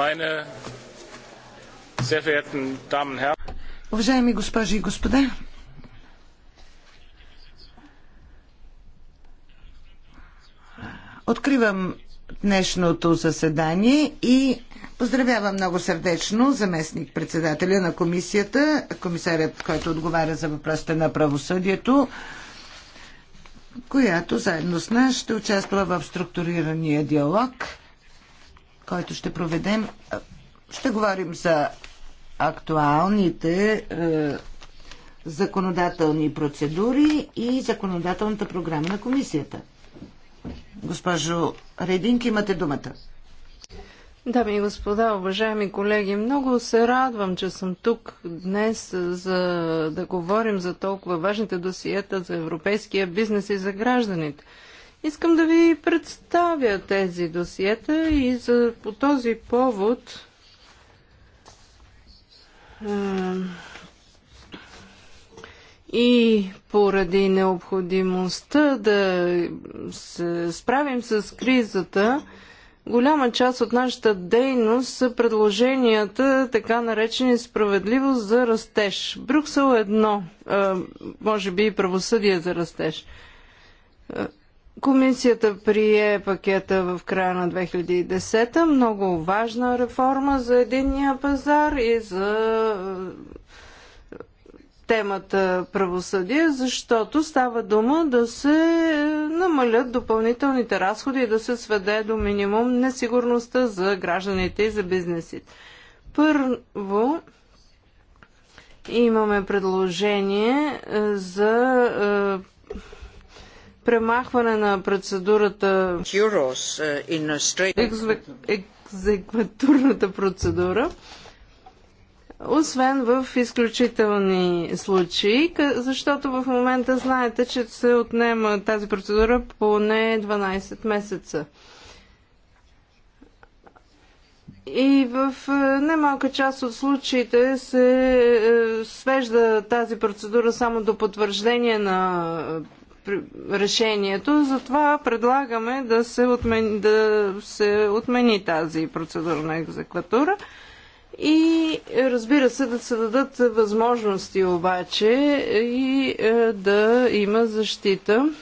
Meine sehr verehrten Damen und Herren, Уважаеми госпожи и господа, откривам днешното заседание и поздравявам много сърдечно заместник председателя на комисията, комисарят, който отговаря за въпросите на правосъдието, която заедно с нас ще участва в структурирания диалог – който ще проведем, ще говорим за актуалните е, законодателни процедури и законодателната програма на комисията. Госпожо Рединки, имате думата. Дами и господа, уважаеми колеги, много се радвам, че съм тук днес е, за да говорим за толкова важните досиета за европейския бизнес и за гражданите. Искам да ви представя тези досиета и за, по този повод и поради необходимостта да се справим с кризата, голяма част от нашата дейност са предложенията, така наречени справедливост за растеж. Брюксел едно, може би и правосъдие за растеж. Комисията прие пакета в края на 2010, много важна реформа за единния пазар и за е, темата правосъдие, защото става дума да се е, намалят допълнителните разходи и да се сведе до минимум несигурността за гражданите и за бизнесите. Първо, имаме предложение е, за премахване на процедурата е, екзекватурната процедура, освен в изключителни случаи, защото в момента знаете, че се отнема тази процедура поне 12 месеца. И в е, немалка част от случаите се е, свежда тази процедура само до потвърждение на решението, затова предлагаме да се отмени, да се отмени тази процедурна екзекватура. И разбира се, да се дадат възможности обаче и е, да има защита,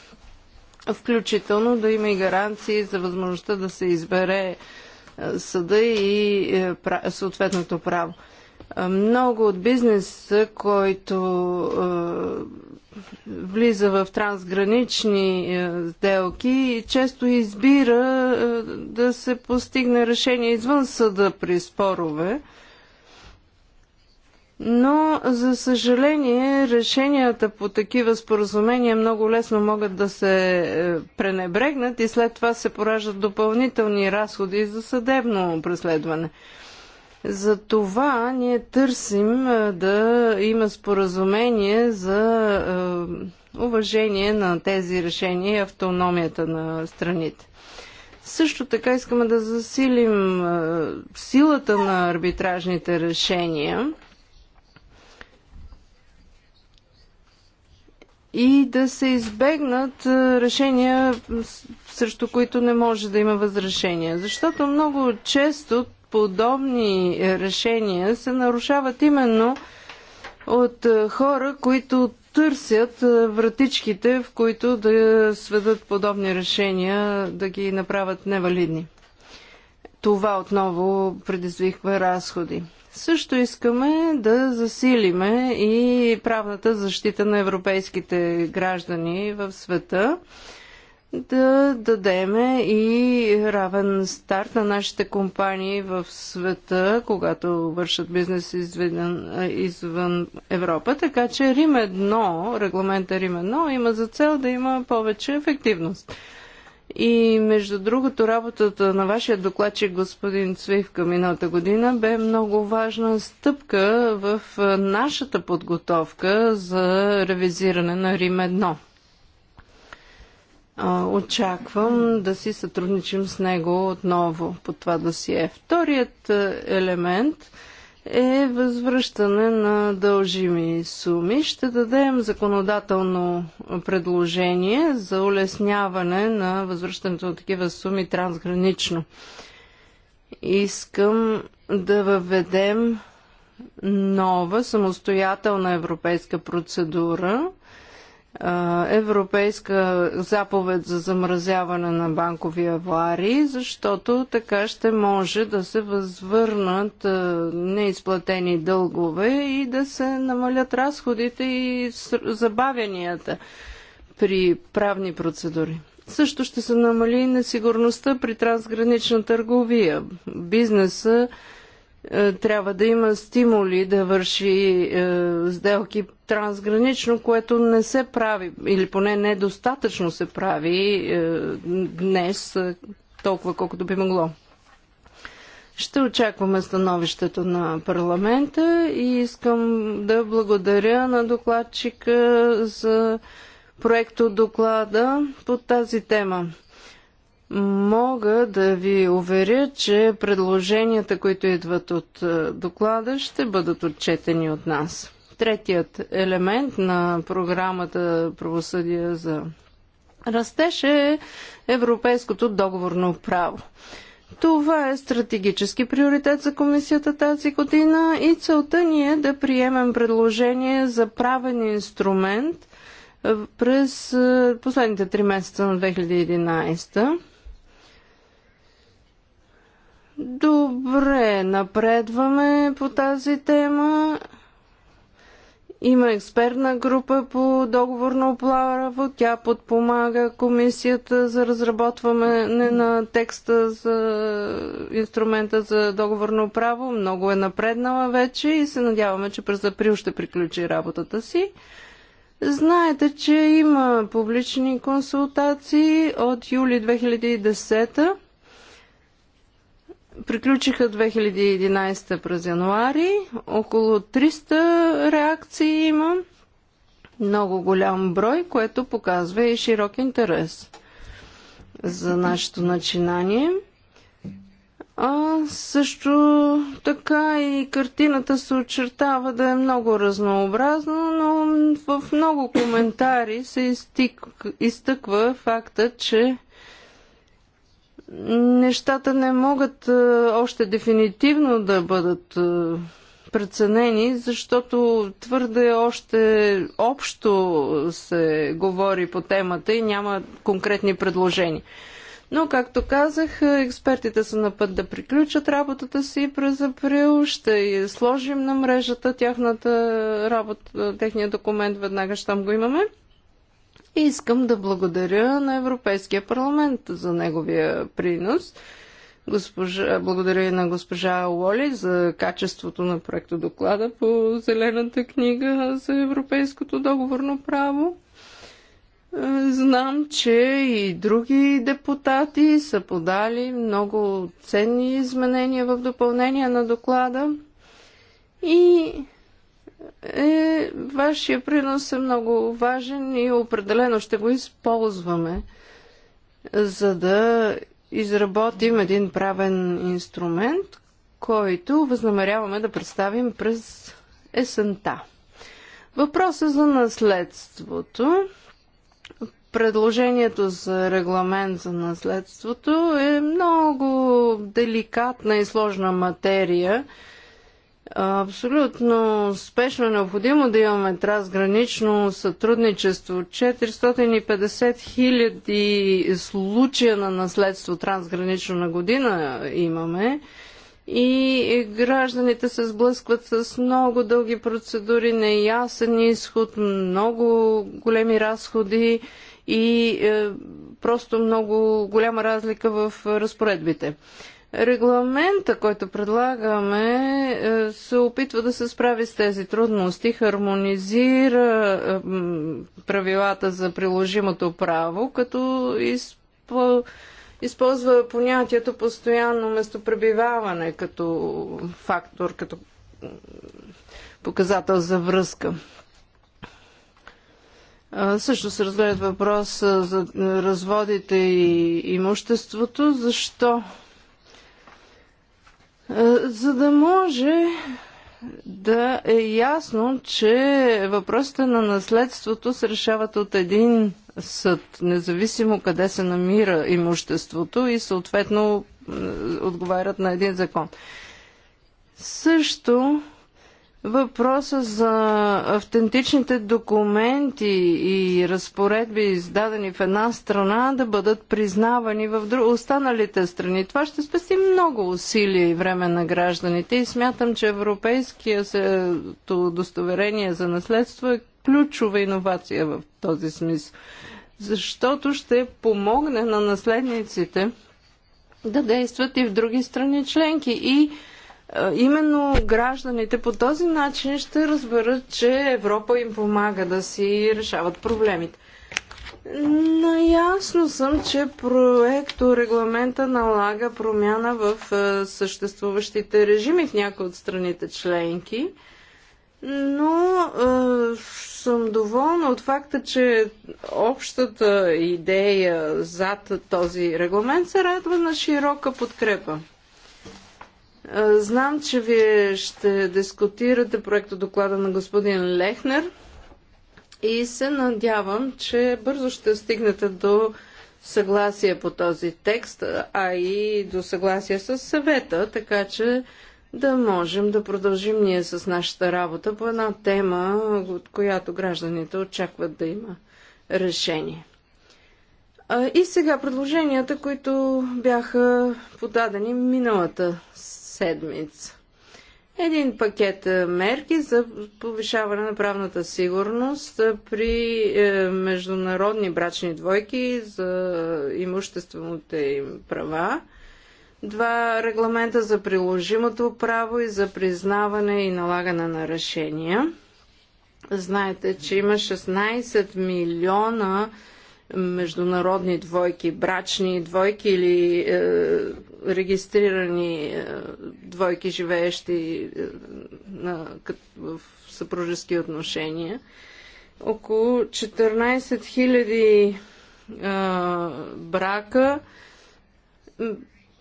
включително да има и гаранции за възможността да се избере е, съда и е, съответното право. Много от бизнеса, който влиза в трансгранични е, сделки и често избира е, да се постигне решение извън съда при спорове. Но, за съжаление, решенията по такива споразумения много лесно могат да се е, пренебрегнат и след това се пораждат допълнителни разходи за съдебно преследване. За това ние търсим да има споразумение за уважение на тези решения и автономията на страните. Също така искаме да засилим силата на арбитражните решения и да се избегнат решения, срещу които не може да има възрешения. Защото много често подобни решения се нарушават именно от е, хора, които търсят е, вратичките, в които да сведат подобни решения, да ги направят невалидни. Това отново предизвиква разходи. Също искаме да засилиме и правната защита на европейските граждани в света да дадеме и равен старт на нашите компании в света, когато вършат бизнес извън, извън Европа. Така че Рим 1, регламента Рим 1 има за цел да има повече ефективност. И между другото, работата на вашия докладчик господин Цвивка миналата година бе много важна стъпка в нашата подготовка за ревизиране на Рим 1 очаквам да си сътрудничим с него отново по това досие. Вторият е, елемент е възвръщане на дължими суми. Ще дадем законодателно предложение за улесняване на възвръщането на такива суми трансгранично. Искам да въведем нова самостоятелна европейска процедура, европейска заповед за замразяване на банкови аварии, защото така ще може да се възвърнат неизплатени дългове и да се намалят разходите и забавянията при правни процедури. Също ще се намали несигурността при трансгранична търговия. Бизнеса е, трябва да има стимули да върши е, сделки трансгранично, което не се прави, или поне недостатъчно се прави е, днес, толкова колкото би могло. Ще очакваме становището на парламента и искам да благодаря на докладчика за проекто доклада по тази тема. Мога да ви уверя, че предложенията, които идват от е, доклада, ще бъдат отчетени от нас. Третият елемент на програмата Правосъдие за растеж е европейското договорно право. Това е стратегически приоритет за комисията тази година и целта ни е да приемем предложение за правен инструмент е, през е, последните три месеца на 2011 Добре, напредваме по тази тема. Има експертна група по договорно плаво. Тя подпомага комисията за разработване на текста за инструмента за договорно право. Много е напреднала вече и се надяваме, че през април ще приключи работата си. Знаете, че има публични консултации от юли 2010 приключиха 2011 през януари. Около 300 реакции има. Много голям брой, което показва и широк интерес за нашето начинание. А също така и картината се очертава да е много разнообразна, но в много коментари се изтъква факта, че нещата не могат е, още дефинитивно да бъдат е, преценени, защото твърде още общо се говори по темата и няма конкретни предложения. Но, както казах, е, експертите са на път да приключат работата си през април. Ще сложим на мрежата тяхната работа, техния документ веднага, щом го имаме. И искам да благодаря на Европейския парламент за неговия принос. Госпожа, благодаря и на госпожа Уоли за качеството на проекта доклада по Зелената книга за европейското договорно право. Знам, че и други депутати са подали много ценни изменения в допълнение на доклада и е, вашия принос е много важен и определено ще го използваме, за да изработим един правен инструмент, който възнамеряваме да представим през есента. Въпроса е за наследството. Предложението за регламент за наследството е много деликатна и сложна материя. Абсолютно спешно е необходимо да имаме трансгранично сътрудничество. 450 хиляди случая на наследство трансгранично на година имаме и гражданите се сблъскват с много дълги процедури, неясен изход, много големи разходи и е, просто много голяма разлика в разпоредбите. Регламента, който предлагаме, е, се опитва да се справи с тези трудности, хармонизира е, правилата за приложимото право, като използва понятието постоянно местопребиваване като фактор, като показател за връзка. Също се разгледат въпрос за разводите и имуществото. Защо е, за да може да е ясно, че въпросите на наследството се решават от един съд, независимо къде се намира имуществото и съответно отговарят на един закон. Също Въпроса за автентичните документи и разпоредби, издадени в една страна, да бъдат признавани в друг... останалите страни. Това ще спести много усилия и време на гражданите и смятам, че европейския се... удостоверение за наследство е ключова иновация в този смисъл. Защото ще помогне на наследниците да действат и в други страни членки и е, именно гражданите по този начин ще разберат, че Европа им помага да си решават проблемите. Наясно съм, че проекто регламента налага промяна в е, съществуващите режими в някои от страните членки, но е, съм доволна от факта, че общата идея зад този регламент се радва на широка подкрепа. Е, знам, че вие ще дискутирате проекта доклада на господин Лехнер и се надявам, че бързо ще стигнете до съгласие по този текст, а и до съгласие с съвета, така че да можем да продължим ние с нашата работа по една тема, от която гражданите очакват да има решение. И сега предложенията, които бяха подадени миналата седмица. Един пакет е, мерки за повишаване на правната сигурност е, при е, международни брачни двойки за имуществените им права два регламента за приложимото право и за признаване и налагане на решения. Знаете, че има 16 милиона международни двойки, брачни двойки или е, регистрирани е, двойки, живеещи е, на, в съпружески отношения. Около 14 000 е, брака,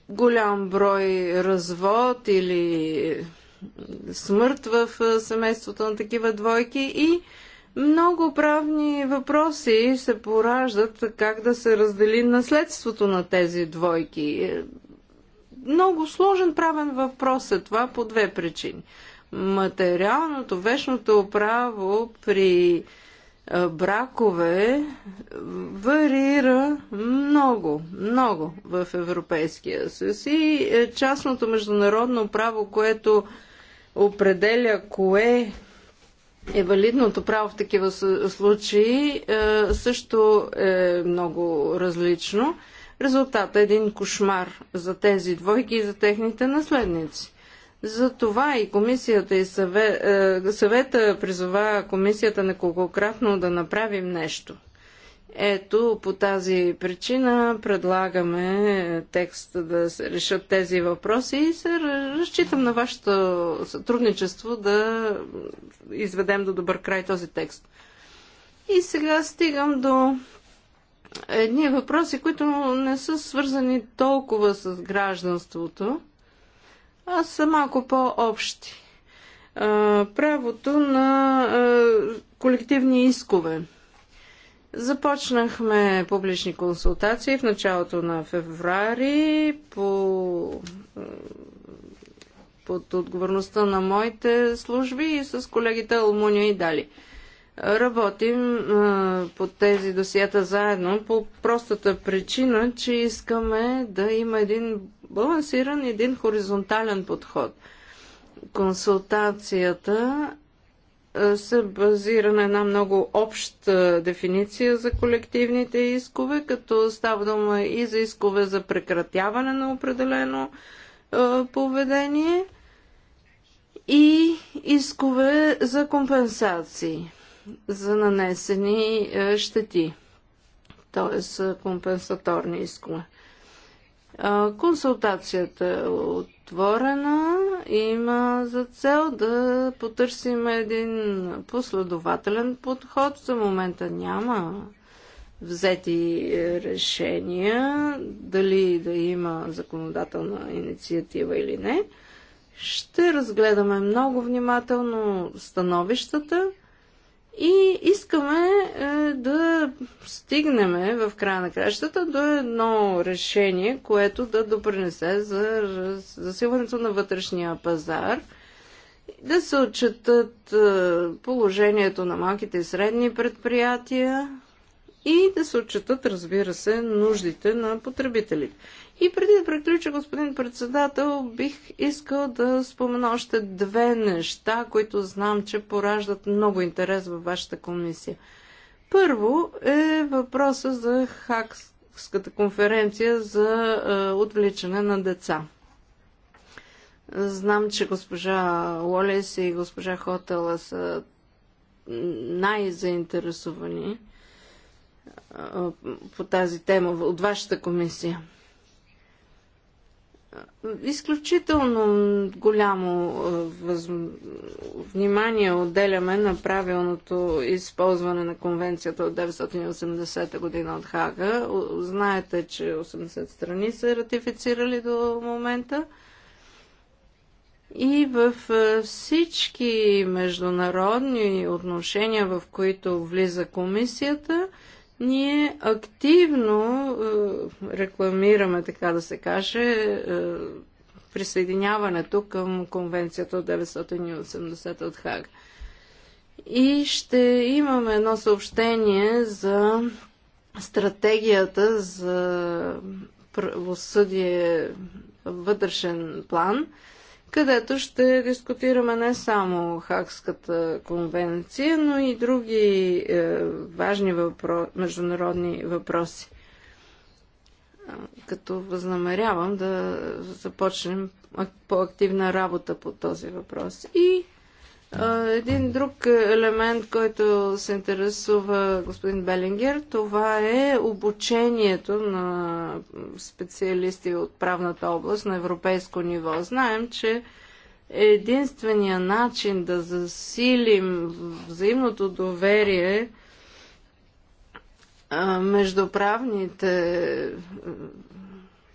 голям брой развод или смърт в семейството на такива двойки и много правни въпроси се пораждат как да се раздели наследството на тези двойки много сложен правен въпрос е това по две причини. Материалното, вечното право при бракове варира много, много в Европейския съюз и е, частното международно право, което определя кое е валидното право в такива случаи, е, също е много различно. Резултатът е един кошмар за тези двойки и за техните наследници. Затова и комисията и съвет, е, съвета призова комисията неколкократно да направим нещо. Ето, по тази причина предлагаме текст да се решат тези въпроси и се разчитам на вашето сътрудничество да изведем до добър край този текст. И сега стигам до едни въпроси, които не са свързани толкова с гражданството, а са малко по-общи. Правото на колективни искове. Започнахме публични консултации в началото на феврари по, под отговорността на моите служби и с колегите Алмунио и Дали. Работим по тези досията заедно по простата причина, че искаме да има един балансиран, един хоризонтален подход. Консултацията се базира на една много обща дефиниция за колективните искове, като става дума и за искове за прекратяване на определено поведение и искове за компенсации за нанесени е, щети, т.е. компенсаторни искове. Консултацията е отворена и има за цел да потърсим един последователен подход. За момента няма взети е, решения дали да има законодателна инициатива или не. Ще разгледаме много внимателно становищата и искаме е, да стигнем в края на кращата до едно решение, което да допринесе за засилването на вътрешния пазар, да се отчетат е, положението на малките и средни предприятия и да се отчетат, разбира се, нуждите на потребителите. И преди да приключа, господин председател, бих искал да спомена още две неща, които знам, че пораждат много интерес във вашата комисия. Първо е въпроса за Хакската конференция за е, отвличане на деца. Знам, че госпожа Лолес и госпожа Хотела са най-заинтересовани е, по тази тема от вашата комисия. Изключително голямо въз... внимание отделяме на правилното използване на конвенцията от 1980 година от Хага. Знаете, че 80 страни са ратифицирали до момента. И в всички международни отношения, в които влиза комисията, ние активно е, рекламираме, така да се каже, е, присъединяването към конвенцията от 980 от Хага. И ще имаме едно съобщение за стратегията за правосъдие вътрешен план – където ще дискутираме не само Хакската конвенция, но и други е, важни въпро... международни въпроси. Е, като възнамерявам да започнем по-активна работа по този въпрос. И един друг елемент, който се интересува господин Белингер, това е обучението на специалисти от правната област на европейско ниво. Знаем, че единствения начин да засилим взаимното доверие между правните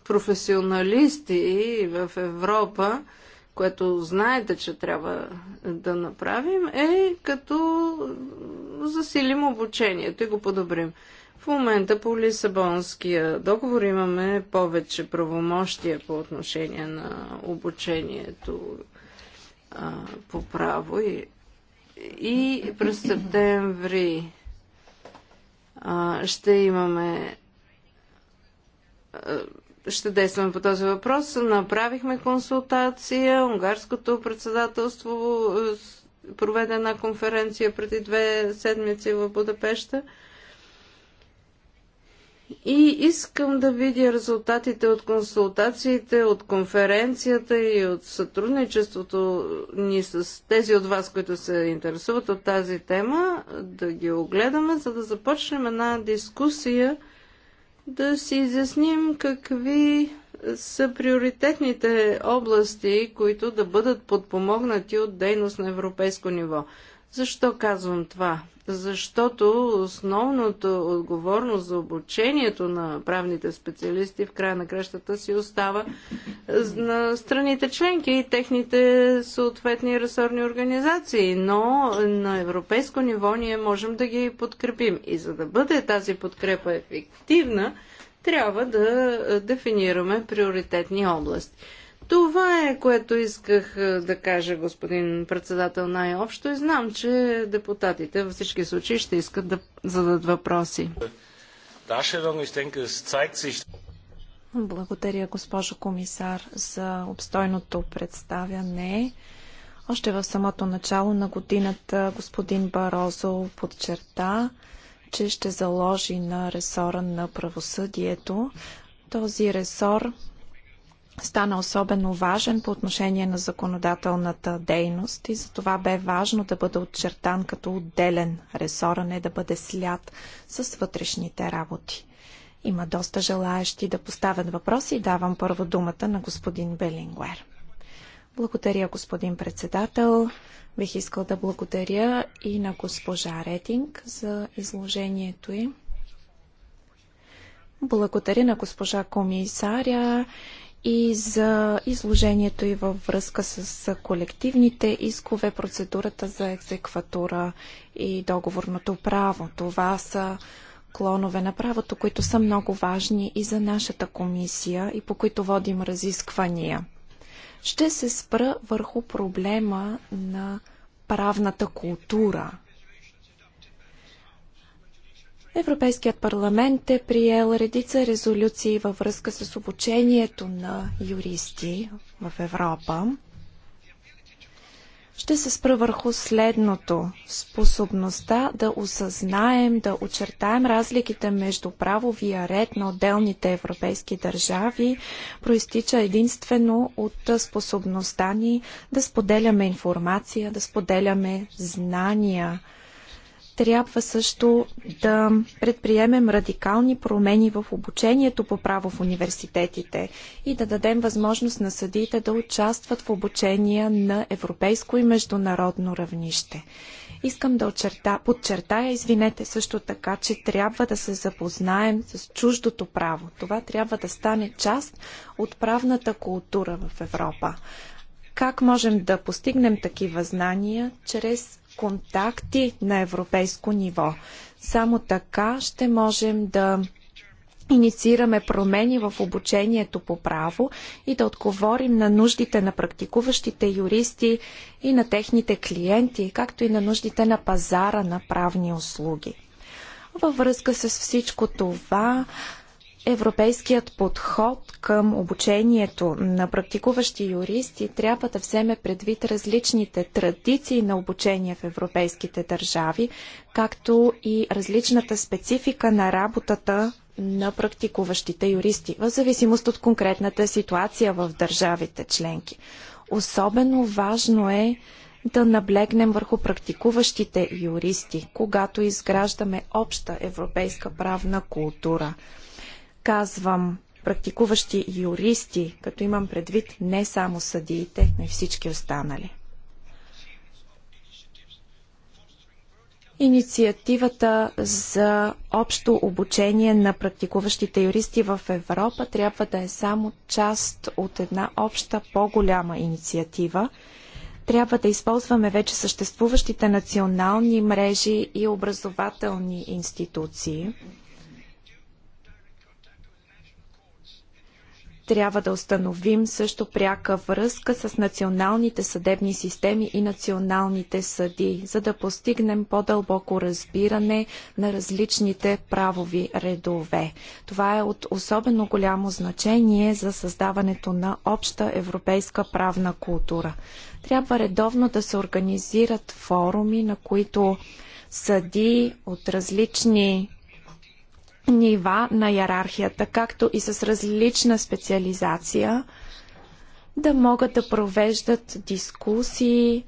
професионалисти в Европа – което знаете, че трябва да направим, е като засилим обучението и го подобрим. В момента по Лисабонския договор имаме повече правомощия по отношение на обучението а, по право и, и през септември а, ще имаме ще действаме по този въпрос. Направихме консултация. Унгарското председателство е, проведе една конференция преди две седмици в Будапеща. И искам да видя резултатите от консултациите, от конференцията и от сътрудничеството ни с тези от вас, които се интересуват от тази тема, да ги огледаме, за да започнем една дискусия – да си изясним какви са приоритетните области, които да бъдат подпомогнати от дейност на европейско ниво. Защо казвам това? Защото основната отговорност за обучението на правните специалисти в края на кращата си остава на страните членки и техните съответни ресорни организации. Но на европейско ниво ние можем да ги подкрепим. И за да бъде тази подкрепа ефективна, трябва да дефинираме приоритетни области. Това е, което исках да кажа, господин председател, най-общо и знам, че депутатите във всички случаи ще искат да зададат въпроси. Благодаря, госпожо комисар, за обстойното представяне. Още в самото начало на годината господин Барозо подчерта, че ще заложи на ресора на правосъдието. Този ресор стана особено важен по отношение на законодателната дейност и затова бе важно да бъде отчертан като отделен ресор, а не да бъде слят с вътрешните работи. Има доста желаящи да поставят въпроси и давам първо думата на господин Белингуер. Благодаря, господин председател. Бих искал да благодаря и на госпожа Ретинг за изложението й. Благодаря на госпожа комисаря и за изложението и във връзка с колективните искове, процедурата за екзекватура и договорното право. Това са клонове на правото, които са много важни и за нашата комисия и по които водим разисквания. Ще се спра върху проблема на правната култура Европейският парламент е приел редица резолюции във връзка с обучението на юристи в Европа. Ще се спра върху следното способността да осъзнаем, да очертаем разликите между правовия ред на отделните европейски държави, проистича единствено от способността ни да споделяме информация, да споделяме знания – трябва също да предприемем радикални промени в обучението по право в университетите и да дадем възможност на съдиите да участват в обучения на европейско и международно равнище. Искам да очерта, подчертая, извинете също така, че трябва да се запознаем с чуждото право. Това трябва да стане част от правната култура в Европа. Как можем да постигнем такива знания? Чрез контакти на европейско ниво. Само така ще можем да инициираме промени в обучението по право и да отговорим на нуждите на практикуващите юристи и на техните клиенти, както и на нуждите на пазара на правни услуги. Във връзка с всичко това, Европейският подход към обучението на практикуващи юристи трябва да вземе предвид различните традиции на обучение в европейските държави, както и различната специфика на работата на практикуващите юристи, в зависимост от конкретната ситуация в държавите членки. Особено важно е да наблегнем върху практикуващите юристи, когато изграждаме обща европейска правна култура – казвам практикуващи юристи, като имам предвид не само съдиите, но и всички останали. Инициативата за общо обучение на практикуващите юристи в Европа трябва да е само част от една обща по-голяма инициатива. Трябва да използваме вече съществуващите национални мрежи и образователни институции. Трябва да установим също пряка връзка с националните съдебни системи и националните съди, за да постигнем по-дълбоко разбиране на различните правови редове. Това е от особено голямо значение за създаването на обща европейска правна култура. Трябва редовно да се организират форуми, на които съди от различни нива на иерархията, както и с различна специализация, да могат да провеждат дискусии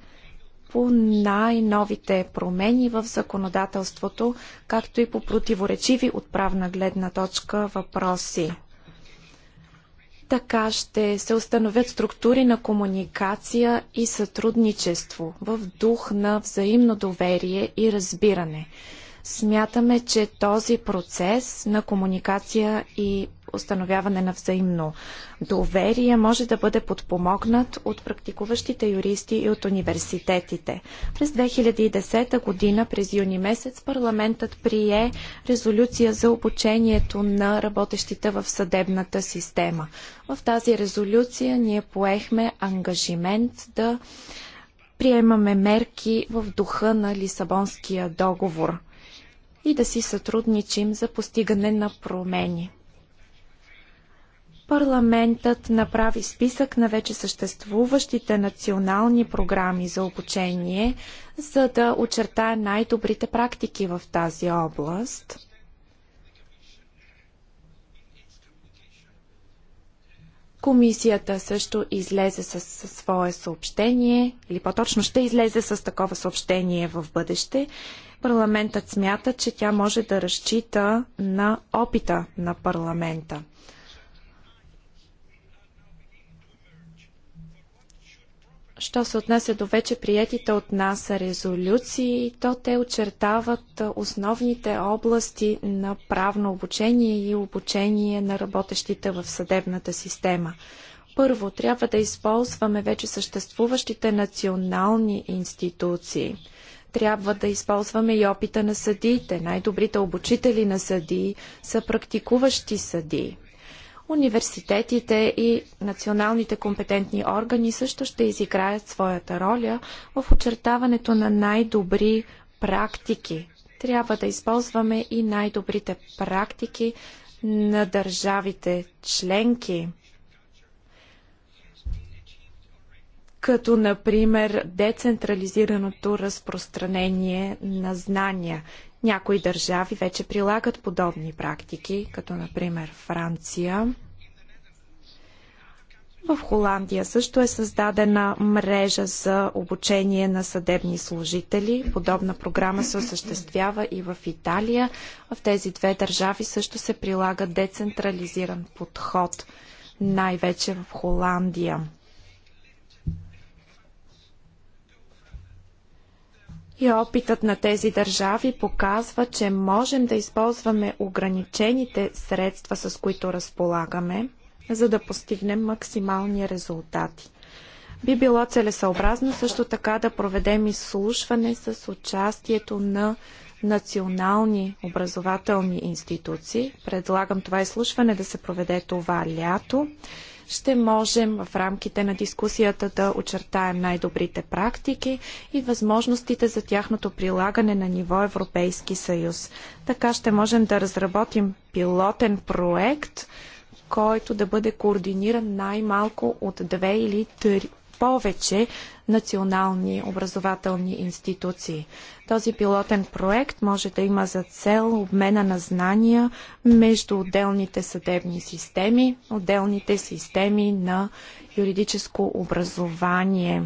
по най-новите промени в законодателството, както и по противоречиви от правна гледна точка въпроси. Така ще се установят структури на комуникация и сътрудничество в дух на взаимно доверие и разбиране. Смятаме, че този процес на комуникация и установяване на взаимно доверие може да бъде подпомогнат от практикуващите юристи и от университетите. През 2010 година, през юни месец, парламентът прие резолюция за обучението на работещите в съдебната система. В тази резолюция ние поехме ангажимент да приемаме мерки в духа на Лисабонския договор и да си сътрудничим за постигане на промени. Парламентът направи списък на вече съществуващите национални програми за обучение, за да очертае най-добрите практики в тази област. Комисията също излезе с, с свое съобщение, или по-точно ще излезе с такова съобщение в бъдеще. Парламентът смята, че тя може да разчита на опита на парламента. Що се отнася до вече приетите от нас резолюции, то те очертават основните области на правно обучение и обучение на работещите в съдебната система. Първо, трябва да използваме вече съществуващите национални институции. Трябва да използваме и опита на съдиите. Най-добрите обучители на съдии са практикуващи съдии. Университетите и националните компетентни органи също ще изиграят своята роля в очертаването на най-добри практики. Трябва да използваме и най-добрите практики на държавите членки. като например децентрализираното разпространение на знания. Някои държави вече прилагат подобни практики, като например Франция. В Холандия също е създадена мрежа за обучение на съдебни служители. Подобна програма се осъществява и в Италия. В тези две държави също се прилага децентрализиран подход, най-вече в Холандия. И опитът на тези държави показва, че можем да използваме ограничените средства, с които разполагаме, за да постигнем максимални резултати. Би било целесъобразно също така да проведем изслушване с участието на национални образователни институции. Предлагам това изслушване да се проведе това лято ще можем в рамките на дискусията да очертаем най-добрите практики и възможностите за тяхното прилагане на ниво Европейски съюз. Така ще можем да разработим пилотен проект, който да бъде координиран най-малко от две или три, повече национални образователни институции. Този пилотен проект може да има за цел обмена на знания между отделните съдебни системи, отделните системи на юридическо образование.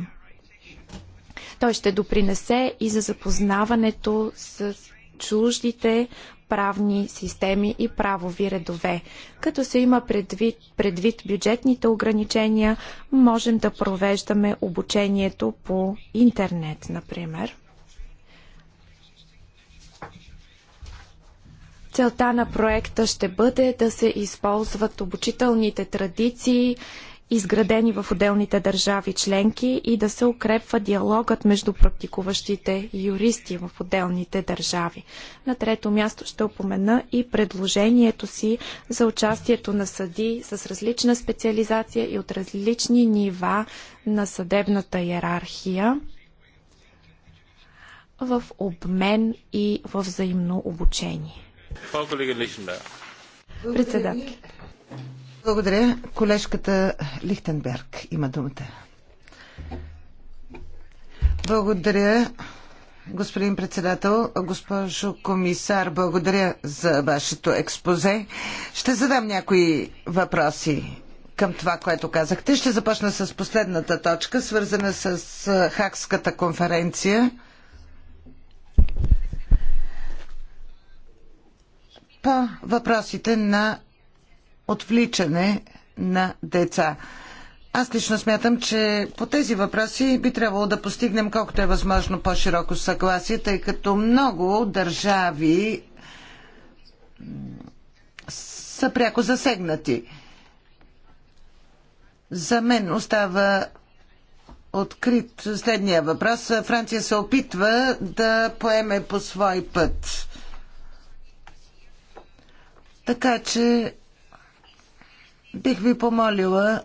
Той ще допринесе и за запознаването с чуждите правни системи и правови редове. Като се има предвид, предвид бюджетните ограничения, можем да провеждаме обучението по интернет, например. Целта на проекта ще бъде да се използват обучителните традиции изградени в отделните държави членки и да се укрепва диалогът между практикуващите юристи в отделните държави. На трето място ще упомена и предложението си за участието на съди с различна специализация и от различни нива на съдебната иерархия в обмен и в взаимно обучение. Председател. Благодаря. Колежката Лихтенберг има думата. Благодаря, господин председател, госпожо комисар, благодаря за вашето експозе. Ще задам някои въпроси към това, което казахте. Ще започна с последната точка, свързана с Хакската конференция. По въпросите на отвличане на деца. Аз лично смятам, че по тези въпроси би трябвало да постигнем колкото е възможно по-широко съгласие, тъй като много държави са пряко засегнати. За мен остава открит следния въпрос. Франция се опитва да поеме по свой път. Така че Бих ви помолила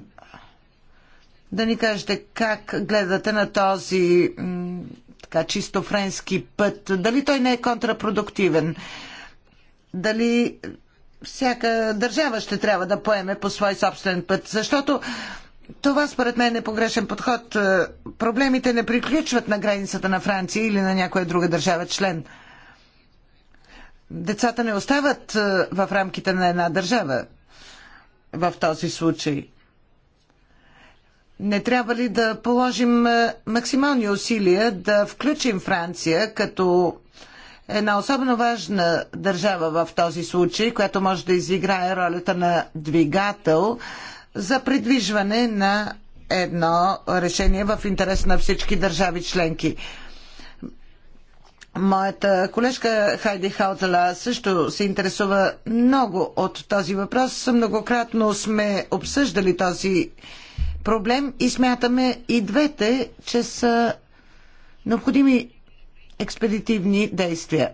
да ни кажете как гледате на този така чисто френски път. Дали той не е контрапродуктивен? Дали всяка държава ще трябва да поеме по свой собствен път? Защото това според мен е погрешен подход. Е, проблемите не приключват на границата на Франция или на някоя друга държава член. Децата не остават е, в рамките на една държава в този случай? Не трябва ли да положим е, максимални усилия да включим Франция като една особено важна държава в този случай, която може да изиграе ролята на двигател за придвижване на едно решение в интерес на всички държави членки? Моята колежка Хайди Хаутала също се интересува много от този въпрос. Многократно сме обсъждали този проблем и смятаме и двете, че са необходими експедитивни действия.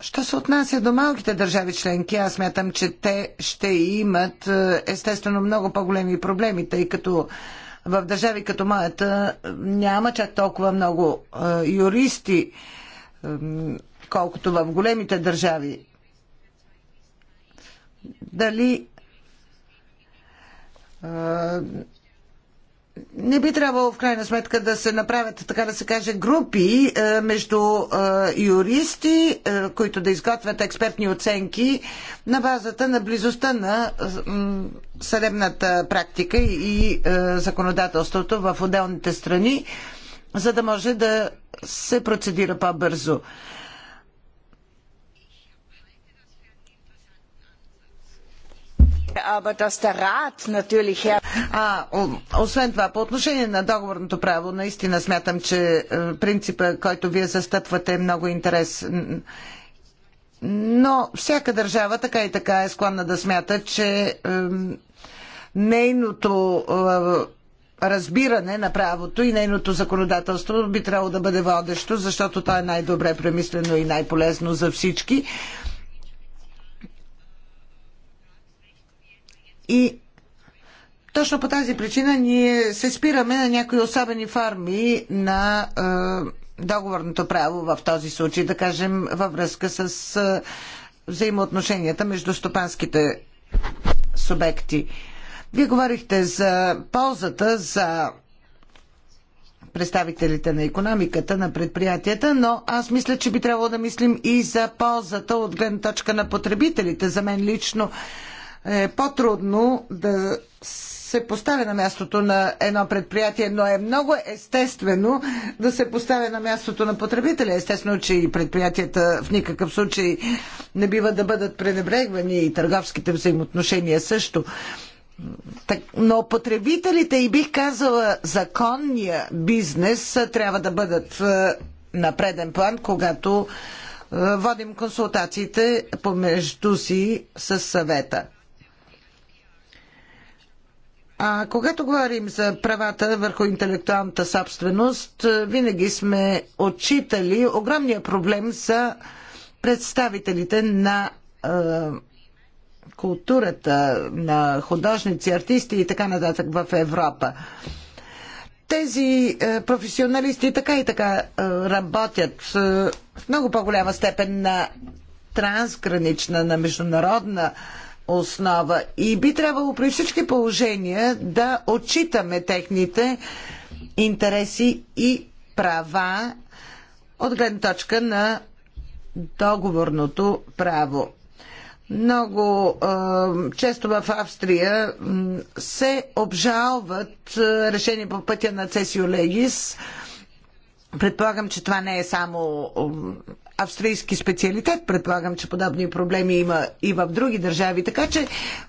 Що се отнася до малките държави членки, аз смятам, че те ще имат е, естествено много по-големи проблеми, тъй като в държави като моята няма чак толкова много е, юристи, е, колкото в големите държави. Дали е, не би трябвало в крайна сметка да се направят, така да се каже, групи е, между е, юристи, е, които да изготвят експертни оценки на базата на близостта на съдебната практика и законодателството в отделните страни, за да може да се процедира по-бързо. А, освен това, по отношение на договорното право, наистина смятам, че е, принципа, който вие застъпвате е много интересен. Но всяка държава така и така е склонна да смята, че е, нейното е, разбиране на правото и нейното законодателство би трябвало да бъде водещо, защото то е най-добре премислено и най-полезно за всички. И точно по тази причина ние се спираме на някои особени форми на е, договорното право в този случай, да кажем във връзка с е, взаимоотношенията между стопанските субекти. Вие говорихте за ползата за представителите на економиката, на предприятията, но аз мисля, че би трябвало да мислим и за ползата от гледна точка на потребителите. За мен лично е по-трудно да се поставя на мястото на едно предприятие, но е много естествено да се поставя на мястото на потребителя. Естествено, че и предприятията в никакъв случай не бива да бъдат пренебрегвани и търговските взаимоотношения също. Но потребителите и бих казала законния бизнес трябва да бъдат е, на преден план, когато е, водим консултациите помежду си с съвета. А когато говорим за правата върху интелектуалната собственост, е, винаги сме отчитали огромния проблем за представителите на е, културата, на художници, артисти и така нататък в Европа. Тези е, професионалисти така и така е, работят е, в много по-голяма степен на трансгранична, на международна е, основа и би трябвало при всички положения да отчитаме техните интереси и права от гледна точка на договорното право. Много е, често в Австрия се обжалват решения по пътя на Цесио Легис. Предполагам, че това не е само австрийски специалитет. Предполагам, че подобни проблеми има и в други държави. Така че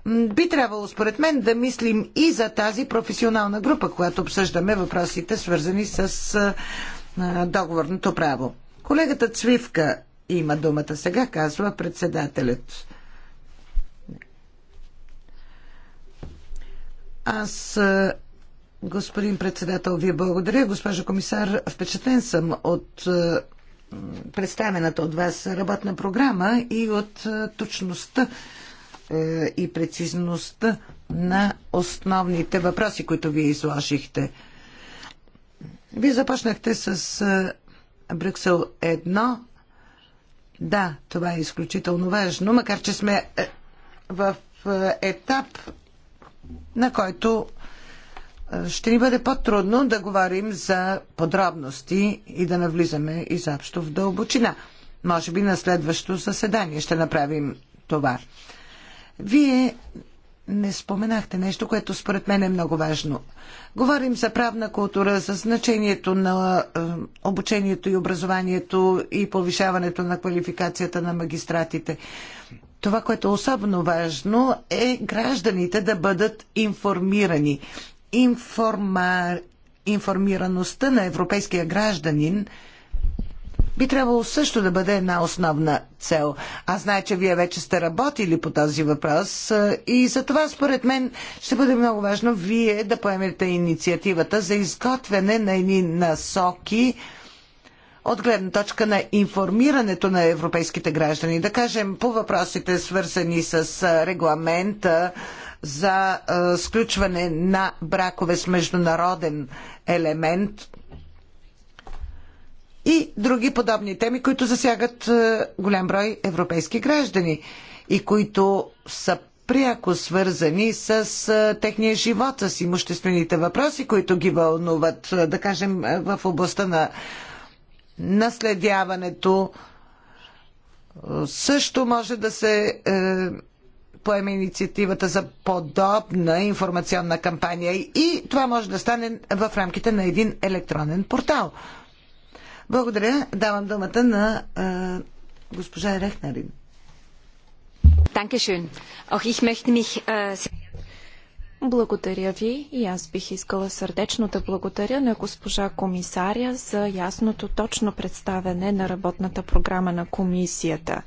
би трябвало, според мен, да мислим и за тази професионална група, която обсъждаме въпросите, свързани с договорното право. Колегата Цвивка има думата сега, казва председателят. Аз, господин председател, ви благодаря. Госпожо комисар, впечатлен съм от представената от вас работна програма и от е, точността е, и прецизността на основните въпроси, които вие изложихте. Вие започнахте с е, Брюксел 1. Да, това е изключително важно, макар че сме в етап, на който ще ни бъде по-трудно да говорим за подробности и да навлизаме изобщо в дълбочина. Може би на следващото заседание ще направим това. Вие не споменахте нещо, което според мен е много важно. Говорим за правна култура, за значението на е, обучението и образованието и повишаването на квалификацията на магистратите. Това, което е особено важно, е гражданите да бъдат информирани информираността на европейския гражданин би трябвало също да бъде една основна цел. Аз знае, че вие вече сте работили по този въпрос и за това според мен ще бъде много важно вие да поемете инициативата за изготвяне на едни насоки от гледна точка на информирането на европейските граждани. Да кажем по въпросите свързани с регламента за е, сключване на бракове с международен елемент и други подобни теми, които засягат е, голям брой европейски граждани и които са пряко свързани с е, техния живот, с имуществените въпроси, които ги вълнуват, да кажем, в областта на наследяването. Също може да се поеме инициативата за подобна информационна кампания и това може да стане в рамките на един електронен портал. Благодаря. Давам думата на а, госпожа Рехнарин. Благодаря ви и аз бих искала сърдечно да благодаря на госпожа комисаря за ясното точно представяне на работната програма на комисията.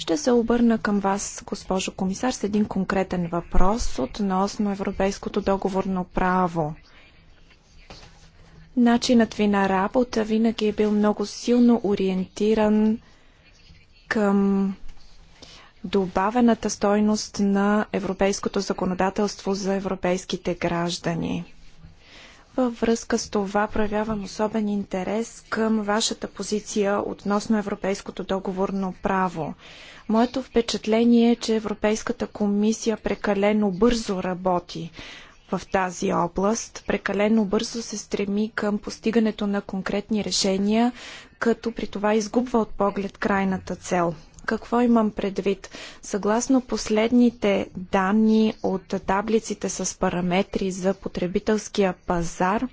Ще се обърна към вас, госпожо комисар, с един конкретен въпрос относно европейското договорно право. Начинът ви на работа винаги е бил много силно ориентиран към добавената стойност на европейското законодателство за европейските граждани. Във връзка с това проявявам особен интерес към вашата позиция относно европейското договорно право. Моето впечатление е, че Европейската комисия прекалено бързо работи в тази област, прекалено бързо се стреми към постигането на конкретни решения, като при това изгубва от поглед крайната цел какво имам предвид? Съгласно последните данни от таблиците с параметри за потребителския пазар,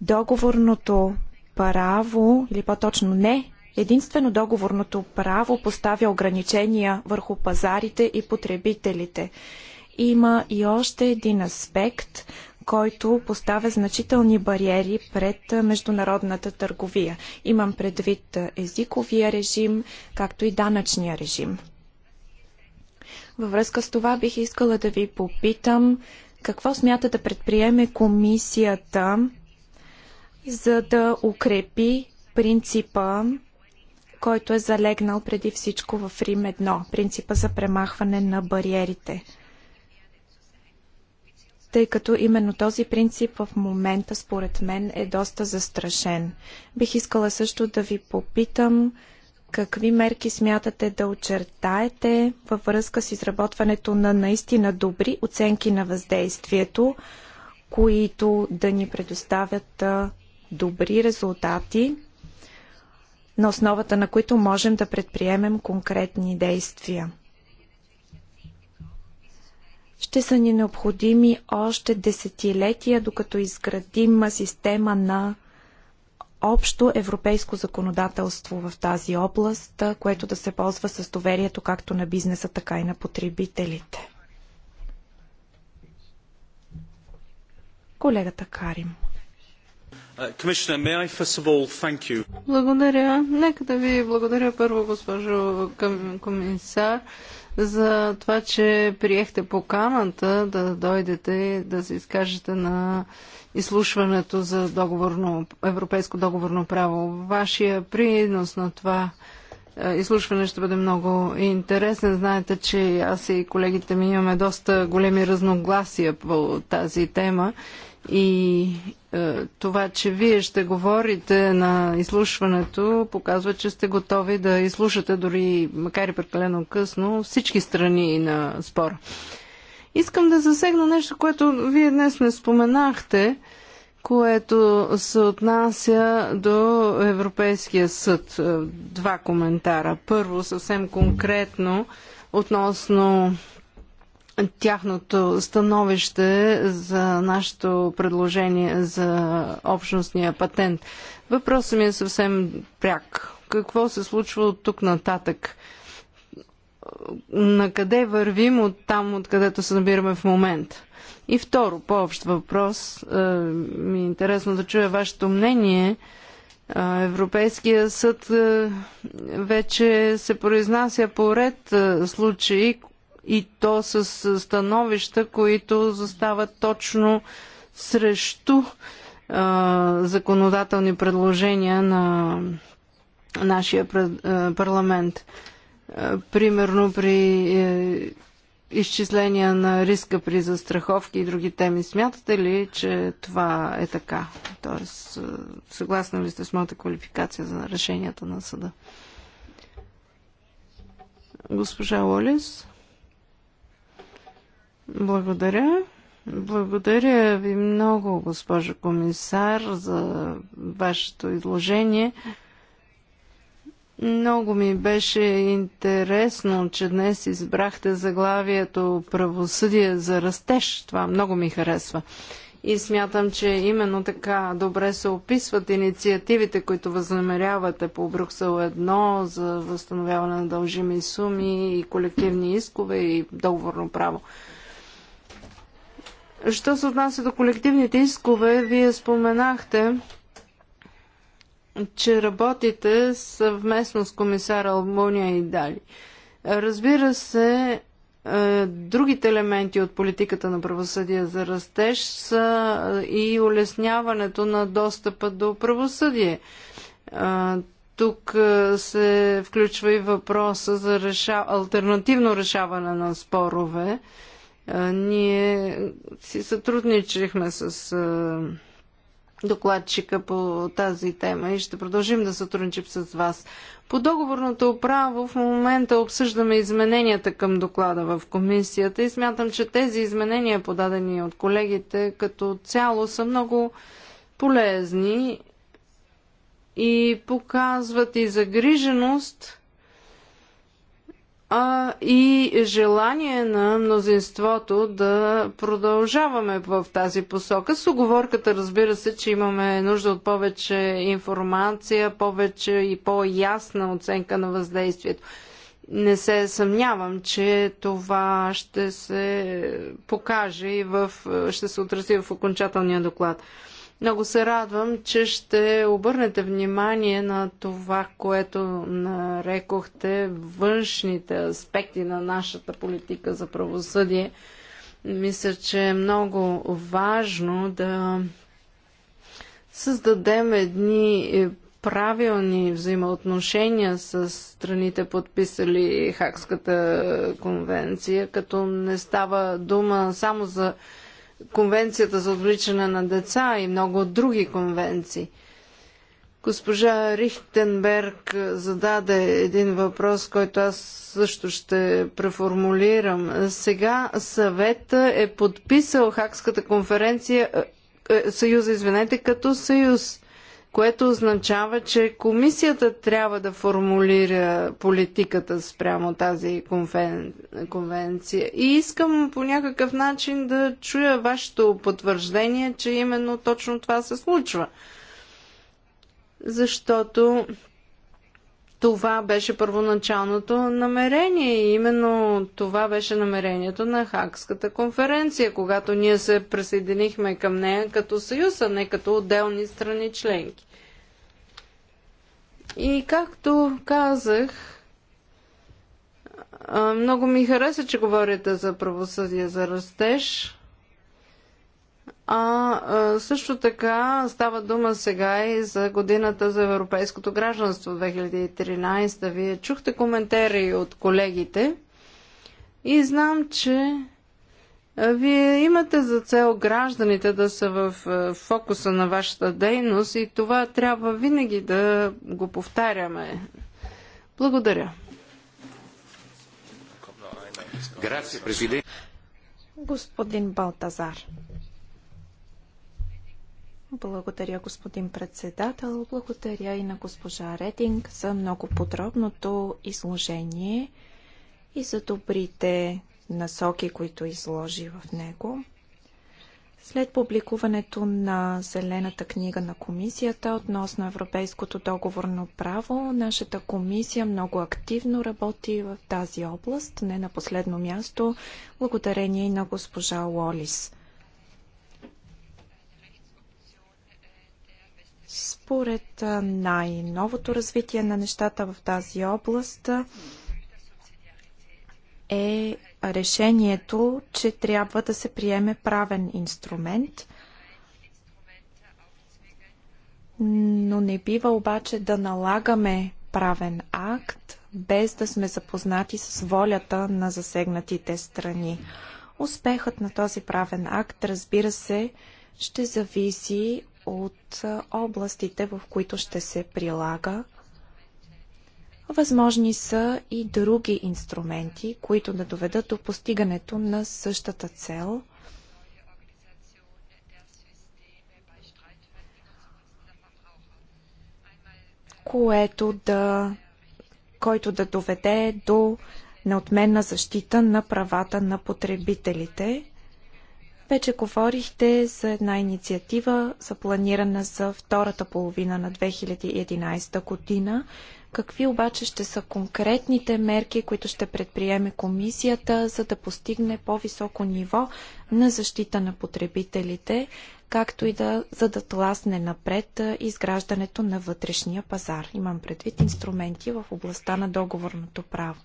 договорното право, или по-точно не, единствено договорното право поставя ограничения върху пазарите и потребителите. Има и още един аспект, който поставя значителни бариери пред международната търговия. Имам предвид езиковия режим, както и данъчния режим. Във връзка с това бих искала да ви попитам какво смята да предприеме комисията, за да укрепи принципа, който е залегнал преди всичко в Рим 1, принципа за премахване на бариерите – тъй като именно този принцип в момента, според мен, е доста застрашен. Бих искала също да ви попитам какви мерки смятате да очертаете във връзка с изработването на наистина добри оценки на въздействието, които да ни предоставят добри резултати, на основата на които можем да предприемем конкретни действия. Ще са ни необходими още десетилетия, докато изградим система на общо европейско законодателство в тази област, което да се ползва с доверието както на бизнеса, така и на потребителите. Колегата Карим. Uh, благодаря. Нека да ви благодаря първо, госпожо комисар, за това, че приехте поканата да дойдете да се изкажете на изслушването за договорно, европейско договорно право. Вашия принос на това е, изслушване ще бъде много интересен. Знаете, че аз и колегите ми имаме доста големи разногласия по тази тема. И е, това, че вие ще говорите на изслушването, показва, че сте готови да изслушате, дори макар и прекалено късно, всички страни на спора. Искам да засегна нещо, което вие днес не споменахте което се отнася до Европейския съд. Е, два коментара. Първо, съвсем конкретно, относно тяхното становище за нашето предложение за общностния патент. Въпросът ми е съвсем пряк. Какво се случва от тук нататък? на къде вървим от там, откъдето се набираме в момента. И второ, по-общ въпрос, е, ми е интересно да чуя вашето мнение. Е, Европейския съд е, вече се произнася по ред случаи и то с становища, които застават точно срещу законодателни предложения на нашия парламент. Примерно при е, изчисления на риска при застраховки и други теми. Смятате ли, че това е така? Тоест, е, съгласна ли сте с моята квалификация за решенията на съда? Госпожа Олис, благодаря. Благодаря ви много, госпожа комисар, за вашето изложение. Много ми беше интересно, че днес избрахте заглавието Правосъдие за растеж. Това много ми харесва. И смятам, че именно така добре се описват инициативите, които възнамерявате по Брюксел 1 за възстановяване на дължими суми и колективни искове и договорно право. Що се отнася до колективните искове, вие споменахте, че работите съвместно с комисар Албуния и Дали. Разбира се, е, другите елементи от политиката на правосъдие за растеж са е, и улесняването на достъпа до правосъдие. Е, тук се включва и въпроса за реша... альтернативно решаване на спорове. Ние си сътрудничихме с докладчика по тази тема и ще продължим да сътрудничим с вас. По договорното право в момента обсъждаме измененията към доклада в комисията и смятам, че тези изменения, подадени от колегите, като цяло са много полезни и показват и загриженост а и желание на мнозинството да продължаваме в тази посока. С оговорката, разбира се, че имаме нужда от повече информация, повече и по-ясна оценка на въздействието. Не се съмнявам, че това ще се покаже и в, ще се отрази в окончателния доклад. Много се радвам, че ще обърнете внимание на това, което нарекохте външните аспекти на нашата политика за правосъдие. Мисля, че е много важно да създадем едни правилни взаимоотношения с страните подписали Хакската конвенция, като не става дума само за конвенцията за отвличане на деца и много други конвенции. Госпожа Рихтенберг е, зададе един въпрос, който аз също ще преформулирам. Сега съвета е подписал Хакската конференция, е, е, Съюза, извинете, като съюз което означава, че комисията трябва да формулира политиката спрямо тази конвен... конвенция. И искам по някакъв начин да чуя вашето потвърждение, че именно точно това се случва. Защото това беше първоначалното намерение и именно това беше намерението на Хакската конференция, когато ние се присъединихме към нея като съюз, а не като отделни страни членки. И както казах, много ми хареса, че говорите за правосъдие за растеж. А също така става дума сега и за годината за европейското гражданство 2013. Вие чухте коментари от колегите и знам, че вие имате за цел гражданите да са в фокуса на вашата дейност и това трябва винаги да го повтаряме. Благодаря. Господин Балтазар. Благодаря, господин председател. Благодаря и на госпожа Рединг за много подробното изложение и за добрите насоки, които изложи в него. След публикуването на Зелената книга на комисията относно европейското договорно право, нашата комисия много активно работи в тази област, не на последно място, благодарение и на госпожа Лолис. Според най-новото развитие на нещата в тази област е решението, че трябва да се приеме правен инструмент, но не бива обаче да налагаме правен акт, без да сме запознати с волята на засегнатите страни. Успехът на този правен акт, разбира се, ще зависи от областите, в които ще се прилага. Възможни са и други инструменти, които да доведат до постигането на същата цел. което да, който да доведе до неотменна защита на правата на потребителите вече говорихте за една инициатива, запланирана за втората половина на 2011 година. Какви обаче ще са конкретните мерки, които ще предприеме комисията, за да постигне по-високо ниво на защита на потребителите, както и да, за да тласне напред изграждането на вътрешния пазар? Имам предвид инструменти в областта на договорното право.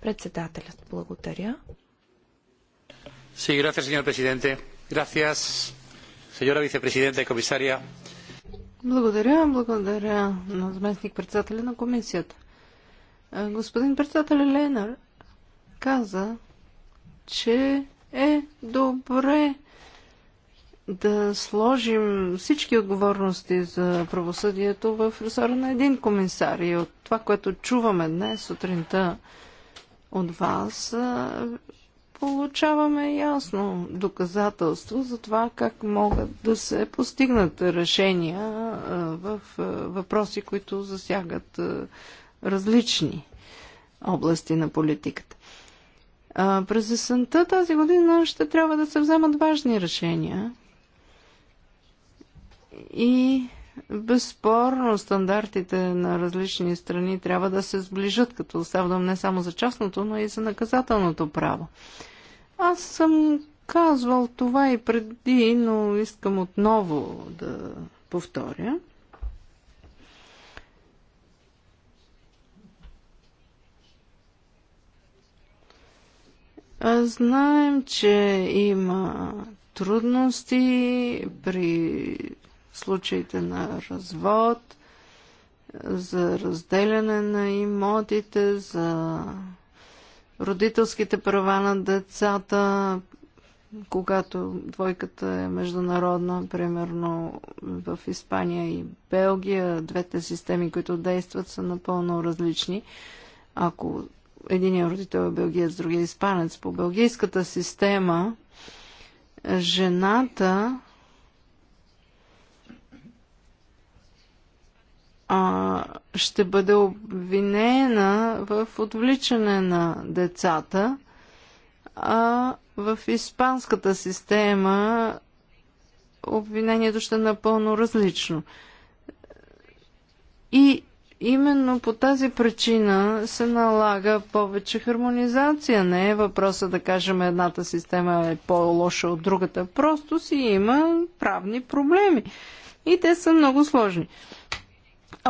Председателят, благодаря señor presidente. señora vicepresidenta y комисария. Благодаря, благодаря на заместник председателя на комисията. Господин председател Ленар каза, че е добре да сложим всички отговорности за правосъдието в ресора на един комисар. И от това, което чуваме днес сутринта от вас, получаваме ясно доказателство за това как могат да се постигнат решения в въпроси, които засягат различни области на политиката. През есента тази година ще трябва да се вземат важни решения и Безспорно стандартите на различни страни трябва да се сближат, като оставам не само за частното, но и за наказателното право. Аз съм казвал това и преди, но искам отново да повторя. Знаем, че има трудности при случаите на развод, за разделяне на имотите, за родителските права на децата, когато двойката е международна, примерно в Испания и Белгия, двете системи, които действат, са напълно различни. Ако единият родител е белгиец, другия е испанец, по белгийската система жената а, ще бъде обвинена в отвличане на децата, а в испанската система обвинението ще е напълно различно. И именно по тази причина се налага повече хармонизация. Не е въпроса да кажем едната система е по-лоша от другата. Просто си има правни проблеми. И те са много сложни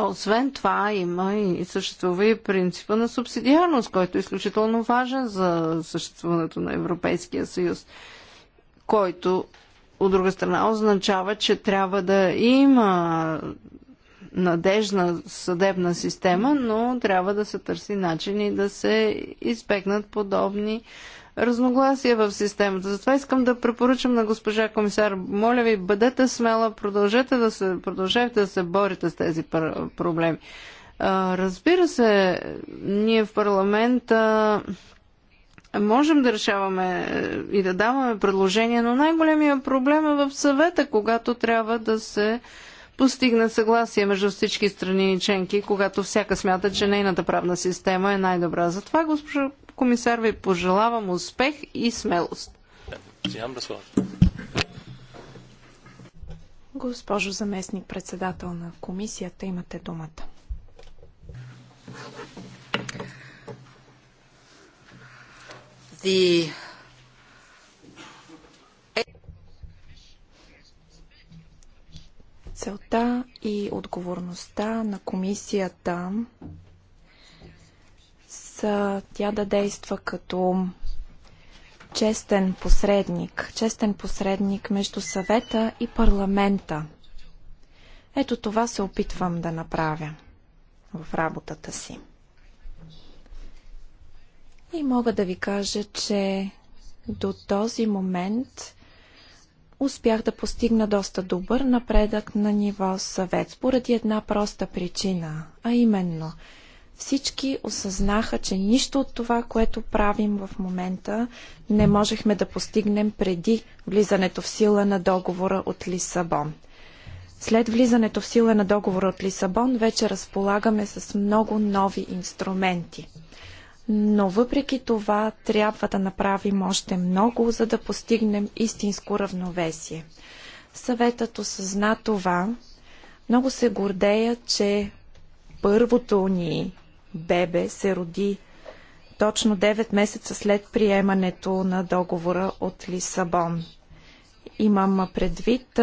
освен това има и съществува и принципа на субсидиарност, който е изключително важен за съществуването на Европейския съюз, който от друга страна означава, че трябва да има надежна съдебна система, но трябва да се търси начини да се избегнат подобни разногласия в системата. Затова искам да препоръчам на госпожа комисар, моля ви, бъдете смела, продължете да се, продължете да се борите с тези проблеми. Разбира се, ние в парламента можем да решаваме е, и да даваме предложения, но най-големия проблем е в съвета, когато трябва да се постигне съгласие между всички страни и ченки, когато всяка смята, че нейната правна система е най-добра. Затова, госпожо комисар, ви пожелавам успех и смелост. Госпожо заместник председател на комисията, имате думата. The... Целта и отговорността на комисията тя да действа като честен посредник, честен посредник между съвета и парламента. Ето това се опитвам да направя в работата си. И мога да ви кажа, че до този момент успях да постигна доста добър напредък на ниво съвет, поради една проста причина, а именно – всички осъзнаха, че нищо от това, което правим в момента, не можехме да постигнем преди влизането в сила на договора от Лисабон. След влизането в сила на договора от Лисабон вече разполагаме с много нови инструменти. Но въпреки това трябва да направим още много, за да постигнем истинско равновесие. Съветът осъзна това. Много се гордея, че първото ни бебе се роди точно 9 месеца след приемането на договора от Лисабон. Имам предвид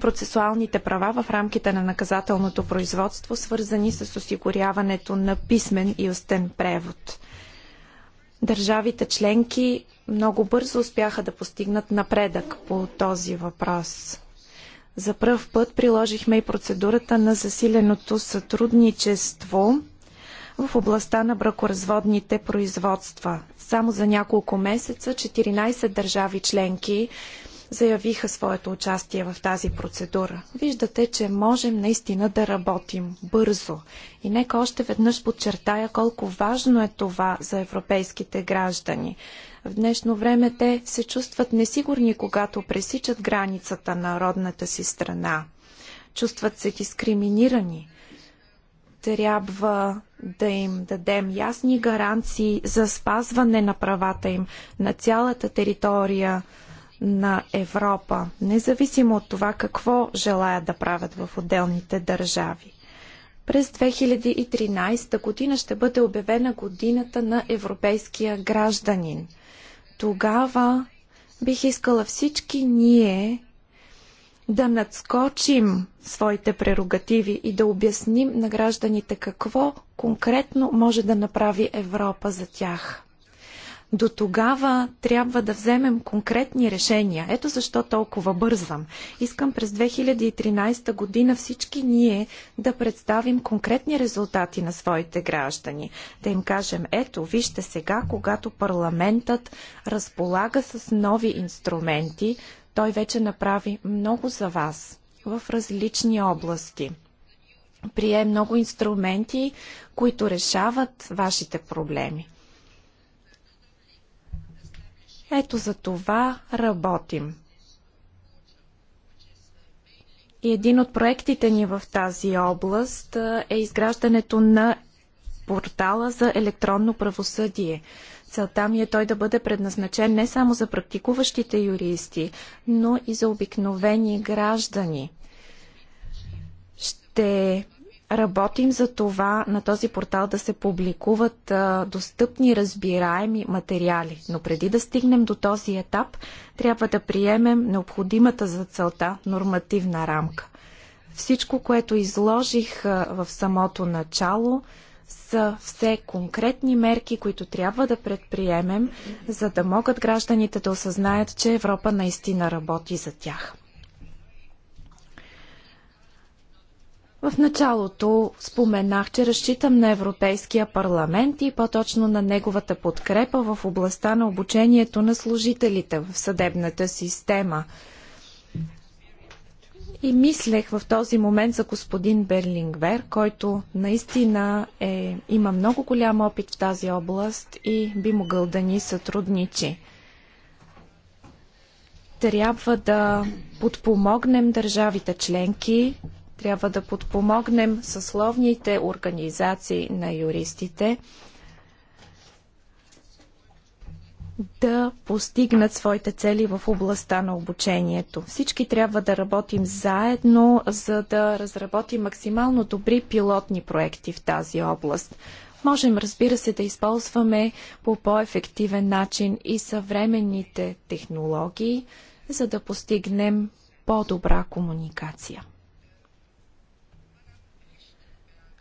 процесуалните права в рамките на наказателното производство, свързани с осигуряването на писмен и устен превод. Държавите членки много бързо успяха да постигнат напредък по този въпрос. За пръв път приложихме и процедурата на засиленото сътрудничество в областта на бракоразводните производства. Само за няколко месеца 14 държави членки заявиха своето участие в тази процедура. Виждате, че можем наистина да работим бързо. И нека още веднъж подчертая колко важно е това за европейските граждани. В днешно време те се чувстват несигурни, когато пресичат границата на родната си страна. Чувстват се дискриминирани трябва да им дадем ясни гаранции за спазване на правата им на цялата територия на Европа, независимо от това какво желаят да правят в отделните държави. През 2013 година ще бъде обявена годината на европейския гражданин. Тогава бих искала всички ние да надскочим своите прерогативи и да обясним на гражданите какво конкретно може да направи Европа за тях. До тогава трябва да вземем конкретни решения. Ето защо толкова бързам. Искам през 2013 година всички ние да представим конкретни резултати на своите граждани. Да им кажем, ето, вижте сега, когато парламентът разполага с нови инструменти, той вече направи много за вас в различни области. Прие много инструменти, които решават вашите проблеми. Ето за това работим. И един от проектите ни в тази област е изграждането на портала за електронно правосъдие. Целта ми е той да бъде предназначен не само за практикуващите юристи, но и за обикновени граждани. Ще работим за това на този портал да се публикуват а, достъпни, разбираеми материали. Но преди да стигнем до този етап, трябва да приемем необходимата за целта нормативна рамка. Всичко, което изложих а, в самото начало, са все конкретни мерки, които трябва да предприемем, за да могат гражданите да осъзнаят, че Европа наистина работи за тях. В началото споменах, че разчитам на Европейския парламент и по-точно на неговата подкрепа в областта на обучението на служителите в съдебната система – и мислех в този момент за господин Берлингвер, който наистина е, има много голям опит в тази област и би могъл да ни сътрудничи. Трябва да подпомогнем държавите членки, трябва да подпомогнем съсловните организации на юристите, да постигнат своите цели в областта на обучението. Всички трябва да работим заедно, за да разработим максимално добри пилотни проекти в тази област. Можем, разбира се, да използваме по по-ефективен начин и съвременните технологии, за да постигнем по-добра комуникация.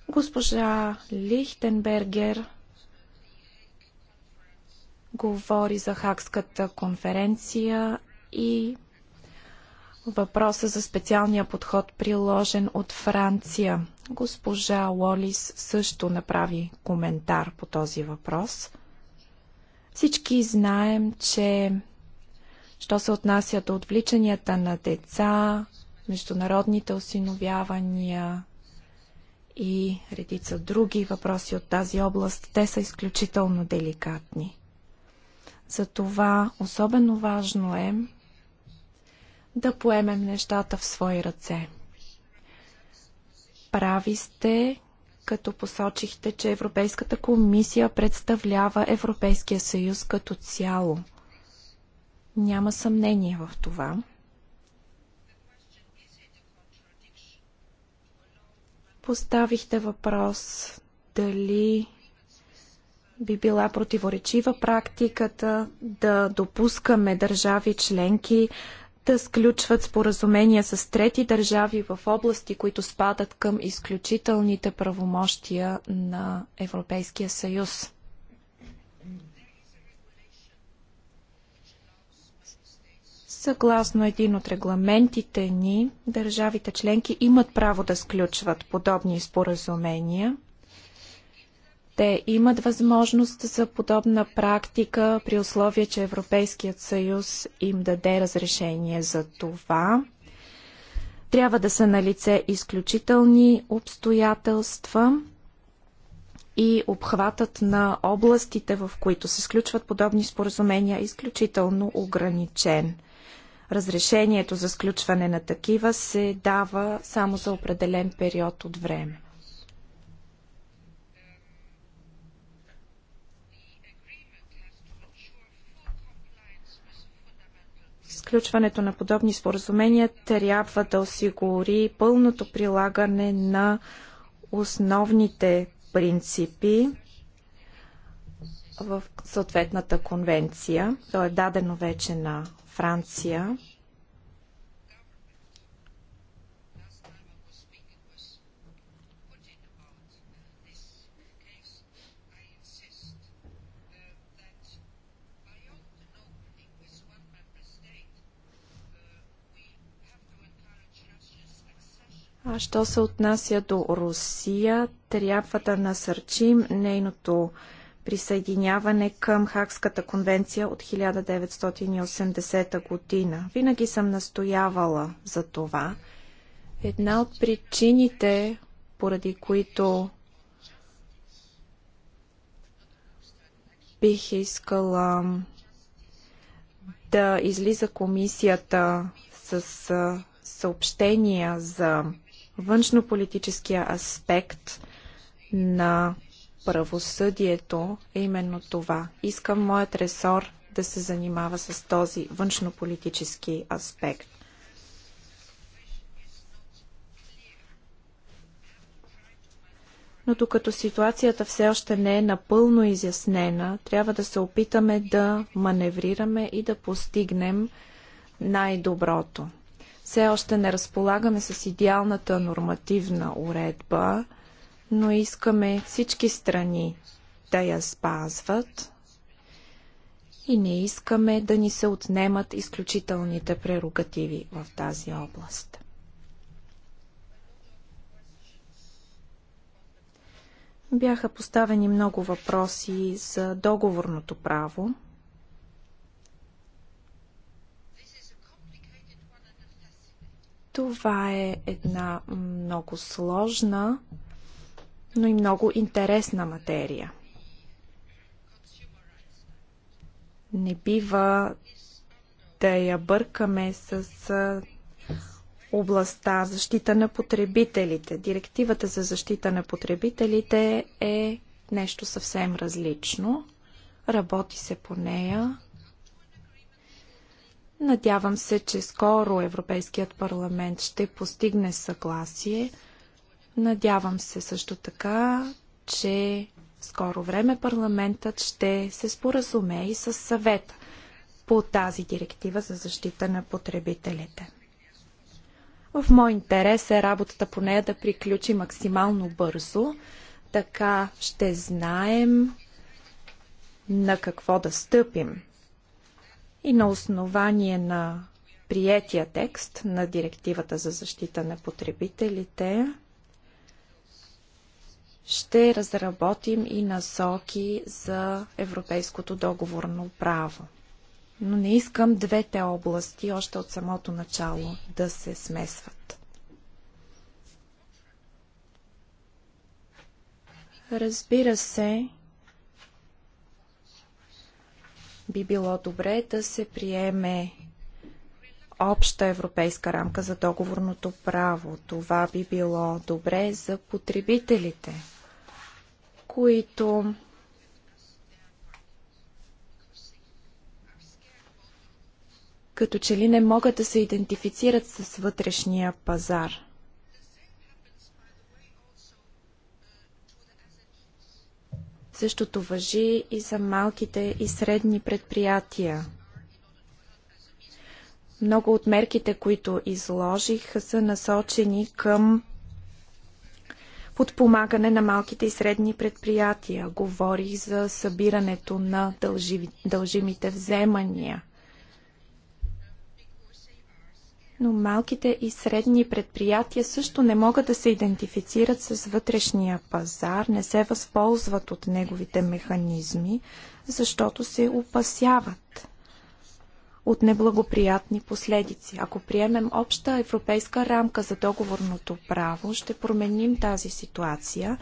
Госпожа Лихтенбергер говори за Хакската конференция и въпроса за специалния подход, приложен от Франция. Госпожа Лолис също направи коментар по този въпрос. Всички знаем, че що се отнася до отвличанията на деца, международните осиновявания и редица други въпроси от тази област, те са изключително деликатни. Затова особено важно е да поемем нещата в свои ръце. Прави сте, като посочихте, че Европейската комисия представлява Европейския съюз като цяло. Няма съмнение в това. Поставихте въпрос дали би била противоречива практиката да допускаме държави членки да сключват споразумения с трети държави в области, които спадат към изключителните правомощия на Европейския съюз. Съгласно един от регламентите ни, държавите членки имат право да сключват подобни споразумения – те имат възможност за подобна практика при условие, че Европейският съюз им даде разрешение за това. Трябва да са на лице изключителни обстоятелства и обхватът на областите, в които се сключват подобни споразумения, е изключително ограничен. Разрешението за сключване на такива се дава само за определен период от време. Сключването на подобни споразумения трябва да осигури пълното прилагане на основните принципи в съответната конвенция. То е дадено вече на Франция. А що се отнася до Русия, трябва да насърчим нейното присъединяване към Хакската конвенция от 1980 година. Винаги съм настоявала за това. Една от причините, поради които бих искала да излиза комисията с съобщения за Външнополитическия аспект на правосъдието е именно това. Искам моят ресор да се занимава с този външнополитически аспект. но докато ситуацията все още не е напълно изяснена, трябва да се опитаме да маневрираме и да постигнем най-доброто. Все още не разполагаме с идеалната нормативна уредба, но искаме всички страни да я спазват и не искаме да ни се отнемат изключителните прерогативи в тази област. Бяха поставени много въпроси за договорното право. Това е една много сложна, но и много интересна материя. Не бива да я бъркаме с областта защита на потребителите. Директивата за защита на потребителите е нещо съвсем различно. Работи се по нея Надявам се, че скоро Европейският парламент ще постигне съгласие. Надявам се също така, че в скоро време парламентът ще се споразуме и с съвета по тази директива за защита на потребителите. В мой интерес е работата по нея да приключи максимално бързо, така ще знаем на какво да стъпим и на основание на приятия текст на директивата за защита на потребителите ще разработим и насоки за европейското договорно право. Но не искам двете области още от самото начало да се смесват. Разбира се, би било добре да се приеме обща европейска рамка за договорното право. Това би било добре за потребителите, които като че ли не могат да се идентифицират с вътрешния пазар. Същото въжи и за малките и средни предприятия. Много от мерките, които изложих, са насочени към подпомагане на малките и средни предприятия. Говорих за събирането на дължимите вземания – но малките и средни предприятия също не могат да се идентифицират с вътрешния пазар, не се възползват от неговите механизми, защото се опасяват от неблагоприятни последици. Ако приемем обща европейска рамка за договорното право, ще променим тази ситуация.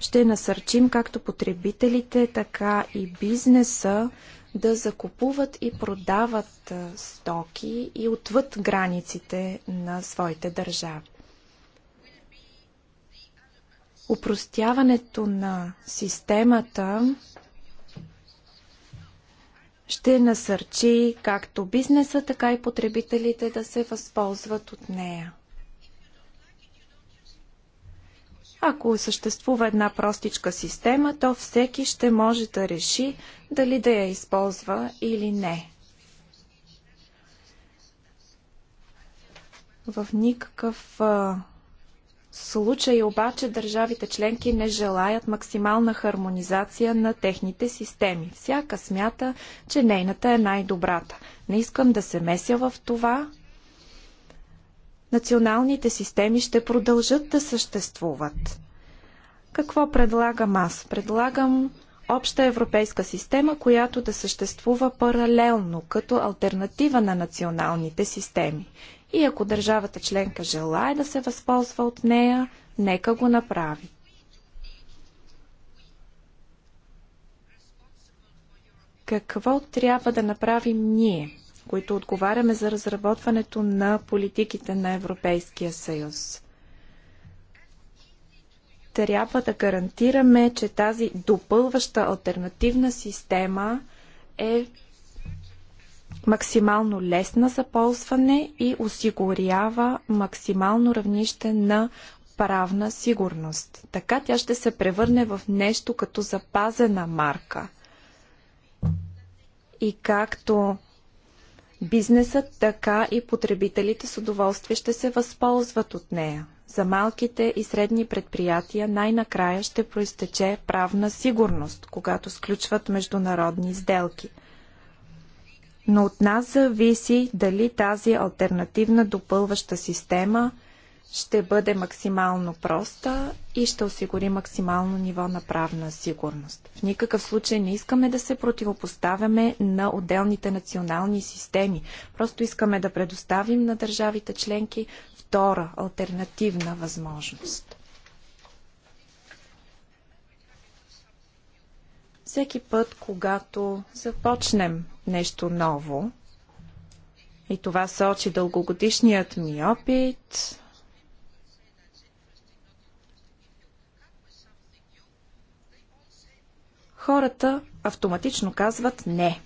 Ще насърчим както потребителите, така и бизнеса да закупуват и продават стоки и отвъд границите на своите държави. Упростяването на системата ще насърчи както бизнеса, така и потребителите да се възползват от нея. Ако съществува една простичка система, то всеки ще може да реши дали да я използва или не. В никакъв случай обаче държавите членки не желаят максимална хармонизация на техните системи. Всяка смята, че нейната е най-добрата. Не искам да се меся в това националните системи ще продължат да съществуват. Какво предлагам аз? Предлагам обща европейска система, която да съществува паралелно, като альтернатива на националните системи. И ако държавата членка желая да се възползва от нея, нека го направи. Какво трябва да направим ние? които отговаряме за разработването на политиките на Европейския съюз. Трябва да гарантираме, че тази допълваща альтернативна система е максимално лесна за ползване и осигурява максимално равнище на правна сигурност. Така тя ще се превърне в нещо като запазена марка. И както бизнесът, така и потребителите с удоволствие ще се възползват от нея. За малките и средни предприятия най-накрая ще проистече правна сигурност, когато сключват международни сделки. Но от нас зависи дали тази альтернативна допълваща система – ще бъде максимално проста и ще осигури максимално ниво на правна сигурност. В никакъв случай не искаме да се противопоставяме на отделните национални системи. Просто искаме да предоставим на държавите членки втора альтернативна възможност. Всеки път, когато започнем нещо ново, и това сочи дългогодишният ми опит, хората автоматично казват не.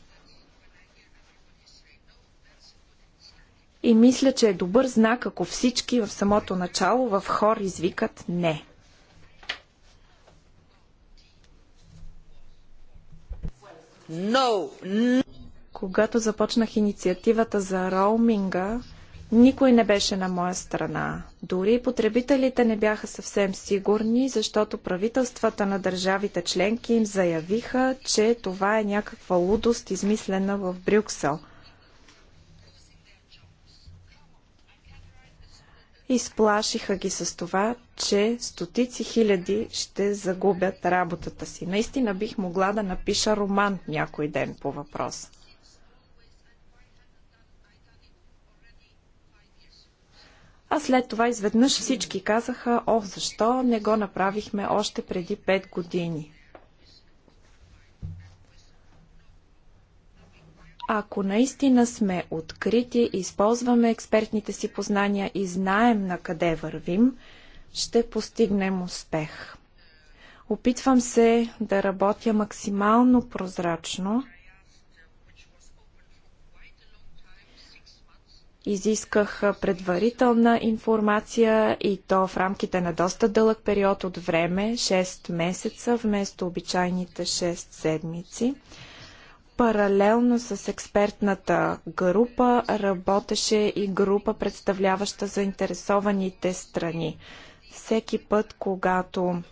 И мисля, че е добър знак, ако всички в самото начало в хор извикат не. No. Когато започнах инициативата за роуминга, никой не беше на моя страна. Дори потребителите не бяха съвсем сигурни, защото правителствата на държавите членки им заявиха, че това е някаква лудост, измислена в Брюксел. Изплашиха ги с това, че стотици хиляди ще загубят работата си. Наистина бих могла да напиша роман някой ден по въпроса. А след това изведнъж всички казаха, о, защо не го направихме още преди 5 години. Ако наистина сме открити, използваме експертните си познания и знаем на къде вървим, ще постигнем успех. Опитвам се да работя максимално прозрачно, изисках предварителна информация и то в рамките на доста дълъг период от време 6 месеца вместо обичайните 6 седмици. Паралелно с експертната група работеше и група, представляваща заинтересованите страни. Всеки път, когато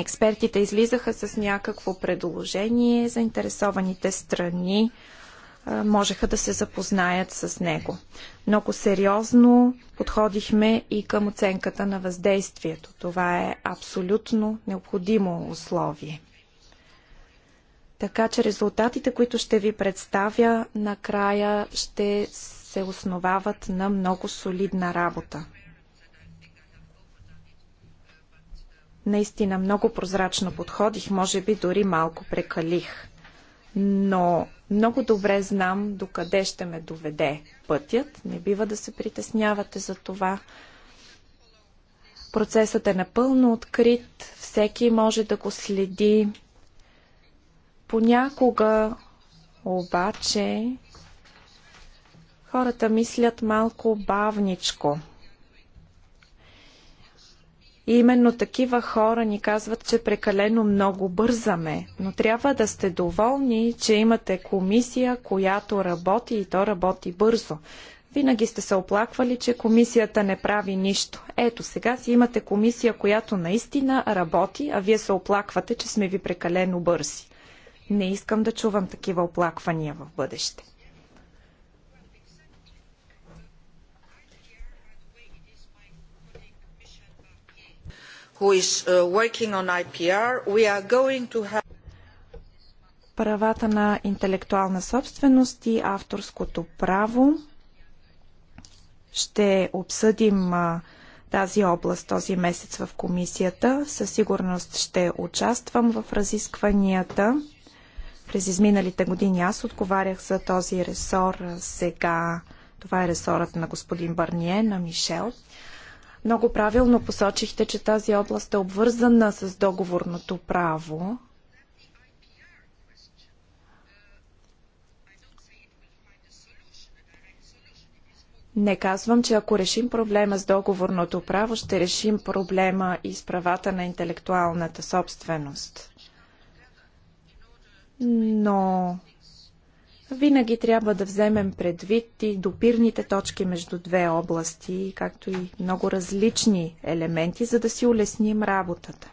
експертите излизаха с някакво предложение, заинтересованите страни можеха да се запознаят с него. Много сериозно подходихме и към оценката на въздействието. Това е абсолютно необходимо условие. Така че резултатите, които ще ви представя накрая, ще се основават на много солидна работа. Наистина много прозрачно подходих, може би дори малко прекалих но много добре знам докъде ще ме доведе пътят. Не бива да се притеснявате за това. Процесът е напълно открит, всеки може да го следи. Понякога обаче хората мислят малко бавничко – и именно такива хора ни казват, че прекалено много бързаме. Но трябва да сте доволни, че имате комисия, която работи и то работи бързо. Винаги сте се оплаквали, че комисията не прави нищо. Ето сега си имате комисия, която наистина работи, а вие се оплаквате, че сме ви прекалено бързи. Не искам да чувам такива оплаквания в бъдеще. who is uh, working on IPR, we are going to have правата на интелектуална собственост и авторското право. Ще обсъдим тази област този месец в комисията. Със сигурност ще участвам в разискванията. През изминалите години аз отговарях за този ресор. Сега това е ресорът на господин Барние, на Мишел. Много правилно посочихте, че тази област е обвързана с договорното право. Не казвам, че ако решим проблема с договорното право, ще решим проблема и с правата на интелектуалната собственост. Но винаги трябва да вземем предвид и допирните точки между две области, както и много различни елементи, за да си улесним работата.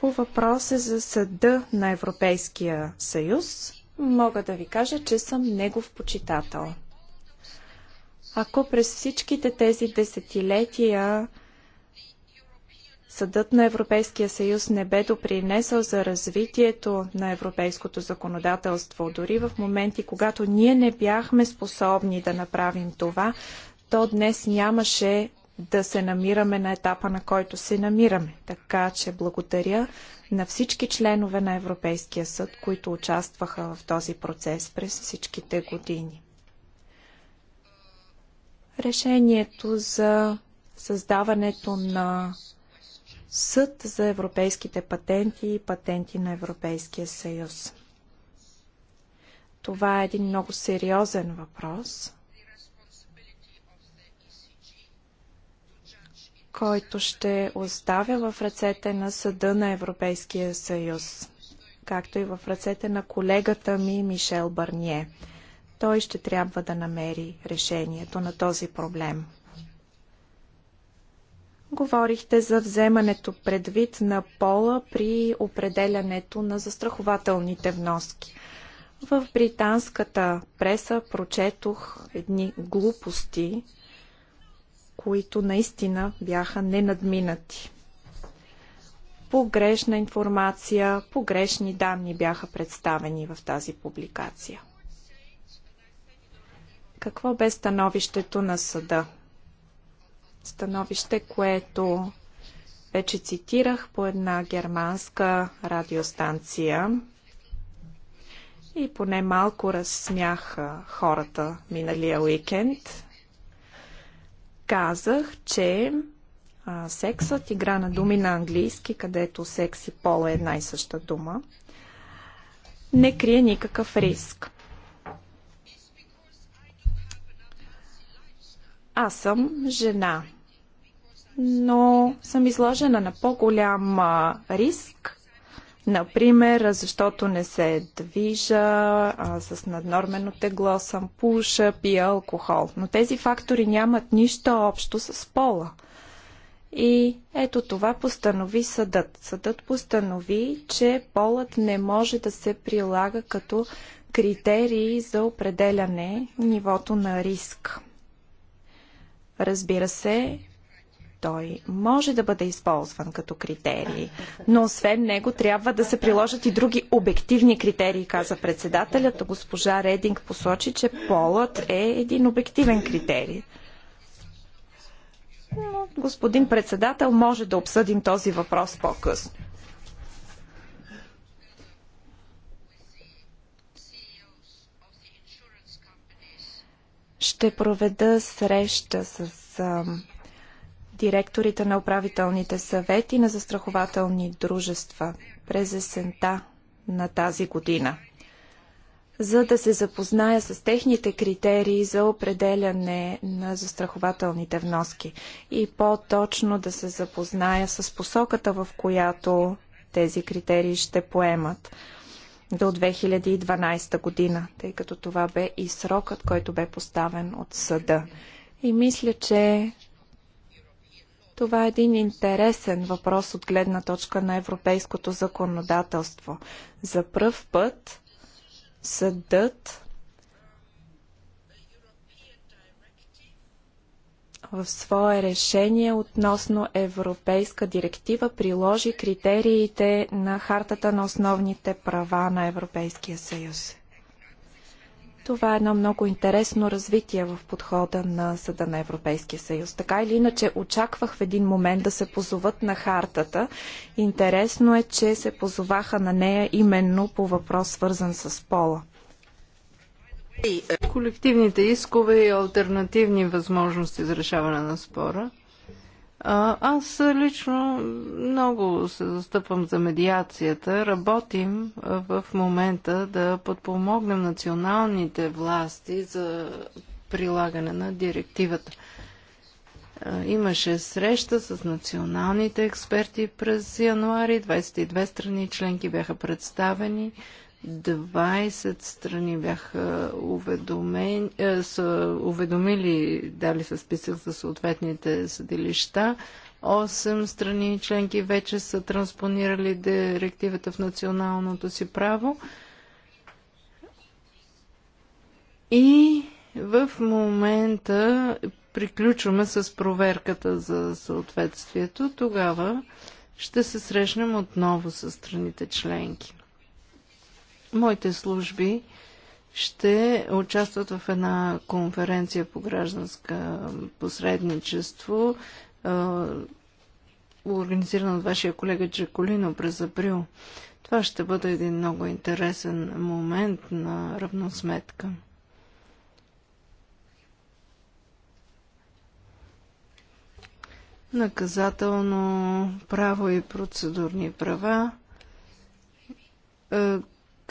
По въпроса за съда на Европейския съюз, мога да ви кажа, че съм негов почитател. Ако през всичките тези десетилетия Съдът на Европейския съюз не бе допринесъл за развитието на европейското законодателство. Дори в моменти, когато ние не бяхме способни да направим това, то днес нямаше да се намираме на етапа, на който се намираме. Така че благодаря на всички членове на Европейския съд, които участваха в този процес през всичките години. Решението за създаването на съд за европейските патенти и патенти на Европейския съюз. Това е един много сериозен въпрос, който ще оставя в ръцете на Съда на Европейския съюз, както и в ръцете на колегата ми Мишел Барние. Той ще трябва да намери решението на този проблем. Говорихте за вземането предвид на пола при определянето на застрахователните вноски. В британската преса прочетох едни глупости, които наистина бяха ненадминати. Погрешна информация, погрешни данни бяха представени в тази публикация. Какво бе становището на съда? становище, което вече цитирах по една германска радиостанция и поне малко разсмях хората миналия уикенд. Казах, че а, сексът, игра на думи на английски, където секс и пол е една и съща дума, не крие никакъв риск. Аз съм жена но съм изложена на по-голям риск, Например, защото не се движа, а, с наднормено тегло съм пуша, пия алкохол. Но тези фактори нямат нищо общо с пола. И ето това постанови съдът. Съдът постанови, че полът не може да се прилага като критерии за определяне нивото на риск. Разбира се, той може да бъде използван като критерий, но освен него трябва да се приложат и други обективни критерии, каза председателят. Госпожа Рединг посочи, че полът е един обективен критерий. Но, господин председател, може да обсъдим този въпрос по-късно. ще проведа среща с директорите на управителните съвети на застрахователни дружества през есента на тази година, за да се запозная с техните критерии за определяне на застрахователните вноски и по-точно да се запозная с посоката, в която тези критерии ще поемат до 2012 година, тъй като това бе и срокът, който бе поставен от съда. И мисля, че това е един интересен въпрос от гледна точка на европейското законодателство. За пръв път съдът в свое решение относно Европейска директива приложи критериите на Хартата на основните права на Европейския съюз. Това е едно много интересно развитие в подхода на Съда на Европейския съюз. Така или иначе, очаквах в един момент да се позоват на хартата. Интересно е, че се позоваха на нея именно по въпрос, свързан с пола. Колективните искове и альтернативни възможности за решаване на спора – аз лично много се застъпвам за медиацията. Работим в момента да подпомогнем националните власти за прилагане на директивата. Имаше среща с националните експерти през януари. 22 страни членки бяха представени. 20 страни бяха е, са уведомили, дали са списък за съответните съдилища. 8 страни членки вече са транспонирали директивата в националното си право. И в момента приключваме с проверката за съответствието. Тогава ще се срещнем отново с страните членки. Моите служби ще участват в една конференция по гражданска посредничество, организирана от вашия колега Джаколино през април. Това ще бъде един много интересен момент на равносметка. Наказателно право и процедурни права е,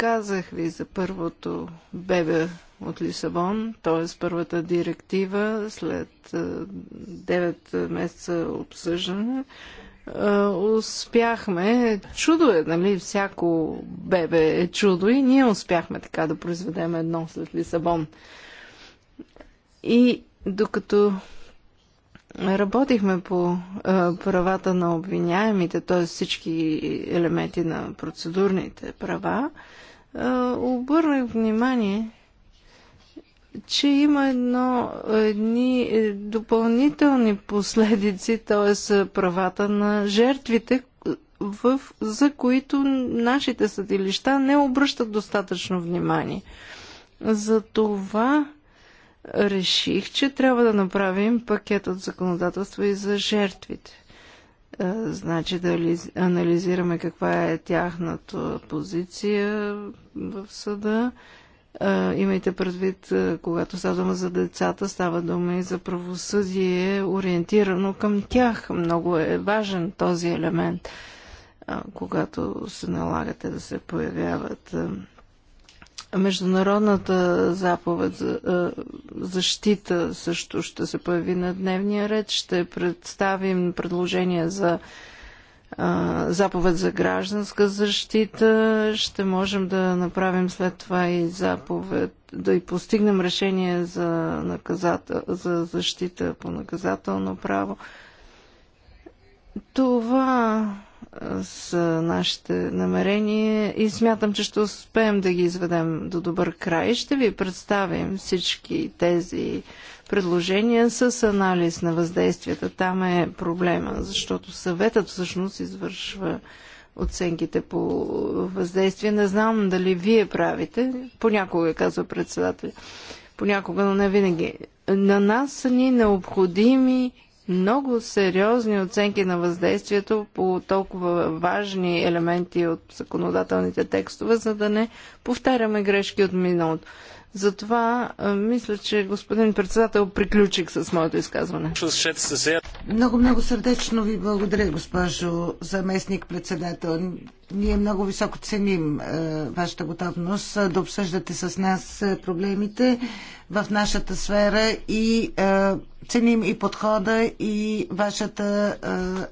Казах ви за първото бебе от Лисабон, т.е. първата директива след 9 месеца обсъждане. Успяхме, чудо е, нали, всяко бебе е чудо и ние успяхме така да произведем едно след Лисабон. И докато Работихме по а, правата на обвиняемите, т.е. всички елементи на процедурните права обърнах внимание, че има едно, едни е, допълнителни последици, т.е. правата на жертвите, в, за които нашите съдилища не обръщат достатъчно внимание. Затова реших, че трябва да направим пакет от законодателство и за жертвите. Е, значи да анализираме каква е тяхната позиция в съда. Е, имайте предвид, е, когато става дума за децата, става дума и за правосъдие, ориентирано към тях. Много е важен този елемент, когато се налагате да се появяват Международната заповед за е, защита също ще се появи на дневния ред. Ще представим предложение за е, заповед за гражданска защита. Ще можем да направим след това и заповед, да и постигнем решение за, наказател, за защита по наказателно право. Това с нашите намерения и смятам, че ще успеем да ги изведем до добър край. Ще ви представим всички тези предложения с анализ на въздействията. Там е проблема, защото съветът всъщност извършва оценките по въздействие. Не знам дали вие правите, понякога казва председателя, понякога, но не винаги. На нас са ни необходими много сериозни оценки на въздействието по толкова важни елементи от законодателните текстове, за да не повтаряме грешки от миналото. Затова мисля, че господин председател приключих с моето изказване. Много, много сърдечно ви благодаря, госпожо заместник председател. Ние много високо ценим е, вашата готовност е, да обсъждате с нас е, проблемите в нашата сфера и ценим и подхода и вашата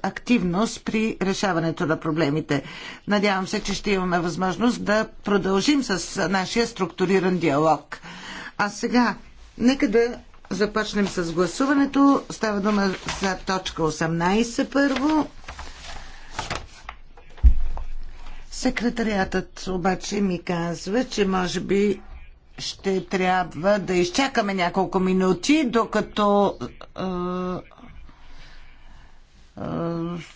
активност при решаването на проблемите. Надявам се, че ще имаме възможност да продължим с нашия структуриран диалог. А сега, нека да започнем с гласуването. Става дума за точка 18 първо. Секретариатът обаче ми казва, че може би ще трябва да изчакаме няколко минути, докато е, е,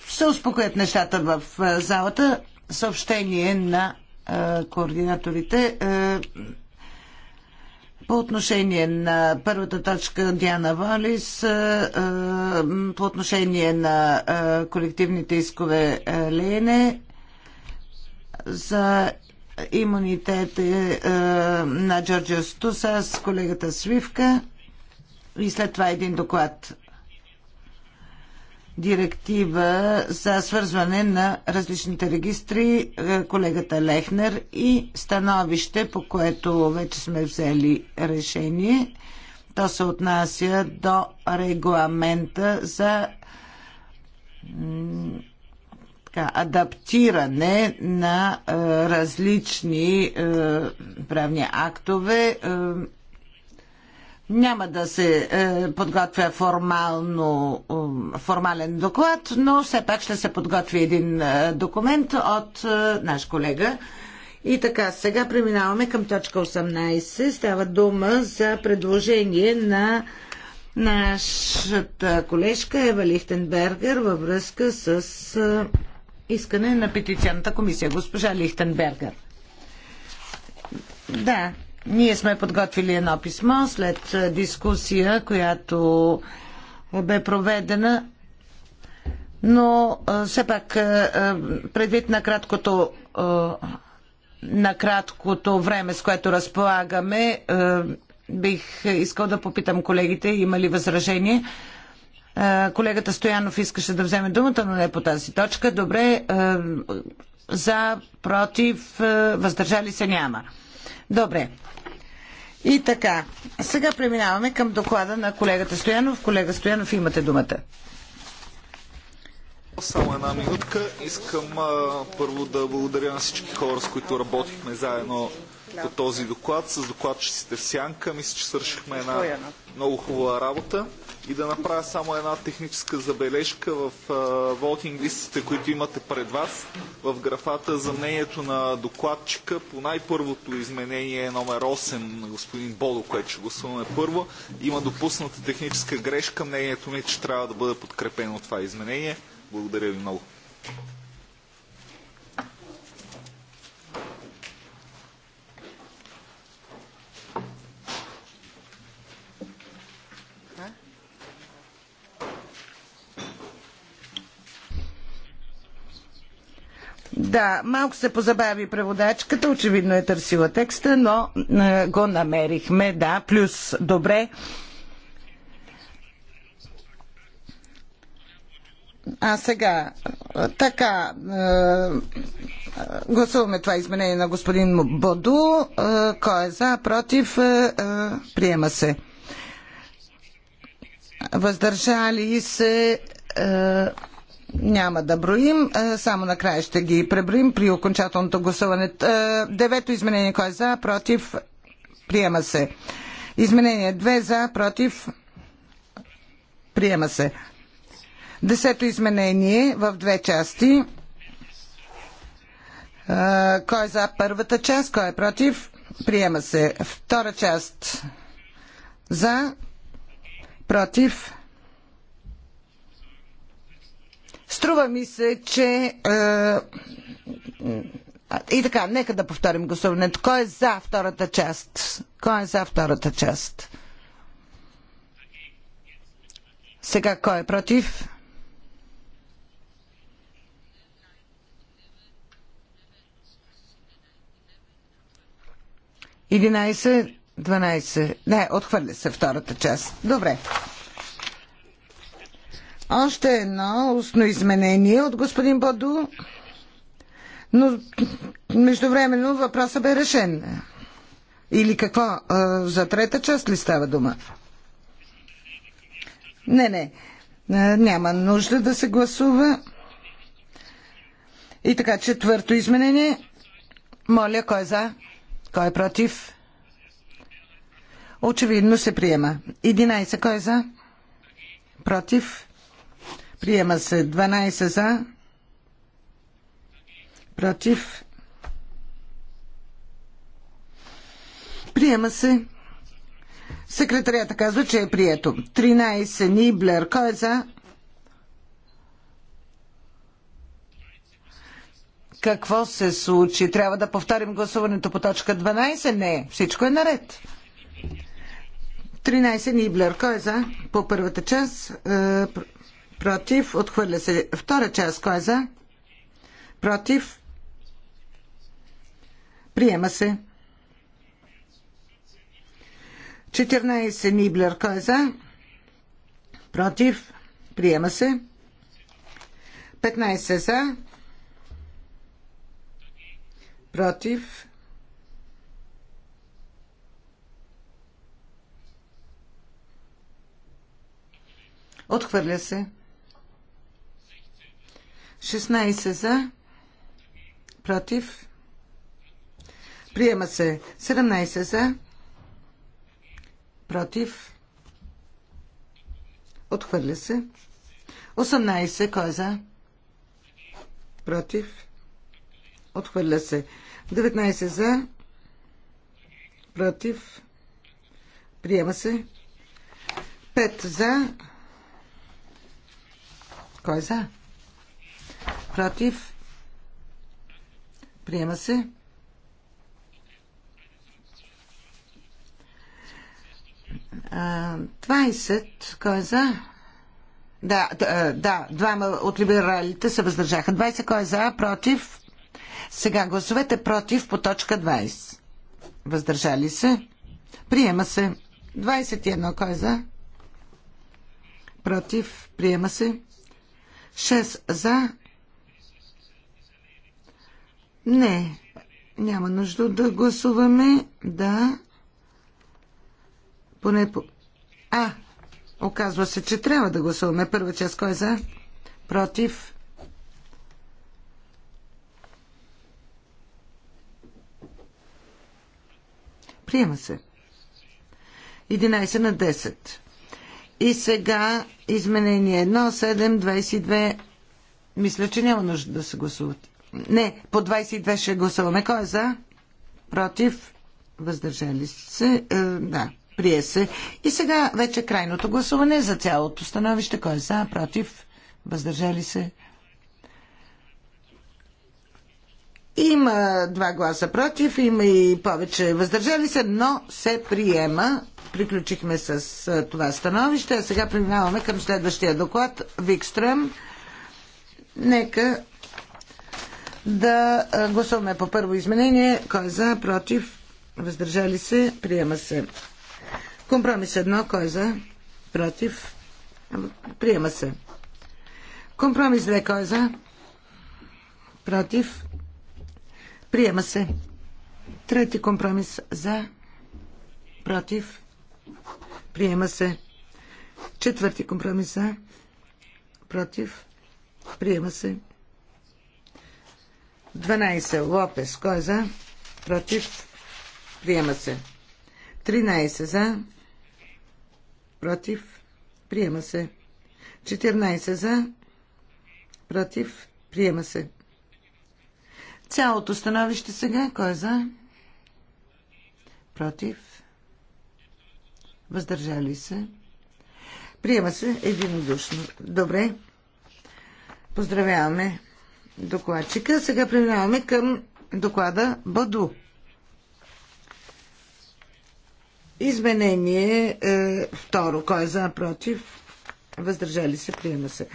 се успокоят нещата в залата. Съобщение на е, координаторите. По отношение на първата точка Диана Валис, по отношение на колективните искове Лене, за имунитет е, е, на Джорджия Стуса с колегата Свивка и след това един доклад. Директива за свързване на различните регистри, е, колегата Лехнер и становище, по което вече сме взели решение. То се отнася до регламента за така, адаптиране на е, различни е, правни актове. Е, няма да се е, подготвя формално, е, формален доклад, но все пак ще се подготви един е, документ от е, наш колега. И така, сега преминаваме към точка 18. Става дума за предложение на нашата колежка Ева Лихтенбергер във връзка с е, искане на петиционната комисия, госпожа Лихтенбергер. Да, ние сме подготвили едно писмо след дискусия, която бе проведена, но все пак предвид на краткото на краткото време, с което разполагаме, бих искал да попитам колегите, има ли възражение. Колегата Стоянов искаше да вземе думата, но не по тази точка. Добре, за, против, въздържали се няма. Добре. И така, сега преминаваме към доклада на колегата Стоянов. Колега Стоянов, имате думата. Само една минутка. Искам а, първо да благодаря на всички хора, с които работихме заедно по този доклад с докладчиците в Сянка. Мисля, че свършихме една много хубава работа. И да направя само една техническа забележка в волтинг листите, които имате пред вас, в графата за мнението на докладчика по най-първото изменение номер 8 на господин Бодо, което ще гласуваме първо, има допусната техническа грешка. Мнението ми е, че трябва да бъде подкрепено това изменение. Благодаря ви много. Да, малко се позабави преводачката, очевидно е търсила текста, но е, го намерихме, да, плюс добре. А сега, така, е, е, гласуваме това изменение на господин Боду. кой е за, против, приема се. Въздържали се няма да броим, е, само накрая ще ги преброим при окончателното гласуване. Е, девето изменение, кой е за, против, приема се. Изменение 2 за, против, приема се. Десето изменение в две части. Е, кой е за първата част, кой е против, приема се. Втора част за, против, Струва ми се, че. Е, и така, нека да повторим гласуването. Кой е за втората част? Кой е за втората част? Сега кой е против? Единайсет, дванайсет. Не, отхвърля се втората част. Добре. Още едно устно изменение от господин Боду, но междувременно въпросът бе решен. Или какво? За трета част ли става дума? Не, не. Няма нужда да се гласува. И така, четвърто изменение. Моля, кой е за? Кой е против? Очевидно се приема. 11. Кой е за? Против? Приема се 12 за. Против. Приема се. Секретарията казва, че е прието. 13 Ниблер. Кой е за? Какво се случи? Трябва да повторим гласуването по точка 12? Не, всичко е наред. 13 Ниблер. Кой е за? По първата част. Е... Против. Отхвърля се. Втора част. Кой е за? Против. Приема се. 14. Ниблер. Кой е за? Против. Приема се. 15 за. Против. Отхвърля се. 16 за, против, приема се 17 за, против, отхвърля се 18, кой е за, против, отхвърля се 19 за, против, приема се 5 за, кой е за? Против. Приема се. А, 20. Кой е за? Да, да, двама от либералите се въздържаха. 20 кой е за, против? Сега гласовете против по точка 20. Въздържали се? Приема се. 21 кой е за? Против? Приема се. 6 за, не, няма нужда да гласуваме. Да. Поне по... А, оказва се, че трябва да гласуваме. Първа част, кой е за? Против? Приема се. 11 на 10. И сега изменение 1, 7, 22. Мисля, че няма нужда да се гласувате. Не, по 22 ще гласуваме. Кой е за? Против? Въздържали се? Е, да, прие се. И сега вече крайното гласуване за цялото становище. Кой е за? Против? Въздържали се? Има два гласа против, има и повече въздържали се, но се приема. Приключихме с е, това становище, а сега преминаваме към следващия доклад. Викстрем. Нека да гласуваме по първо изменение. Кой е за, против, въздържали се, приема се. Компромис едно, кой е за, против, приема се. Компромис 2, кой е за, против, приема се. Трети компромис за, против, приема се. Четвърти компромис за, против, приема се. 12. Лопес. Кой е за? Против. Приема се. 13 за. Против. Приема се. 14 за. Против. Приема се. Цялото становище сега. Кой е за? Против. Въздържали се. Приема се единодушно. Добре. Поздравяваме докладчика. Сега преминаваме към доклада Баду. Изменение е, второ. Кой е за, против? Въздържали се, приема се.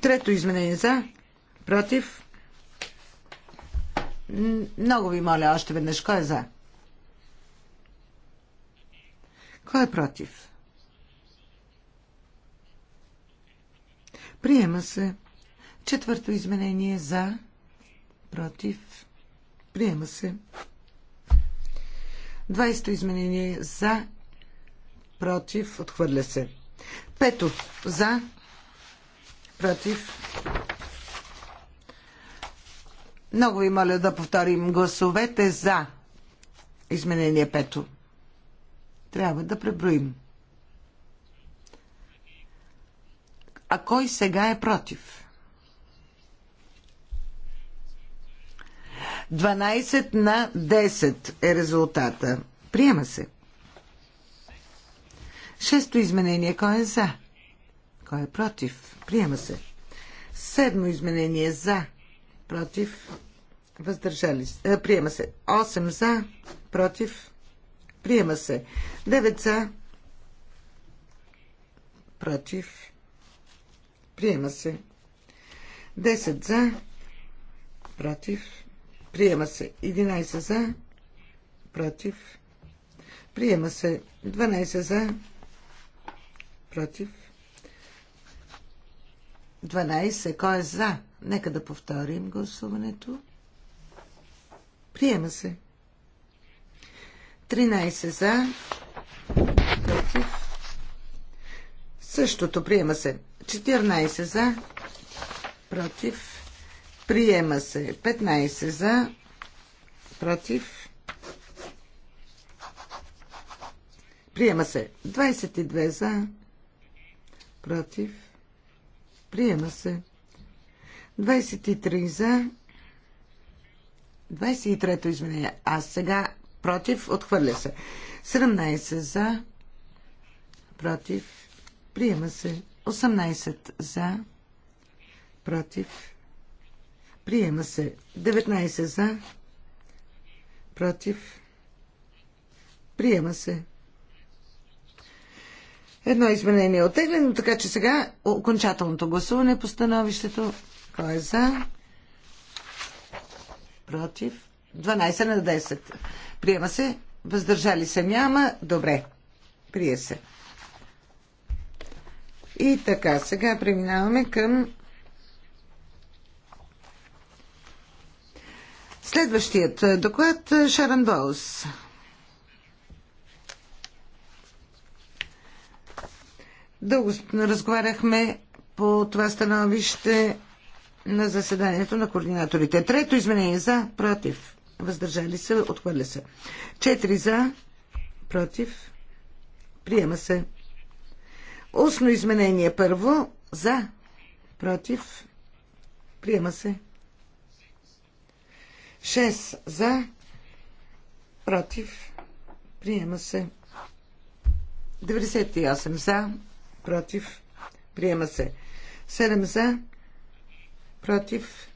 Трето изменение за, против? Много ви моля, още веднъж, кой е за? Кой е против? Приема се. Четвърто изменение за, против, приема се. Двайсто изменение за, против, отхвърля се. Пето за, против. Много ви моля да повторим гласовете за изменение пето. Трябва да преброим. А кой сега е против? 12 на 10 е резултата. Приема се. Шесто изменение. Кой е за? Кой е против? Приема се. Седмо изменение. За. Против. Въздържали се. приема се. 8 за. Против. Приема се. 9 за. Против. Приема се. 10 за. Против. Приема се 11 за, против. Приема се 12 за, против. 12. Кой е за? Нека да повторим гласуването. Приема се. 13 за, против. Същото приема се. 14 за, против. Приема се 15 за, против. Приема се 22 за, против. Приема се 23 за. 23-то изменение. А сега против, отхвърля се. 17 за, против. Приема се 18 за, против. Приема се 19 за, против. Приема се. Едно изменение е отеглено, така че сега окончателното гласуване по становището. Кой е за? Против. 12 на 10. Приема се. Въздържали се няма. Добре. Прие се. И така, сега преминаваме към Следващият е, доклад е, Шаран Боус. Дълго разговаряхме по това становище на заседанието на координаторите. Трето изменение за, против, въздържали се, отхвърля се. Четири за, против, приема се. Устно изменение първо, за, против, приема се. 6 за, против, приема се. 98 за, против, приема се. 7 за, против,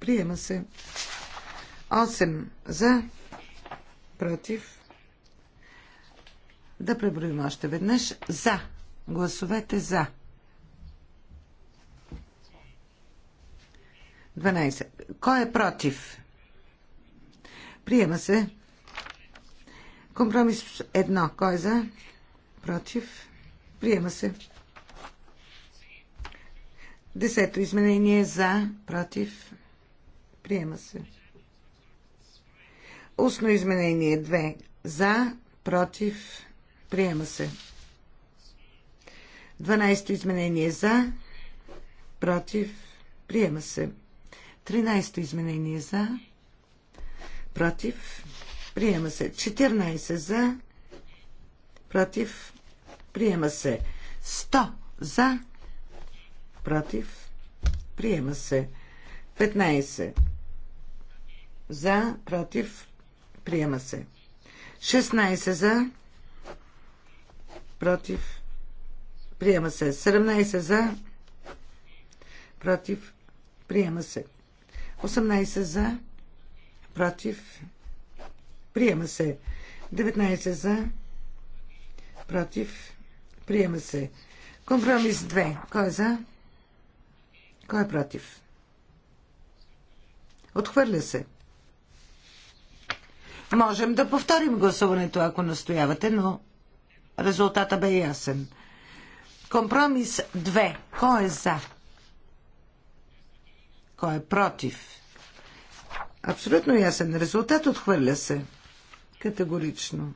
приема се. 8 за, против. Да преброим още веднъж. За. Гласовете за. 12. Кой е против? Приема се. Компромис 1. Кой е за? Против. Приема се. Десето изменение е за, против. Приема се. Устно изменение 2. Е за, против. Приема се. Дванайсто изменение е за, против. Приема се. 13-то изменение за, против, приема се. 14 за, против, приема се. 100 за, против, приема се. 15 за, против, приема се. 16 за, против, приема се. 17 за, против, приема се. 18 за, против, приема се. 19 за, против, приема се. Компромис 2. Кой е за? Кой е против? Отхвърля се. Можем да повторим гласуването, ако настоявате, но резултата бе ясен. Компромис 2. Кой е за? Кой е против? Абсолютно ясен резултат. Отхвърля се. Категорично.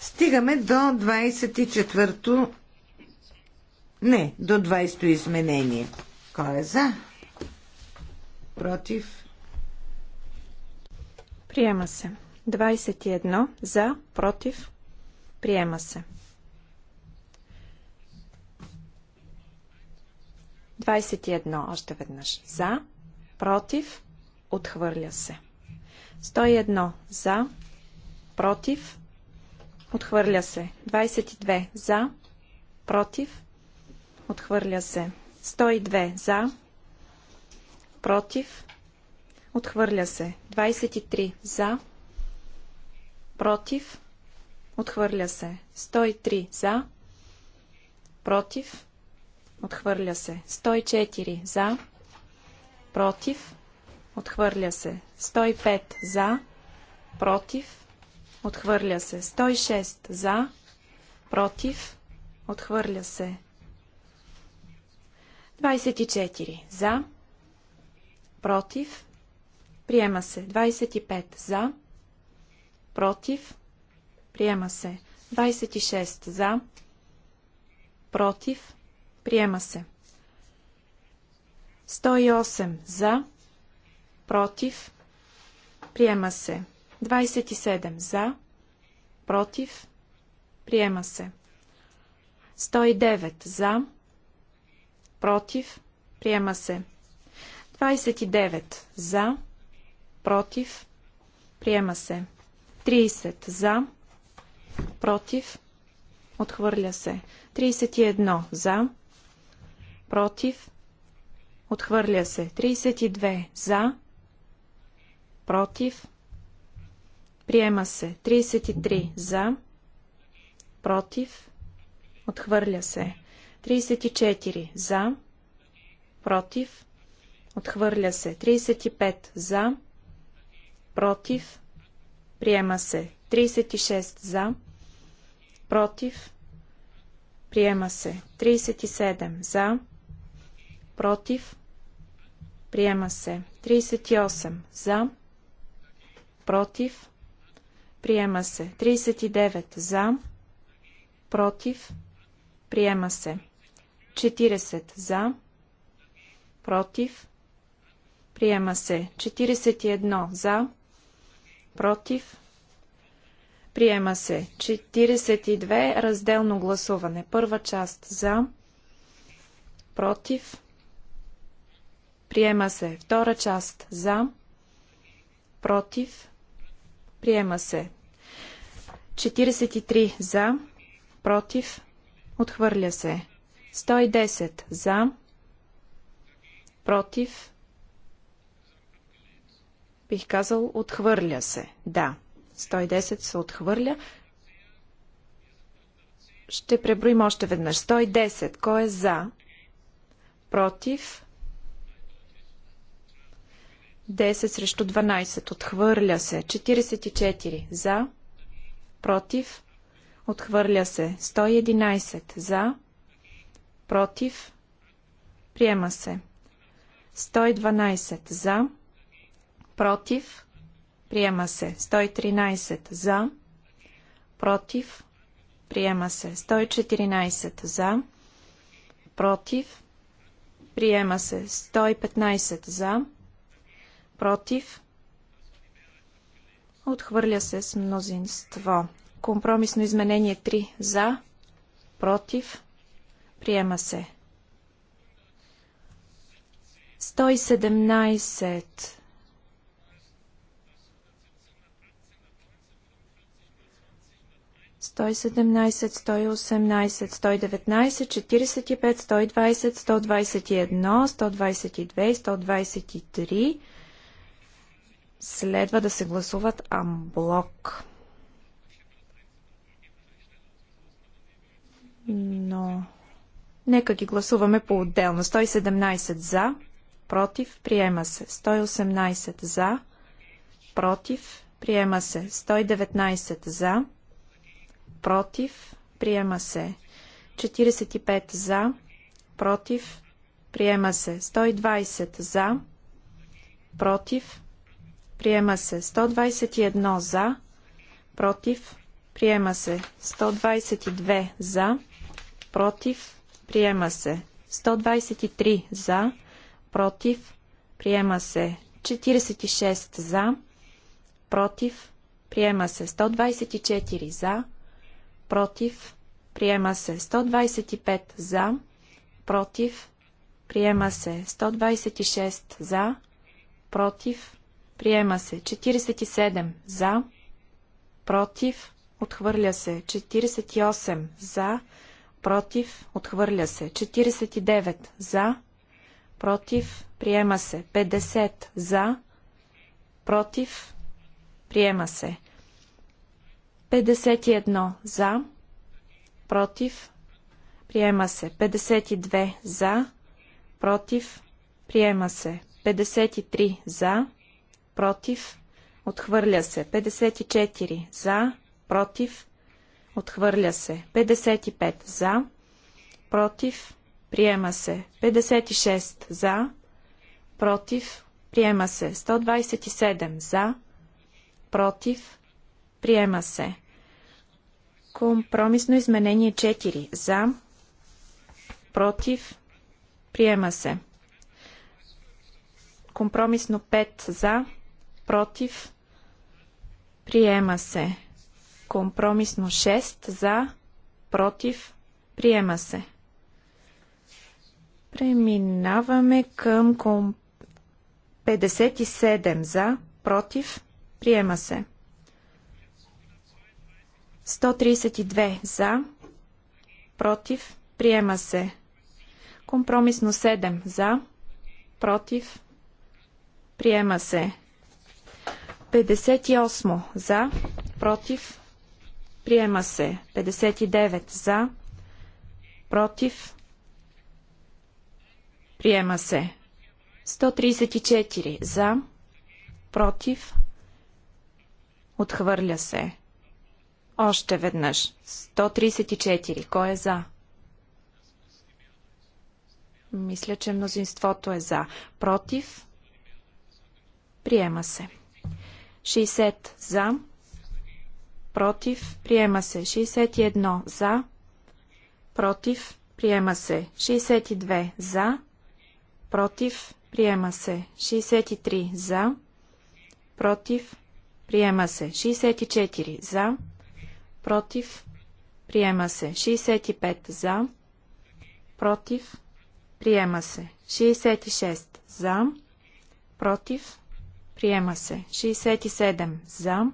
Стигаме до 24-то. Не, до 20-то изменение. Кой е за? Против? Приема се. 21 за, против. Приема се. 21 още веднъж. За, против, отхвърля се. 101 за, против, отхвърля се. 22 за, против, отхвърля се. 102 за, против, отхвърля се. 23 за, против, отхвърля се. 103 за, против, Отхвърля се. 104 за. Против. Отхвърля се. 105 за. Против. Отхвърля се. 106 за. Против. Отхвърля се. 24 за. Против. Приема се. 25 за. Против. Приема се. 26 за. Против. Приема се. 108 за, против, приема се. 27 за, против, приема се. 109 за, против, приема се. 29 за, против, приема се. 30 за, против, отхвърля се. 31 за, против, отхвърля се. 32 за, против, приема се. 33 за, против, отхвърля се. 34 за, против, отхвърля се. 35 за, против, приема се. 36 за, против, приема се. 37 за, против, приема се. 38 за, против, приема се. 39 за, против, приема се. 40 за, против, приема се. 41 за, против, приема се. 42 разделно гласуване. Първа част за, против, Приема се. Втора част. За. Против. Приема се. 43 за. Против. Отхвърля се. 110 за. Против. Бих казал отхвърля се. Да. 110 се отхвърля. Ще преброим още веднъж. 110. Кой е за? Против. 10 срещу 12. Отхвърля се. 44. За. Против. Отхвърля се. 111. За. Против. Приема се. 112. За. Против. Приема се. 113. За. Против. Приема се. 114. За. Против. Приема се. 115. За против, отхвърля се с мнозинство. Компромисно изменение 3 за, против, приема се. 117 117, 118, 119, 45, 120, 121, 122, 123, следва да се гласуват амблок. Но нека ги гласуваме по-отделно. 117 за, против, приема се. 118 за, против, приема се. 119 за, против, приема се. 45 за, против, приема се. 120 за, против, Приема се 121 за, против. Приема се 122 за, против. Приема се 123 за, против. Приема се 46 за, против. Приема се 124 за, против. Приема се 125 за, против. Приема се 126 за, против. Приема се. 47 за. Против. Отхвърля се. 48 за. Против. Отхвърля се. 49 за. Против. Приема се. 50 за. Против. Приема се. 51 за. Против. Приема се. 52 за. Против. Приема се. 53 за против, отхвърля се. 54 за, против, отхвърля се. 55 за, против, приема се. 56 за, против, приема се. 127 за, против, приема се. Компромисно изменение 4 за, против, приема се. Компромисно 5 за, против, приема се. Компромисно 6 за, против, приема се. Преминаваме към ком... 57 за, против, приема се. 132 за, против, приема се. Компромисно 7 за, против, приема се. 58 за, против, приема се. 59 за, против, приема се. 134 за, против, отхвърля се. Още веднъж. 134. Кой е за? Мисля, че мнозинството е за. Против? Приема се. 60 за, против, приема се. 61 за, против, приема се. 62 за, против, приема се. 63 за, против, приема се. 64 за, против, приема се. 65 за, против, приема се. 66 за, против, Приема се. 67 за.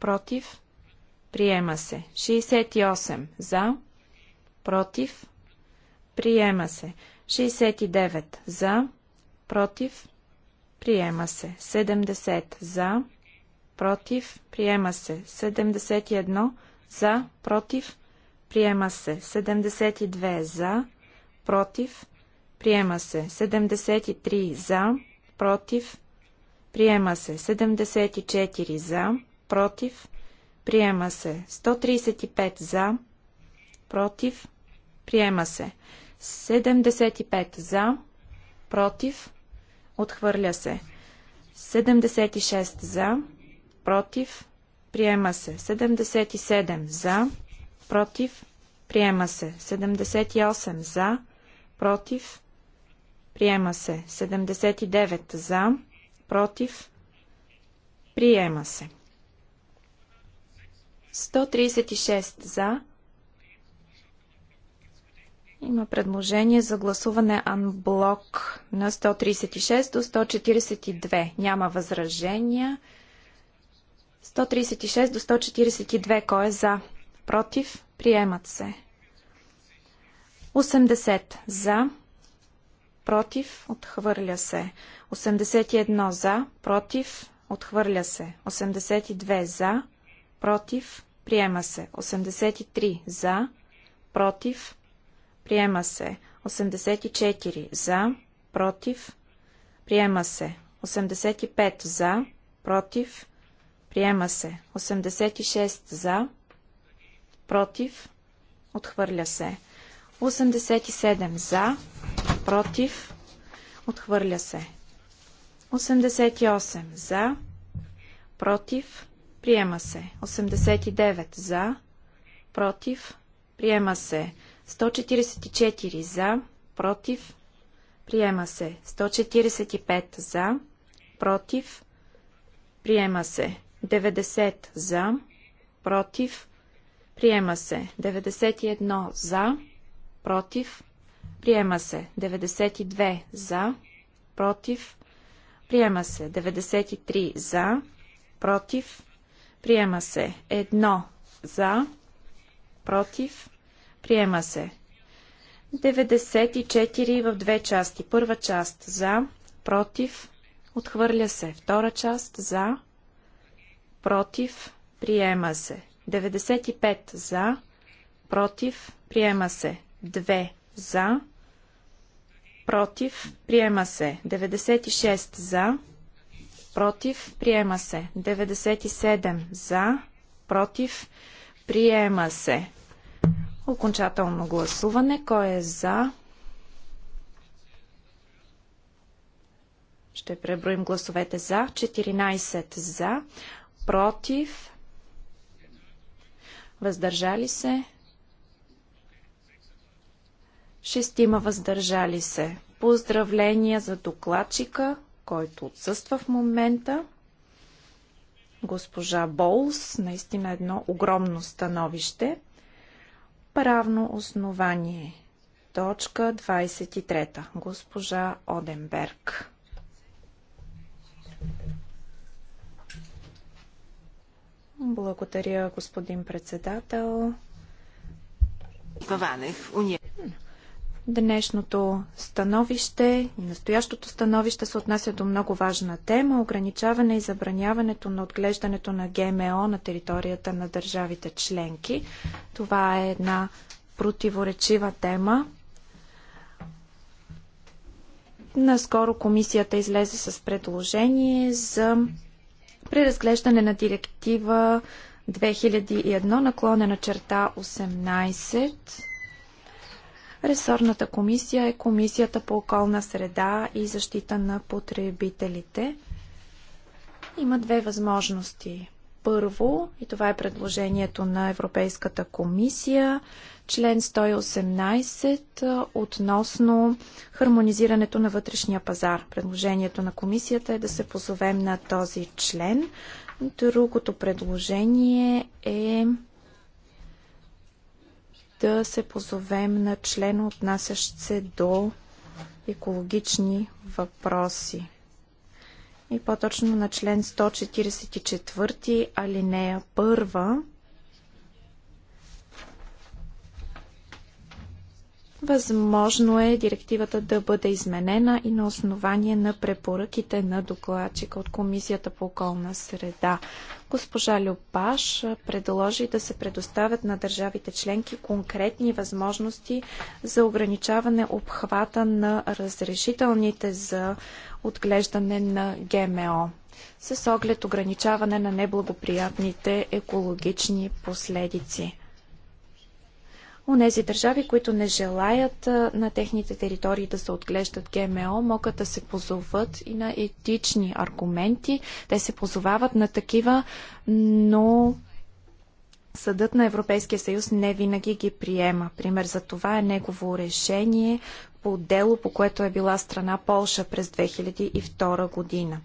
Против. Приема се. 68 за. Против. Приема се. 69 за. Против. Приема се. 70 за. Против. Приема се. 71 за. Против. Приема се. 72 за. Против. Приема се. 73 за. Против. Приема се 74 за, против. Приема се 135 за, против. Приема се 75 за, против. Отхвърля се 76 за, против. Приема се 77 за, против. Приема се 78 за, против. Приема се 79 за, против против, приема се. 136 за. Има предложение за гласуване анблок на 136 до 142. Няма възражения. 136 до 142. Кой е за? Против? Приемат се. 80 за. Против? Отхвърля се. 81 за, против, отхвърля се. 82 за, против, приема се. 83 за, против, приема се. 84 за, против, приема се. 85 за, против, приема се. 86 за, против, отхвърля се. 87 за, против, отхвърля се. 88 за, против, приема се. 89 за, против, приема се. 144 за, против, приема се. 145 за, против, приема се. 90 за, против, приема се. 91 за, против, приема се. 92 за, против, Приема се 93 за, против. Приема се 1 за, против. Приема се 94 в две части. Първа част за, против. Отхвърля се. Втора част за, против. Приема се 95 за, против. Приема се 2 за, против, приема се. 96 за, против, приема се. 97 за, против, приема се. Окончателно гласуване. Кой е за? Ще преброим гласовете за. 14 за, против, въздържали се, шестима въздържали се. Поздравления за докладчика, който отсъства в момента. Госпожа Болс, наистина едно огромно становище. Правно основание. Точка 23. Госпожа Оденберг. Благодаря, господин председател. Ваванев, уния. Днешното становище и настоящото становище се отнася до много важна тема – ограничаване и забраняването на отглеждането на ГМО на територията на държавите членки. Това е една противоречива тема. Наскоро комисията излезе с предложение за преразглеждане на директива 2001 наклонена черта 18 Ресорната комисия е Комисията по околна среда и защита на потребителите. Има две възможности. Първо, и това е предложението на Европейската комисия, член 118 относно хармонизирането на вътрешния пазар. Предложението на комисията е да се позовем на този член. Другото предложение е да се позовем на член, отнасящ се до екологични въпроси. И по-точно на член 144, алинея 1. Възможно е директивата да бъде изменена и на основание на препоръките на докладчика от Комисията по околна среда. Госпожа Люпаш предложи да се предоставят на държавите членки конкретни възможности за ограничаване обхвата на разрешителните за отглеждане на ГМО с оглед ограничаване на неблагоприятните екологични последици. Онези държави, които не желаят на техните територии да се отглеждат ГМО, могат да се позоват и на етични аргументи. Те се позовават на такива, но Съдът на Европейския съюз не винаги ги приема. Пример за това е негово решение по дело, по което е била страна Полша през 2002 година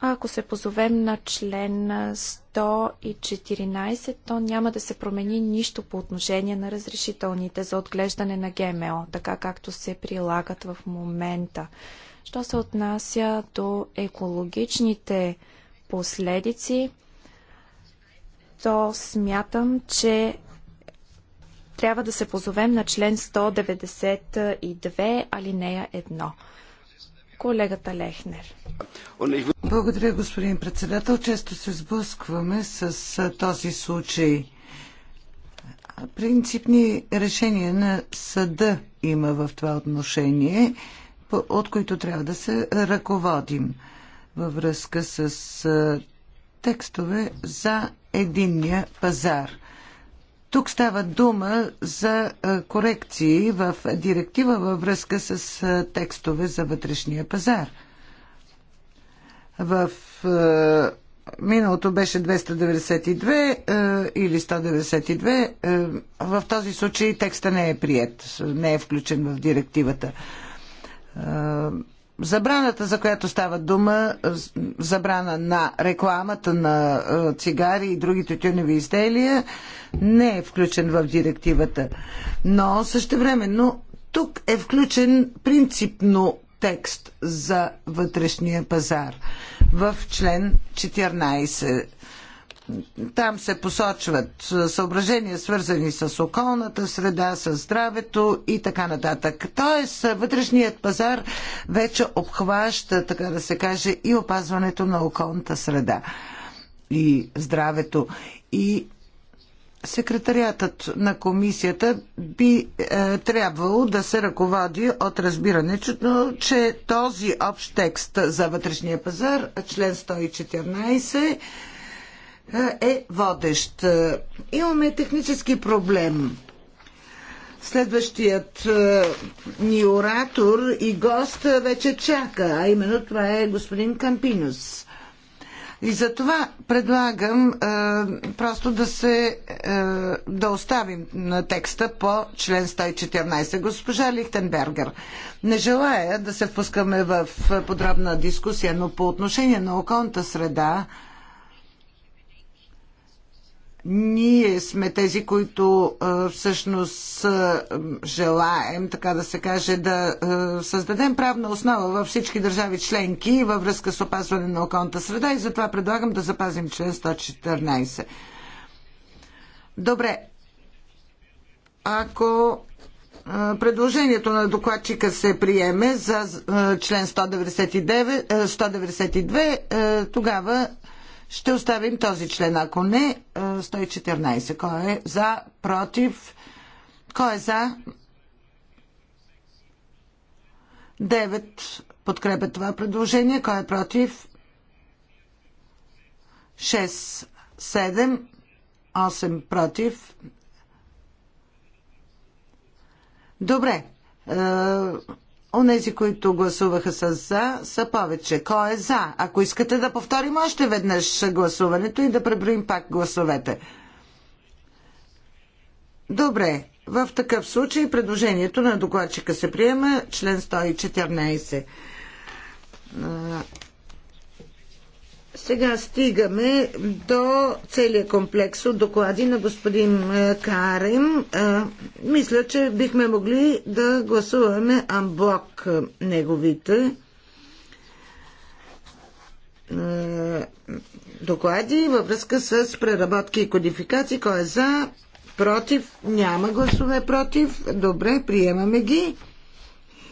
ако се позовем на член 114, то няма да се промени нищо по отношение на разрешителните за отглеждане на ГМО, така както се прилагат в момента. Що се отнася до екологичните последици, то смятам, че трябва да се позовем на член 192, алинея 1 колегата Лехнер. Благодаря, господин председател. Често се сблъскваме с този случай. Принципни решения на съда има в това отношение, от които трябва да се ръководим във връзка с текстове за единния пазар. Тук става дума за корекции в директива във връзка с текстове за вътрешния пазар. В миналото беше 292 или 192. В този случай текста не е прият, не е включен в директивата. Забраната, за която става дума, е, забрана на рекламата на е, цигари и други тютюневи изделия, не е включен в директивата. Но същевременно тук е включен принципно текст за вътрешния пазар в член 14 там се посочват съображения, свързани с околната среда, с здравето и така нататък. Тоест, вътрешният пазар вече обхваща, така да се каже, и опазването на околната среда и здравето. И секретариатът на комисията би е, трябвало да се ръководи от разбирането, че този общ текст за вътрешния пазар, член 114, е, е водещ. Е, имаме технически проблем. Следващият е, ни оратор и гост вече чака, а именно това е господин Кампинус. И за това предлагам е, просто да се е, да оставим на текста по член 114. Госпожа Лихтенбергер, не желая да се впускаме в подробна дискусия, но по отношение на околната среда, ние сме тези, които всъщност желаем, така да се каже, да създадем правна основа във всички държави членки във връзка с опазване на околната среда и затова предлагам да запазим член 114. Добре. Ако предложението на докладчика се приеме за член 199, 192, тогава ще оставим този член, ако не, 114. Е, кой е за, против, кой е за? 9 Подкрепя това предложение. Кой е против? 6, 7, 8 против. Добре. Е, Онези, които гласуваха с за, са повече. Кой е за? Ако искате да повторим още веднъж гласуването и да преброим пак гласовете. Добре, в такъв случай предложението на докладчика се приема член 114. Сега стигаме до целия комплекс от доклади на господин е, Карем. Е, мисля, че бихме могли да гласуваме амблок неговите е, доклади във връзка с преработки и кодификации. Кой е за? Против? Няма гласове против. Добре, приемаме ги.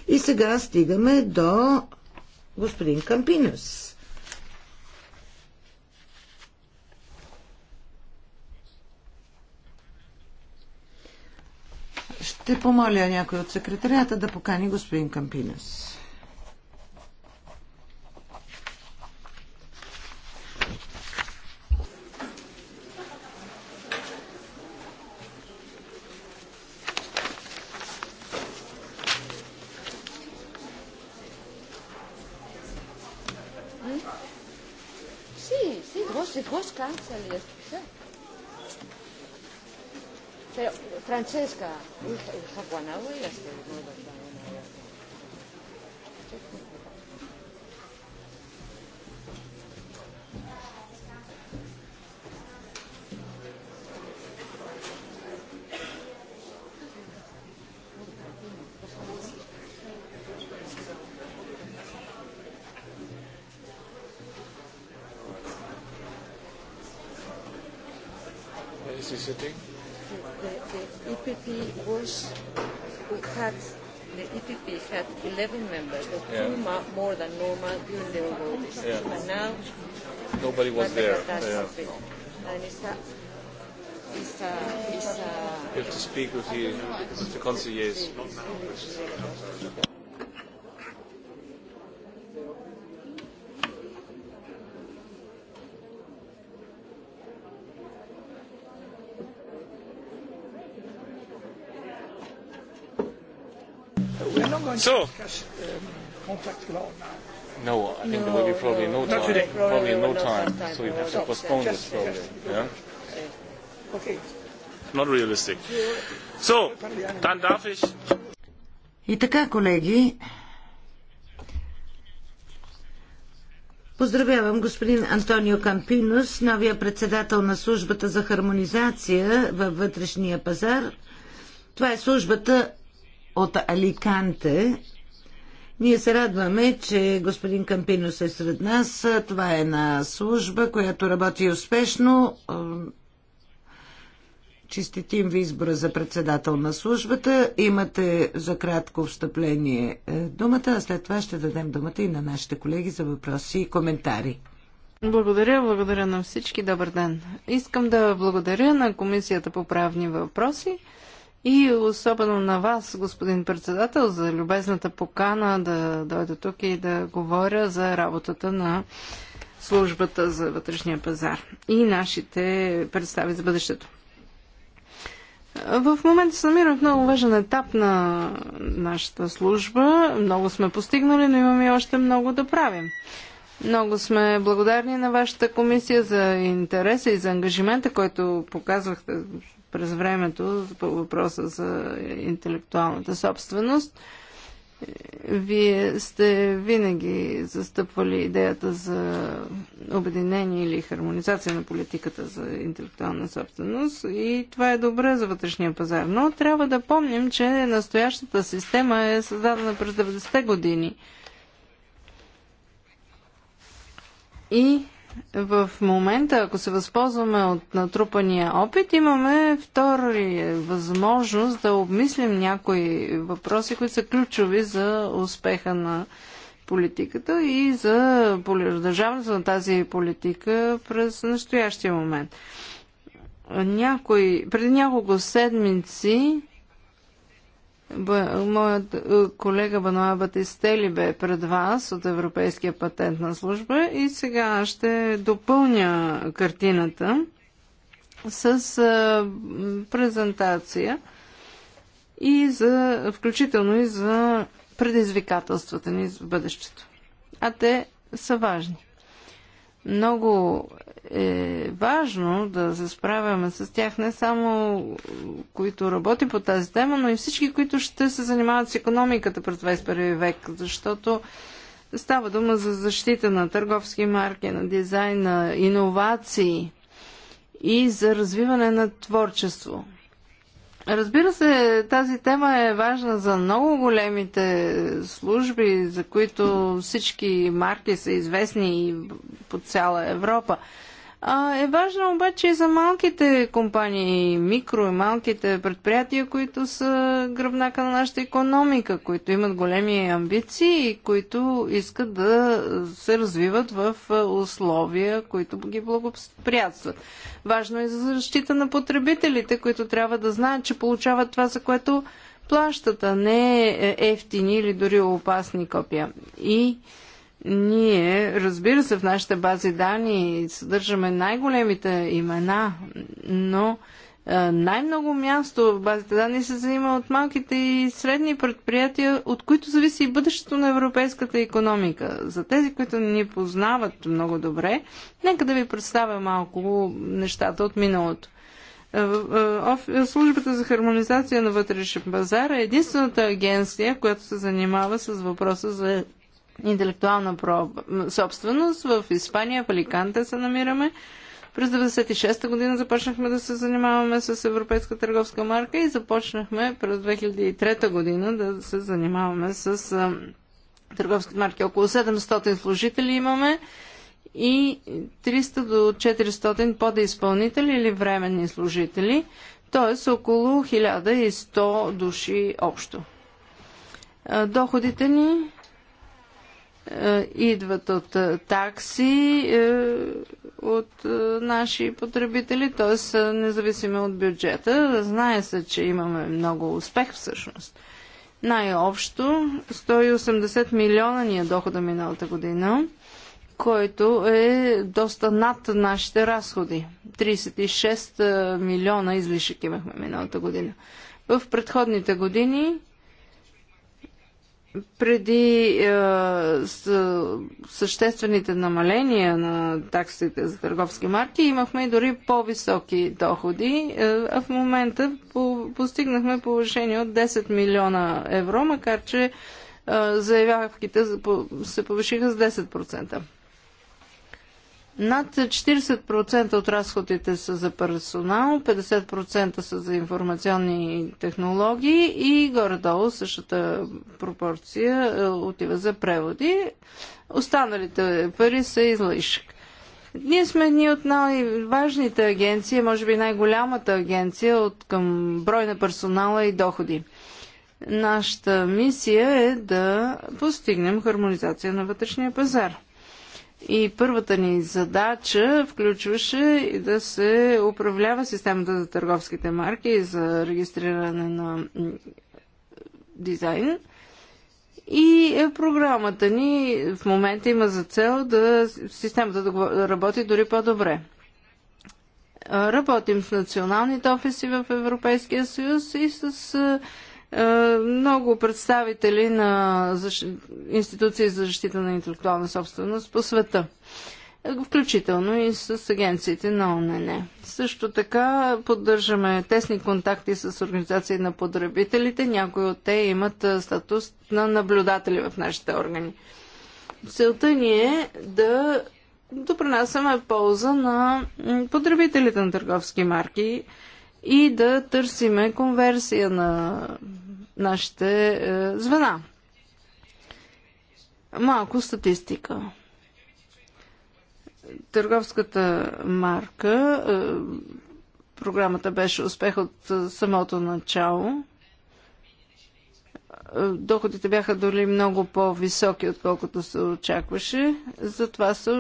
И сега стигаме до господин Кампинус. Ще помоля някой от секретарията да покани господин Кампинес. Sí, Sì, vos grosse, grosse canzone. Pero, Francesca, hija Guanawi la Is he sitting? the, the EPP was, we had, the EPP had 11 members, or yeah. two more than normal during the overall decision. Yeah. But now, nobody was there. Yeah. And it's a, it's a, it's a, you have to speak with the, with the conciliers. So. No, I think no, there will be probably no, no time. Today. Probably no, time. time. So you have to postpone this probably. Yeah. Okay. Not realistic. So, dann darf ich. И така, колеги, Поздравявам господин Антонио Кампинус, новия председател на службата за хармонизация във вътрешния пазар. Това е службата, от Аликанте. Ние се радваме, че господин Кампинос е сред нас. Това е една служба, която работи успешно. Честитим ви избора за председател на службата. Имате за кратко встъпление е, думата, а след това ще дадем думата и на нашите колеги за въпроси и коментари. Благодаря, благодаря на всички. Добър ден. Искам да благодаря на Комисията по правни въпроси и особено на вас, господин председател, за любезната покана да дойда тук и да говоря за работата на службата за вътрешния пазар и нашите представи за бъдещето. В момента се намираме в много важен етап на нашата служба. Много сме постигнали, но имаме още много да правим. Много сме благодарни на вашата комисия за интереса и за ангажимента, който показвахте през времето по въпроса за интелектуалната собственост. Вие сте винаги застъпвали идеята за обединение или хармонизация на политиката за интелектуална собственост и това е добре за вътрешния пазар. Но трябва да помним, че настоящата система е създадена през 90-те години. И в момента, ако се възползваме от натрупания опит, имаме втори възможност да обмислим някои въпроси, които са ключови за успеха на политиката и за държаването на тази политика през настоящия момент. Някой, преди няколко седмици Моят е, колега Бануа Батистели бе пред вас от Европейския патентна служба и сега ще допълня картината с е, презентация и за, включително и за предизвикателствата ни в бъдещето. А те са важни. Много е важно да се справяме с тях, не само които работи по тази тема, но и всички, които ще се занимават с економиката през 21 век, защото става дума за защита на търговски марки, на дизайн, на иновации и за развиване на творчество. Разбира се, тази тема е важна за много големите служби, за които всички марки са известни и по цяла Европа. А, е важно обаче и за малките компании, микро и малките предприятия, които са гръбнака на нашата економика, които имат големи амбиции и които искат да се развиват в условия, които ги благоприятстват. Важно е за защита на потребителите, които трябва да знаят, че получават това, за което плащат, а не е, ефтини или дори опасни копия. И ние, разбира се, в нашите бази данни съдържаме най-големите имена, но е, най-много място в базите данни се занима от малките и средни предприятия, от които зависи и бъдещето на европейската економика. За тези, които ни познават много добре, нека да ви представя малко нещата от миналото. Е, е, службата за хармонизация на вътрешен пазар е единствената агенция, която се занимава с въпроса за интелектуална собственост. В Испания, в Аликанте се намираме. През 1996 година започнахме да се занимаваме с европейска търговска марка и започнахме през 2003 година да се занимаваме с а, търговски марки. Около 700 служители имаме и 300 до 400 подизпълнители или временни служители, т.е. около 1100 души общо. Доходите ни е, идват от е, такси е, от наши потребители, т.е. независимо от бюджета. Знае се, че имаме много успех всъщност. Най-общо 180 милиона ни е дохода миналата година, който е доста над нашите разходи. 36 милиона излишък имахме миналата година. В предходните години преди е, с, съществените намаления на таксите за търговски марки имахме и дори по-високи доходи, е, а в момента по, постигнахме повишение от 10 милиона евро, макар че е, заявявките се повишиха с 10%. Над 40% от разходите са за персонал, 50% са за информационни технологии и горе-долу същата пропорция е, отива за преводи. Останалите пари са излишък. Ние сме едни от най-важните агенции, може би най-голямата агенция от към брой на персонала и доходи. Нашата мисия е да постигнем хармонизация на вътрешния пазар. И първата ни задача включваше да се управлява системата за търговските марки и за регистриране на дизайн. И програмата ни в момента има за цел да системата да работи дори по-добре. Работим с националните офиси в Европейския съюз и с е, много представители на институции за защита на интелектуална собственост по света е, включително и с агенциите на ОНН. Също така поддържаме тесни контакти с организации на потребителите. Някои от те имат е, статус на наблюдатели в нашите органи. Целта ни е да допринасяме полза на потребителите на търговски марки и да търсиме конверсия на нашите е, звена. Малко статистика. Търговската марка, е, програмата беше успех от е, самото начало. Доходите бяха дори много по-високи, отколкото се очакваше. Затова се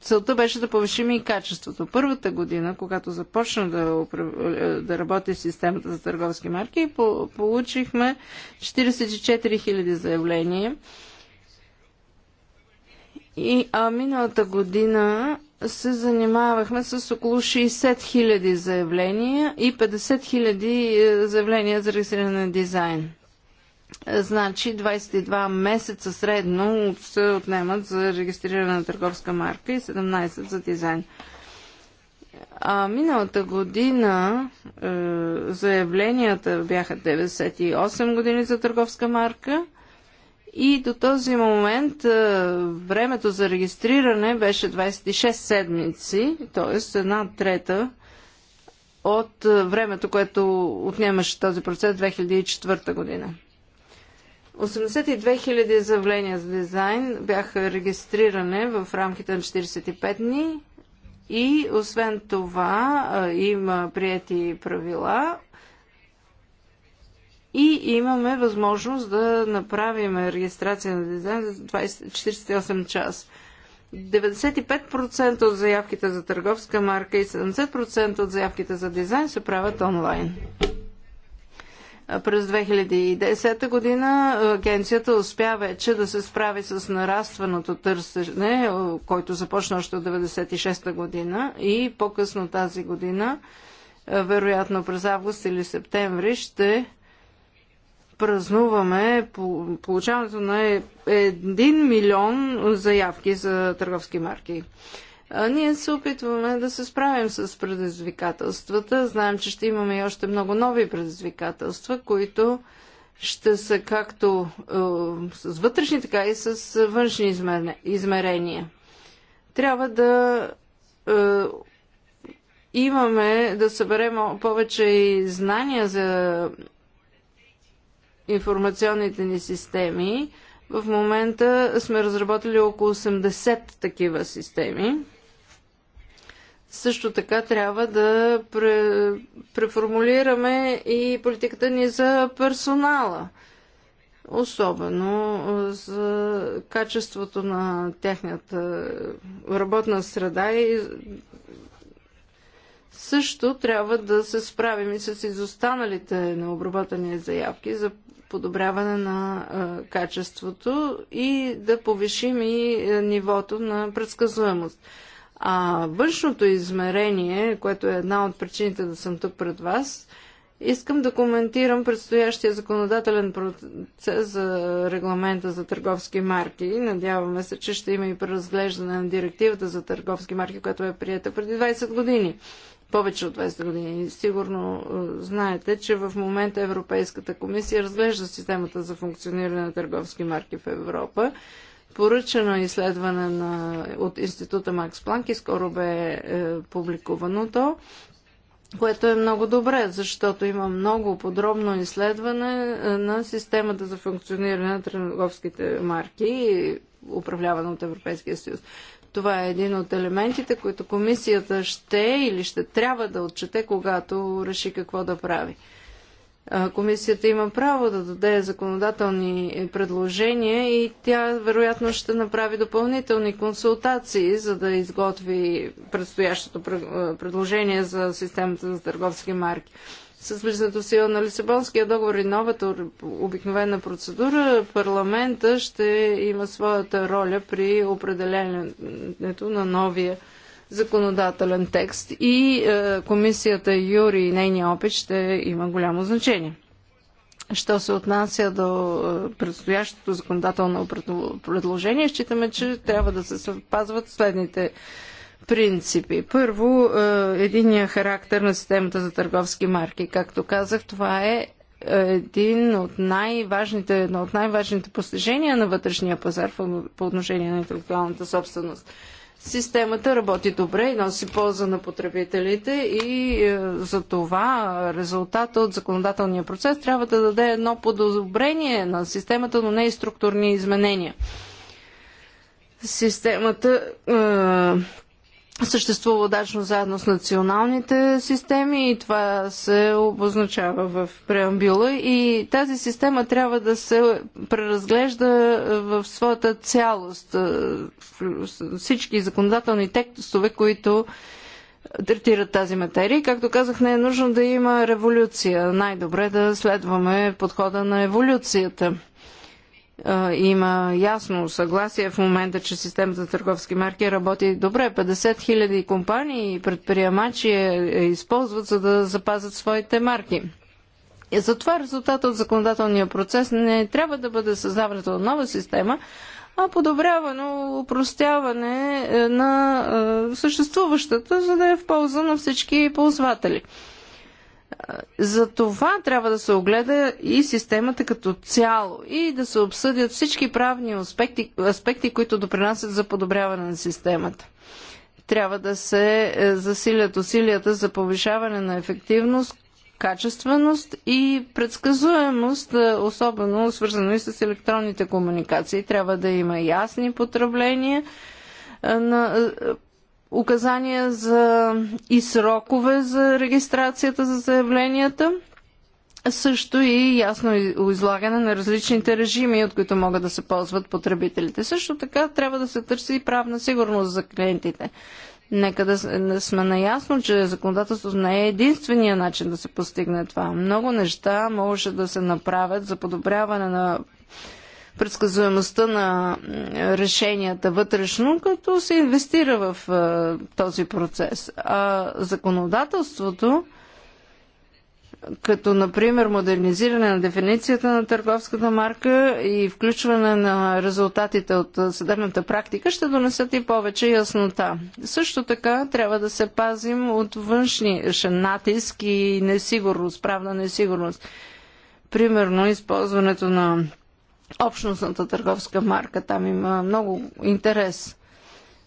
целта беше да повишим и качеството. Първата година, когато започна да, да работи системата за търговски марки, по, получихме 44 000 заявления. И а миналата година се занимавахме с около 60 000 заявления и 50 000 е, заявления за регистриране на дизайн. Значи 22 месеца средно се отнемат за регистриране на търговска марка и 17 за дизайн. А миналата година е, заявленията бяха 98 години за търговска марка и до този момент е, времето за регистриране беше 26 седмици, т.е. една трета от е, времето, което отнемаше този процес 2004 година. 82 000 заявления за дизайн бяха регистрирани в рамките на 45 дни и освен това има прияти правила и имаме възможност да направим регистрация на дизайн за 48 час. 95% от заявките за търговска марка и 70% от заявките за дизайн се правят онлайн. През 2010 година агенцията успя вече да се справи с нарастваното търсене, който започна още от 1996 година и по-късно тази година, вероятно през август или септември, ще празнуваме получаването на 1 е, милион заявки за търговски марки. А, ние се опитваме да се справим с предизвикателствата. Знаем, че ще имаме и още много нови предизвикателства, които ще са както е, с вътрешни, така и с външни измерения. Трябва да е, имаме да съберем повече и знания за информационните ни системи. В момента сме разработили около 80 такива системи. Също така трябва да пре, преформулираме и политиката ни за персонала, особено за качеството на тяхната работна среда и също трябва да се справим и с изостаналите необработани заявки за подобряване на качеството и да повишим и нивото на предсказуемост. А външното измерение, което е една от причините да съм тук пред вас, искам да коментирам предстоящия законодателен процес за регламента за търговски марки. Надяваме се, че ще има и преразглеждане на директивата за търговски марки, която е прията преди 20 години. Повече от 20 години. Сигурно е, знаете, че в момента Европейската комисия разглежда системата за функциониране на търговски марки в Европа поръчано изследване на, от Института Макс Планк и скоро бе е, публикувано то, което е много добре, защото има много подробно изследване е, на системата за функциониране на търговските марки, управлявана от Европейския съюз. Това е един от елементите, които комисията ще или ще трябва да отчете, когато реши какво да прави. Комисията има право да даде законодателни предложения и тя вероятно ще направи допълнителни консултации, за да изготви предстоящото предложение за системата за търговски марки. С влизането сила на Лисабонския договор и новата обикновена процедура, парламента ще има своята роля при определенето на новия законодателен текст и е, комисията Юри и нейния опит ще има голямо значение. Що се отнася до е, предстоящото законодателно предложение, считаме, че трябва да се съпазват следните принципи. Първо, е, единия характер на системата за търговски марки. Както казах, това е един от най-важните, едно от най-важните постижения на вътрешния пазар по отношение на интелектуалната собственост. Системата работи добре и носи полза на потребителите и е, за това резултата от законодателния процес трябва да даде едно подобрение на системата, но не и структурни изменения. Системата е, съществува удачно заедно с националните системи и това се обозначава в преамбюла и тази система трябва да се преразглежда е, в своята цялост. Е, всички законодателни текстове, които е, третират тази материя. Както казах, не е нужно да има революция. Най-добре да следваме подхода на еволюцията има ясно съгласие в момента, че системата за търговски марки работи добре. 50 хиляди компании и предприемачи я използват, за да запазят своите марки. И затова резултата от законодателния процес не трябва да бъде създаването на нова система, а подобряване, упростяване е, на е, съществуващата, за да е в полза на всички ползватели. За това трябва да се огледа и системата като цяло и да се обсъдят всички правни аспекти, аспекти които допринасят за подобряване на системата. Трябва да се е, засилят усилията за повишаване на ефективност, качественост и предсказуемост, е, особено свързано и с електронните комуникации. Трябва да има ясни потребления е, на указания за и срокове за регистрацията за заявленията, също и ясно излагане на различните режими, от които могат да се ползват потребителите. Също така трябва да се търси и правна сигурност за клиентите. Нека да, сме наясно, че законодателството не е единствения начин да се постигне това. Много неща може да се направят за подобряване на предсказуемостта на решенията вътрешно, като се инвестира в този процес. А законодателството, като например модернизиране на дефиницията на търговската марка и включване на резултатите от съдебната практика, ще донесат и повече яснота. Също така трябва да се пазим от външни натиск и несигурност, правна несигурност. Примерно използването на общностната търговска марка. Там има много интерес.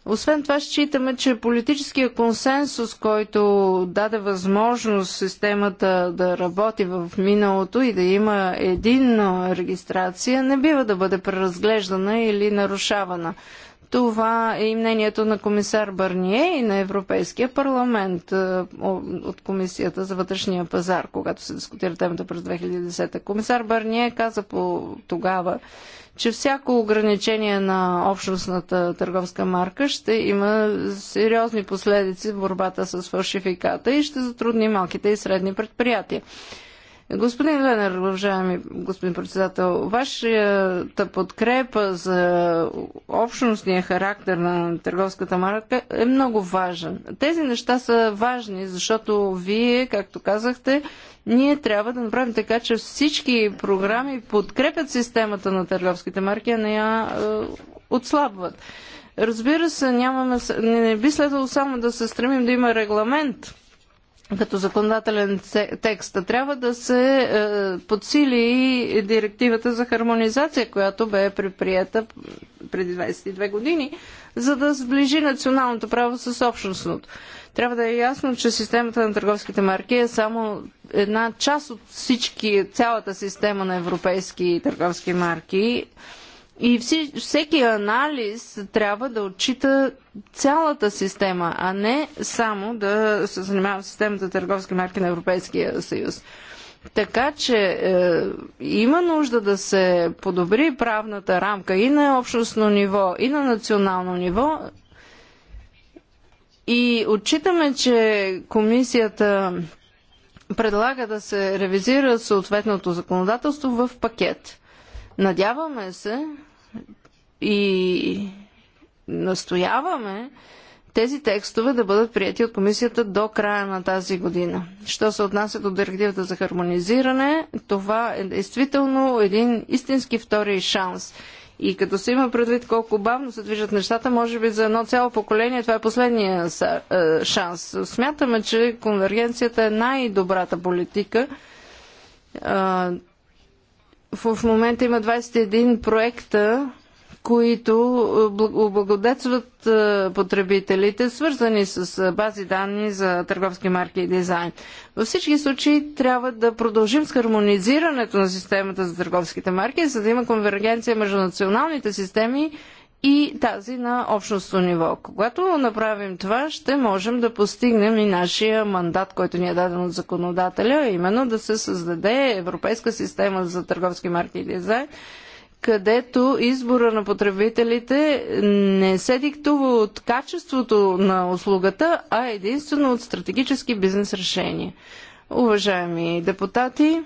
Освен това, считаме, че политическия консенсус, който даде възможност системата да работи в миналото и да има единна регистрация, не бива да бъде преразглеждана или нарушавана. Това е и мнението на комисар Барние и на Европейския парламент е, от Комисията за вътрешния пазар, когато се дискутира темата през 2010. Комисар Бърние каза по тогава, че всяко ограничение на общностната търговска марка ще има сериозни последици в борбата с фалшификата и ще затрудни малките и средни предприятия. Господин Ленер, уважаеми господин председател, вашата подкрепа за общностния характер на търговската марка е много важен. Тези неща са важни, защото вие, както казахте, ние трябва да направим така, че всички програми подкрепят системата на търговските марки, а не я е, отслабват. Разбира се, нямаме, не би следвало само да се стремим да има регламент като законодателен текст. Трябва да се е, подсили подсили директивата за хармонизация, която бе предприета преди 22 години, за да сближи националното право с общностното. Трябва да е ясно, че системата на търговските марки е само една част от всички, цялата система на европейски търговски марки. И всеки анализ трябва да отчита цялата система, а не само да се занимава с системата търговски марки на Европейския съюз. Така че е, има нужда да се подобри правната рамка и на общностно ниво, и на национално ниво. И отчитаме, че комисията предлага да се ревизира съответното законодателство в пакет. Надяваме се, и настояваме тези текстове да бъдат прияти от комисията до края на тази година. Що се отнася до директивата за хармонизиране, това е действително един истински втори шанс. И като се има предвид колко бавно се движат нещата, може би за едно цяло поколение това е последния е, шанс. Смятаме, че конвергенцията е най-добрата политика. Е, в момента има 21 проекта, които е, облагодетстват е, потребителите, свързани с е, бази данни за търговски марки и дизайн. Във всички случаи трябва да продължим с хармонизирането на системата за търговските марки, за да има конвергенция между националните системи и тази на общностно ниво. Когато направим това, ще можем да постигнем и нашия мандат, който ни е даден от законодателя, именно да се създаде европейска система за търговски марки и дизайн, където избора на потребителите не се диктува от качеството на услугата, а единствено от стратегически бизнес решения. Уважаеми депутати,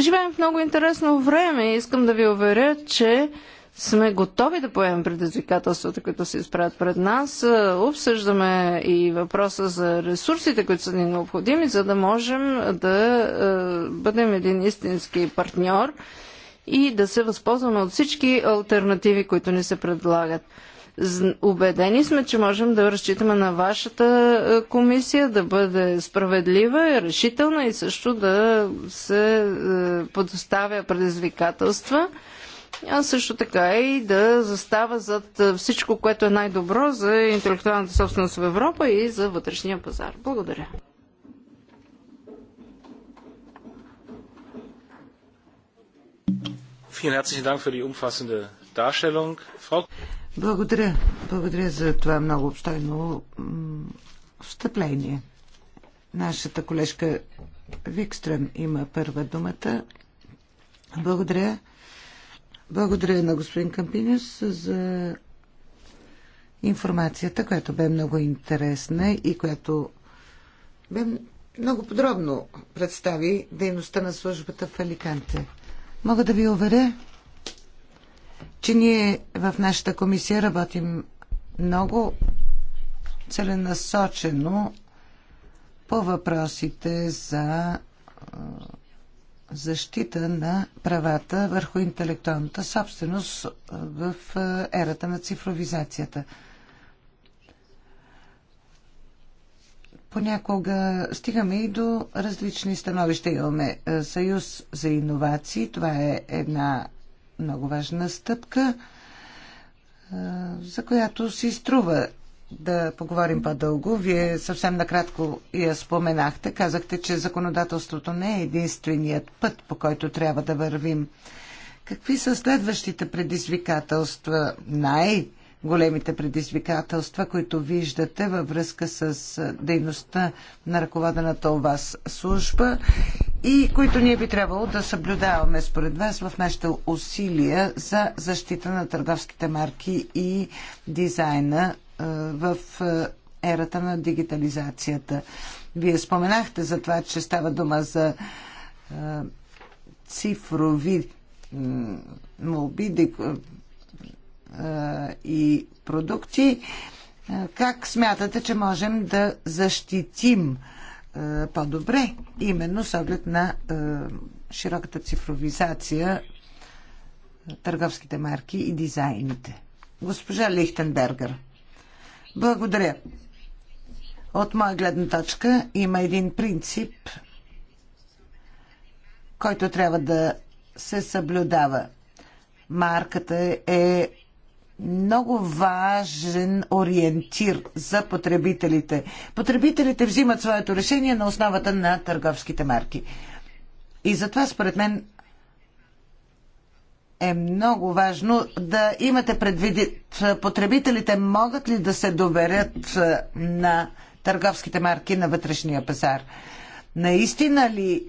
живеем в много интересно време и искам да ви уверя, че сме готови да поемем предизвикателствата, които се изправят пред нас. Обсъждаме и въпроса за ресурсите, които са ни необходими, за да можем да е, бъдем един истински партньор – и да се възползваме от всички альтернативи, които ни се предлагат. Убедени сме, че можем да разчитаме на вашата е, комисия да бъде справедлива и решителна и също да се е, подоставя предизвикателства, а също така и да застава зад е, всичко, което е най-добро за интелектуалната собственост в Европа и за вътрешния пазар. Благодаря. Благодаря. Благодаря за това много обстойно встъпление. Нашата колежка Викстрем има първа думата. Благодаря. Благодаря на господин Кампинес за информацията, която бе много интересна и която бе много подробно представи дейността на службата в Аликанте. Мога да ви уверя, че ние в нашата комисия работим много целенасочено по въпросите за защита на правата върху интелектуалната собственост в ерата на цифровизацията – понякога стигаме и до различни становища. Имаме е, Съюз за иновации. Това е една много важна стъпка, е, за която си струва да поговорим по-дълго. Вие съвсем накратко я споменахте. Казахте, че законодателството не е единственият път, по който трябва да вървим. Какви са следващите предизвикателства? Най- големите предизвикателства, които виждате във връзка с дейността на ръководената у вас служба и които ние би трябвало да съблюдаваме според вас в нашите усилия за защита на търговските марки и дизайна в ерата на дигитализацията. Вие споменахте за това, че става дума за цифрови молби, и продукти. Как смятате, че можем да защитим по-добре, именно с оглед на широката цифровизация, търговските марки и дизайните? Госпожа Лихтенбергер. Благодаря. От моя гледна точка има един принцип, който трябва да се съблюдава. Марката е много важен ориентир за потребителите. Потребителите взимат своето решение на основата на търговските марки. И затова, според мен, е много важно да имате предвид потребителите могат ли да се доверят на търговските марки на вътрешния пазар. Наистина ли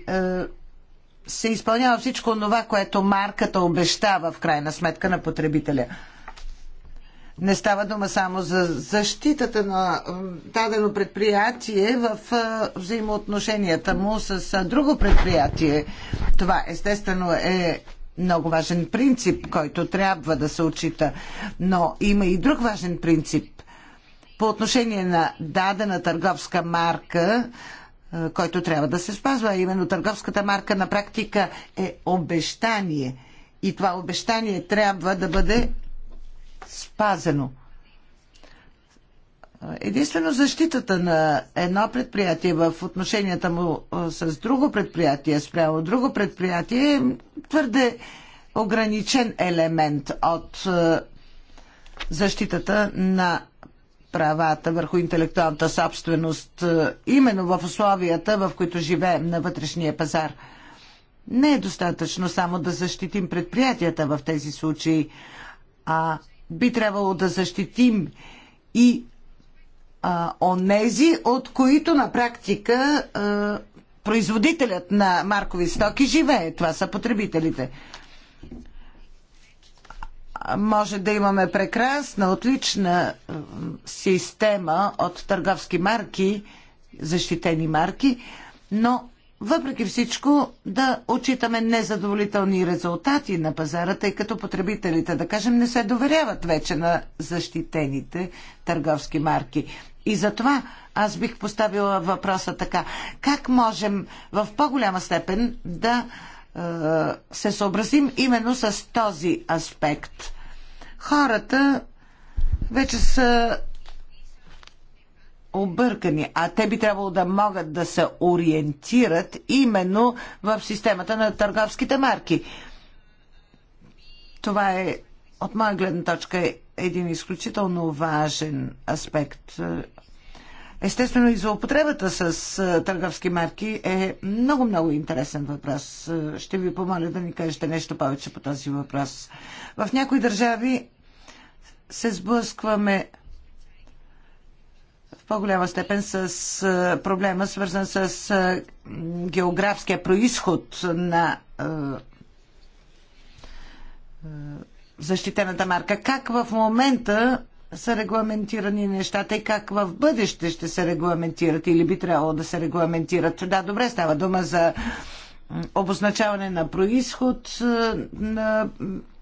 се изпълнява всичко това, което марката обещава в крайна сметка на потребителя? Не става дума само за защитата на дадено предприятие в взаимоотношенията му с друго предприятие. Това естествено е много важен принцип, който трябва да се отчита. Но има и друг важен принцип. По отношение на дадена търговска марка, който трябва да се спазва, именно търговската марка на практика е обещание. И това обещание трябва да бъде спазено. Единствено защитата на едно предприятие в отношенията му с друго предприятие, спрямо друго предприятие, е твърде ограничен елемент от защитата на правата върху интелектуалната собственост, именно в условията, в които живеем на вътрешния пазар. Не е достатъчно само да защитим предприятията в тези случаи, а би трябвало да защитим и а, онези, от които на практика а, производителят на маркови стоки живее. Това са потребителите. Може да имаме прекрасна, отлична система от търговски марки, защитени марки, но въпреки всичко да отчитаме незадоволителни резултати на пазара, тъй като потребителите, да кажем, не се доверяват вече на защитените търговски марки. И затова аз бих поставила въпроса така. Как можем в по-голяма степен да е, се съобразим именно с този аспект? Хората вече са объркани, а те би трябвало да могат да се ориентират именно в системата на търговските марки. Това е, от моя гледна точка, един изключително важен аспект. Естествено и за употребата с търговски марки е много-много интересен въпрос. Ще ви помоля да ни кажете нещо повече по този въпрос. В някои държави се сблъскваме по-голяма степен с проблема, свързан с географския происход на защитената марка. Как в момента са регламентирани нещата и как в бъдеще ще се регламентират или би трябвало да се регламентират. Да, добре, става дума за обозначаване на происход на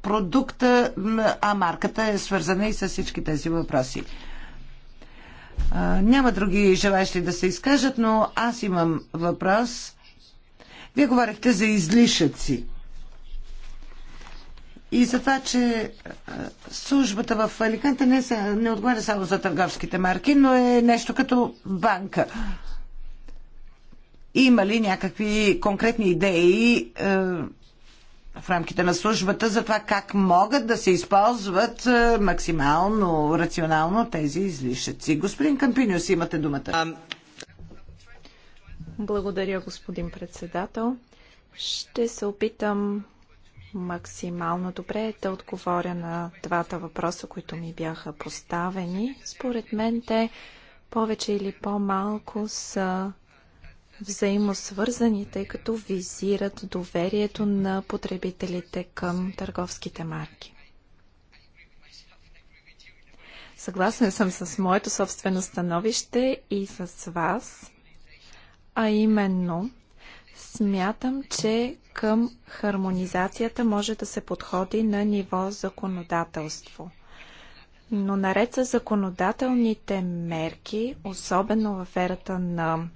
продукта, а марката е свързана и с всички тези въпроси няма други желащи да се изкажат, но аз имам въпрос. Вие говорихте за излишъци и за това, че службата в Аликанта не, са, не отговаря само за търговските марки, но е нещо като банка. Има ли някакви конкретни идеи в рамките на службата за това как могат да се използват е, максимално рационално тези излишъци. Господин Кампиниус, имате думата. Благодаря, господин председател. Ще се опитам максимално добре да отговоря на двата въпроса, които ми бяха поставени. Според мен те повече или по-малко са взаимосвързани, тъй като визират доверието на потребителите към търговските марки. Съгласен съм с моето собствено становище и с вас, а именно смятам, че към хармонизацията може да се подходи на ниво законодателство. Но наред с законодателните мерки, особено в ерата на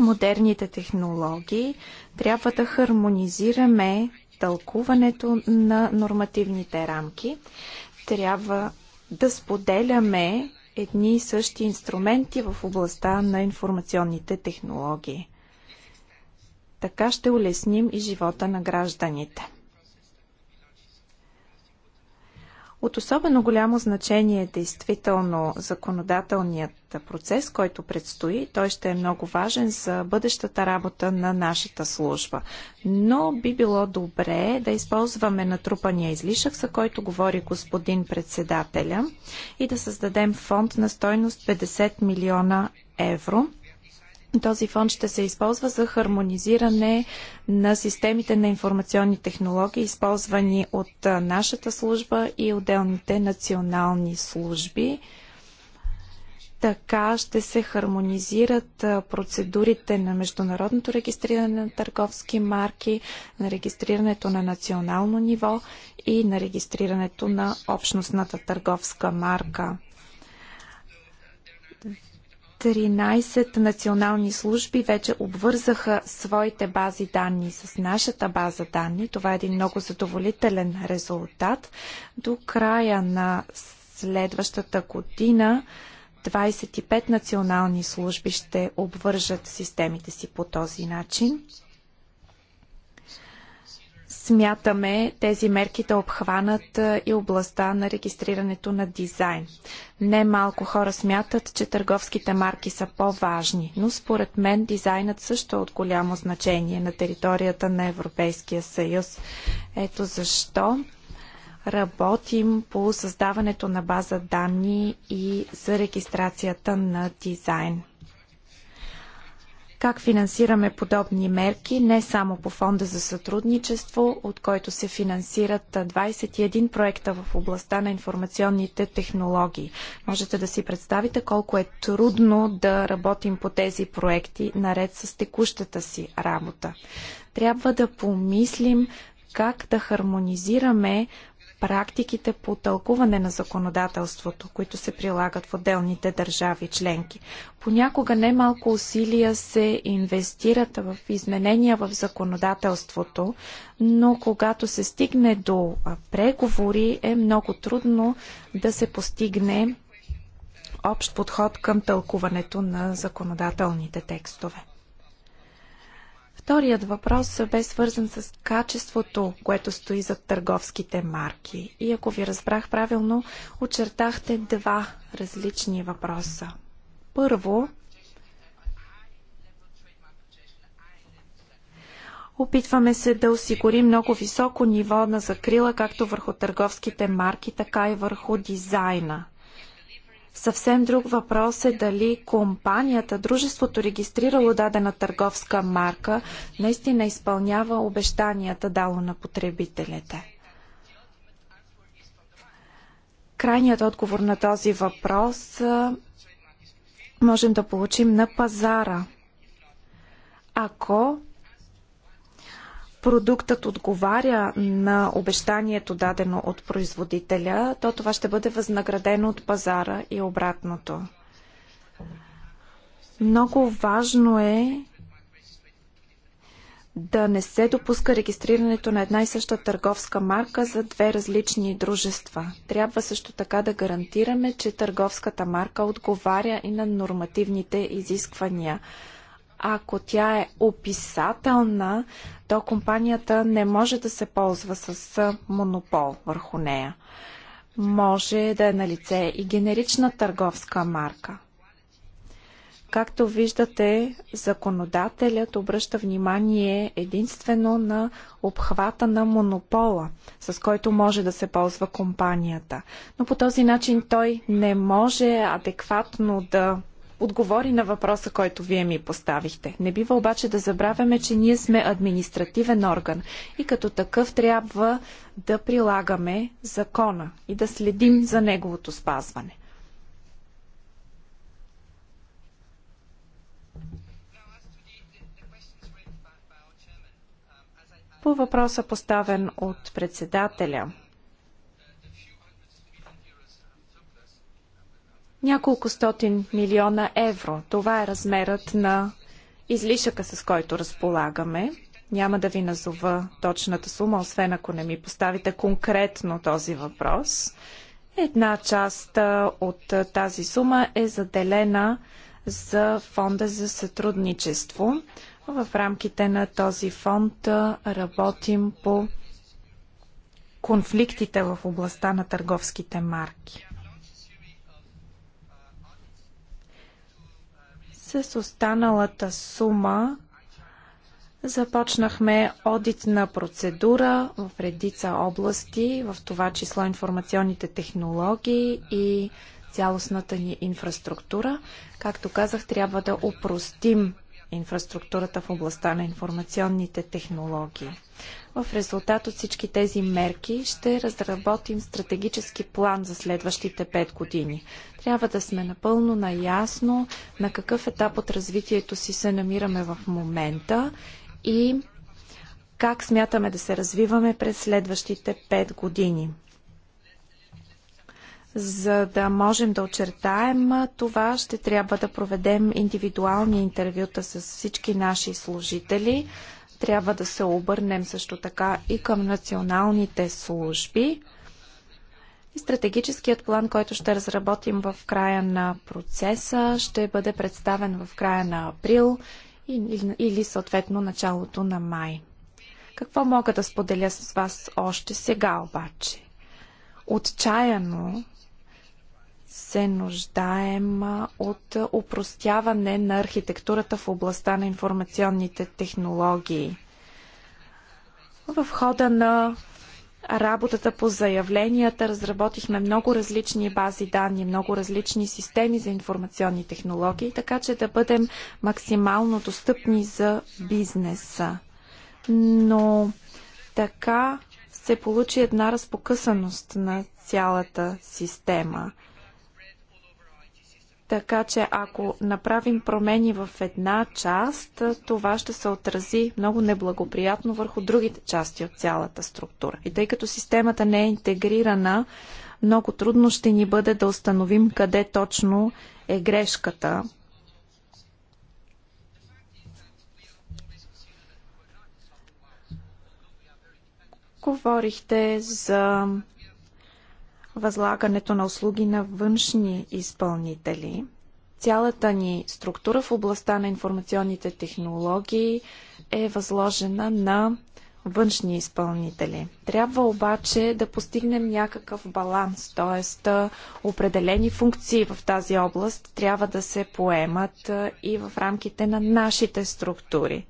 модерните технологии, трябва да хармонизираме тълкуването на нормативните рамки. Трябва да споделяме едни и същи инструменти в областта на информационните технологии. Така ще улесним и живота на гражданите. От особено голямо значение е действително законодателният процес, който предстои. Той ще е много важен за бъдещата работа на нашата служба. Но би било добре да използваме натрупания излишък, за който говори господин председателя, и да създадем фонд на стойност 50 милиона евро – този фонд ще се използва за хармонизиране на системите на информационни технологии, използвани от нашата служба и отделните национални служби. Така ще се хармонизират процедурите на международното регистриране на търговски марки, на регистрирането на национално ниво и на регистрирането на общностната търговска марка. 13 национални служби вече обвързаха своите бази данни с нашата база данни. Това е един много задоволителен резултат. До края на следващата година 25 национални служби ще обвържат системите си по този начин смятаме тези мерки да обхванат и областта на регистрирането на дизайн. Не малко хора смятат, че търговските марки са по-важни, но според мен дизайнът също е от голямо значение на територията на Европейския съюз. Ето защо работим по създаването на база данни и за регистрацията на дизайн. Как финансираме подобни мерки, не само по фонда за сътрудничество, от който се финансират 21 проекта в областта на информационните технологии. Можете да си представите колко е трудно да работим по тези проекти, наред с текущата си работа. Трябва да помислим как да хармонизираме практиките по тълкуване на законодателството, които се прилагат в отделните държави членки. Понякога немалко усилия се инвестират в изменения в законодателството, но когато се стигне до преговори е много трудно да се постигне общ подход към тълкуването на законодателните текстове. Вторият въпрос бе свързан с качеството, което стои за търговските марки. И ако ви разбрах правилно, очертахте два различни въпроса. Първо, Опитваме се да осигурим много високо ниво на закрила, както върху търговските марки, така и върху дизайна. Съвсем друг въпрос е дали компанията, дружеството регистрирало дадена търговска марка, наистина изпълнява обещанията дало на потребителите. Крайният отговор на този въпрос е, можем да получим на пазара. Ако продуктът отговаря на обещанието дадено от производителя, то това ще бъде възнаградено от пазара и обратното. Много важно е да не се допуска регистрирането на една и съща търговска марка за две различни дружества. Трябва също така да гарантираме, че търговската марка отговаря и на нормативните изисквания. Ако тя е описателна, то компанията не може да се ползва с монопол върху нея. Може да е на лице и генерична търговска марка. Както виждате, законодателят обръща внимание единствено на обхвата на монопола, с който може да се ползва компанията. Но по този начин той не може адекватно да отговори на въпроса, който вие ми поставихте. Не бива обаче да забравяме, че ние сме административен орган и като такъв трябва да прилагаме закона и да следим за неговото спазване. По въпроса поставен от председателя, Няколко стотин милиона евро. Това е размерът на излишъка, с който разполагаме. Няма да ви назова точната сума, освен ако не ми поставите конкретно този въпрос. Една част от тази сума е заделена за фонда за сътрудничество. В рамките на този фонд работим по конфликтите в областта на търговските марки. С останалата сума започнахме одитна процедура в редица области, в това число информационните технологии и цялостната ни инфраструктура. Както казах, трябва да упростим инфраструктурата в областта на информационните технологии. В резултат от всички тези мерки ще разработим стратегически план за следващите 5 години. Трябва да сме напълно наясно на какъв етап от развитието си се намираме в момента и как смятаме да се развиваме през следващите 5 години. За да можем да очертаем това, ще трябва да проведем индивидуални интервюта с всички наши служители, трябва да се обърнем също така и към националните служби. И стратегическият план, който ще разработим в края на процеса, ще бъде представен в края на април или, или съответно началото на май. Какво мога да споделя с вас още сега обаче? Отчаяно се нуждаем от упростяване на архитектурата в областта на информационните технологии. В хода на работата по заявленията разработихме много различни бази данни, много различни системи за информационни технологии, така че да бъдем максимално достъпни за бизнеса. Но така се получи една разпокъсаност на цялата система – така че ако направим промени в една част, това ще се отрази много неблагоприятно върху другите части от цялата структура. И тъй като системата не е интегрирана, много трудно ще ни бъде да установим къде точно е грешката. Говорихте за възлагането на услуги на външни изпълнители. Цялата ни структура в областта на информационните технологии е възложена на външни изпълнители. Трябва обаче да постигнем някакъв баланс, т.е. определени функции в тази област трябва да се поемат и в рамките на нашите структури.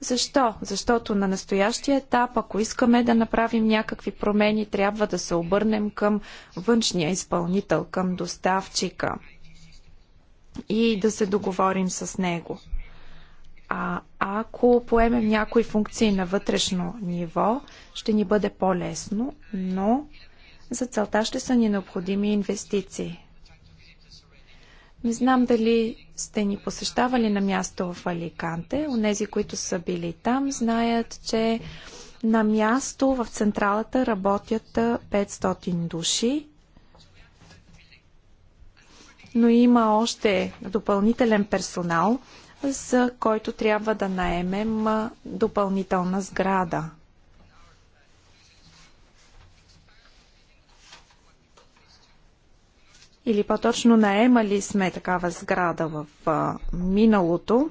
Защо? Защото на настоящия етап, ако искаме да направим някакви промени, трябва да се обърнем към външния изпълнител, към доставчика и да се договорим с него. А ако поемем някои функции на вътрешно ниво, ще ни бъде по-лесно, но за целта ще са ни необходими инвестиции. Не знам дали сте ни посещавали на място в Аликанте, онези, които са били там, знаят, че на място в централата работят 500 души, но има още допълнителен персонал, за който трябва да наемем допълнителна сграда. или по-точно наемали сме такава сграда в а, миналото,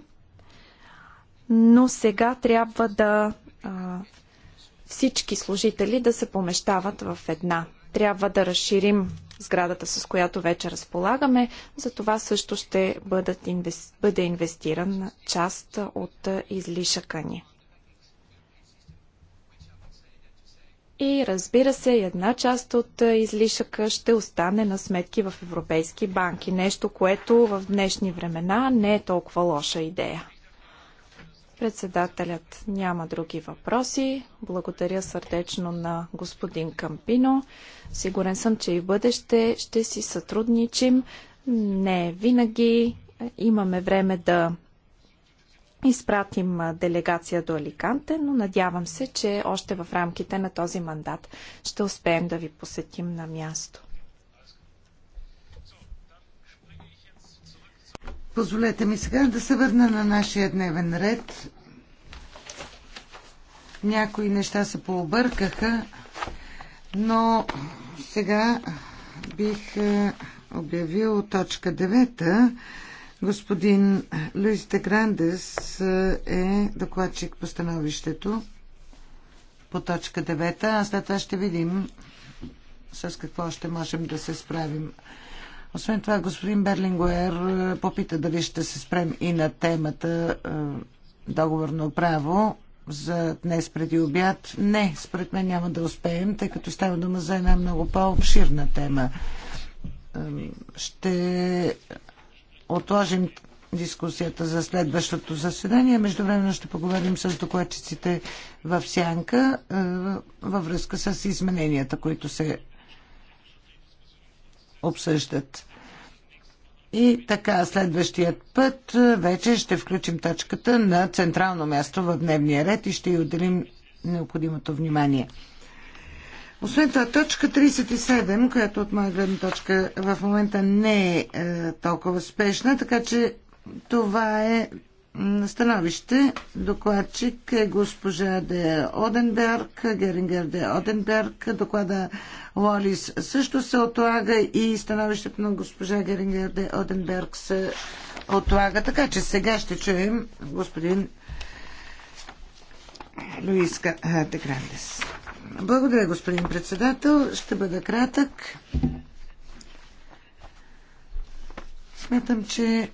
но сега трябва да а, всички служители да се помещават в една. Трябва да разширим сградата, с която вече разполагаме. За това също ще бъдат инвес... бъде инвестиран част от излишъка ни. И разбира се, една част от излишъка ще остане на сметки в европейски банки. Нещо, което в днешни времена не е толкова лоша идея. Председателят няма други въпроси. Благодаря сърдечно на господин Кампино. Сигурен съм, че и в бъдеще ще си сътрудничим. Не винаги имаме време да изпратим делегация до Аликанте, но надявам се, че още в рамките на този мандат ще успеем да ви посетим на място. Позволете ми сега да се върна на нашия дневен ред. Някои неща се пообъркаха, но сега бих обявил точка Господин Луис де Грандес е докладчик по становището по точка 9, а след това ще видим с какво ще можем да се справим. Освен това, господин Берлингуер е, попита дали ще се спрем и на темата е, договорно право за днес преди обяд. Не, според мен няма да успеем, тъй като става дума за една много по-обширна тема. Ще отложим дискусията за следващото заседание. Междувременно ще поговорим с докладчиците в Сянка е, във връзка с измененията, които се обсъждат. И така, следващият път е, вече ще включим точката на централно място в дневния ред и ще й отделим необходимото внимание. Освен това, точка 37, която от моя гледна точка в момента не е, е толкова спешна, така че това е становище. Докладчик е госпожа Де Оденберг, Герингер Де Оденберг. Доклада Лолис също се отлага и становището на госпожа Герингер Де Оденберг се отлага. Така че сега ще чуем господин Луиска Деграндес. Грандес. Благодаря, господин председател. Ще бъда кратък. Смятам, че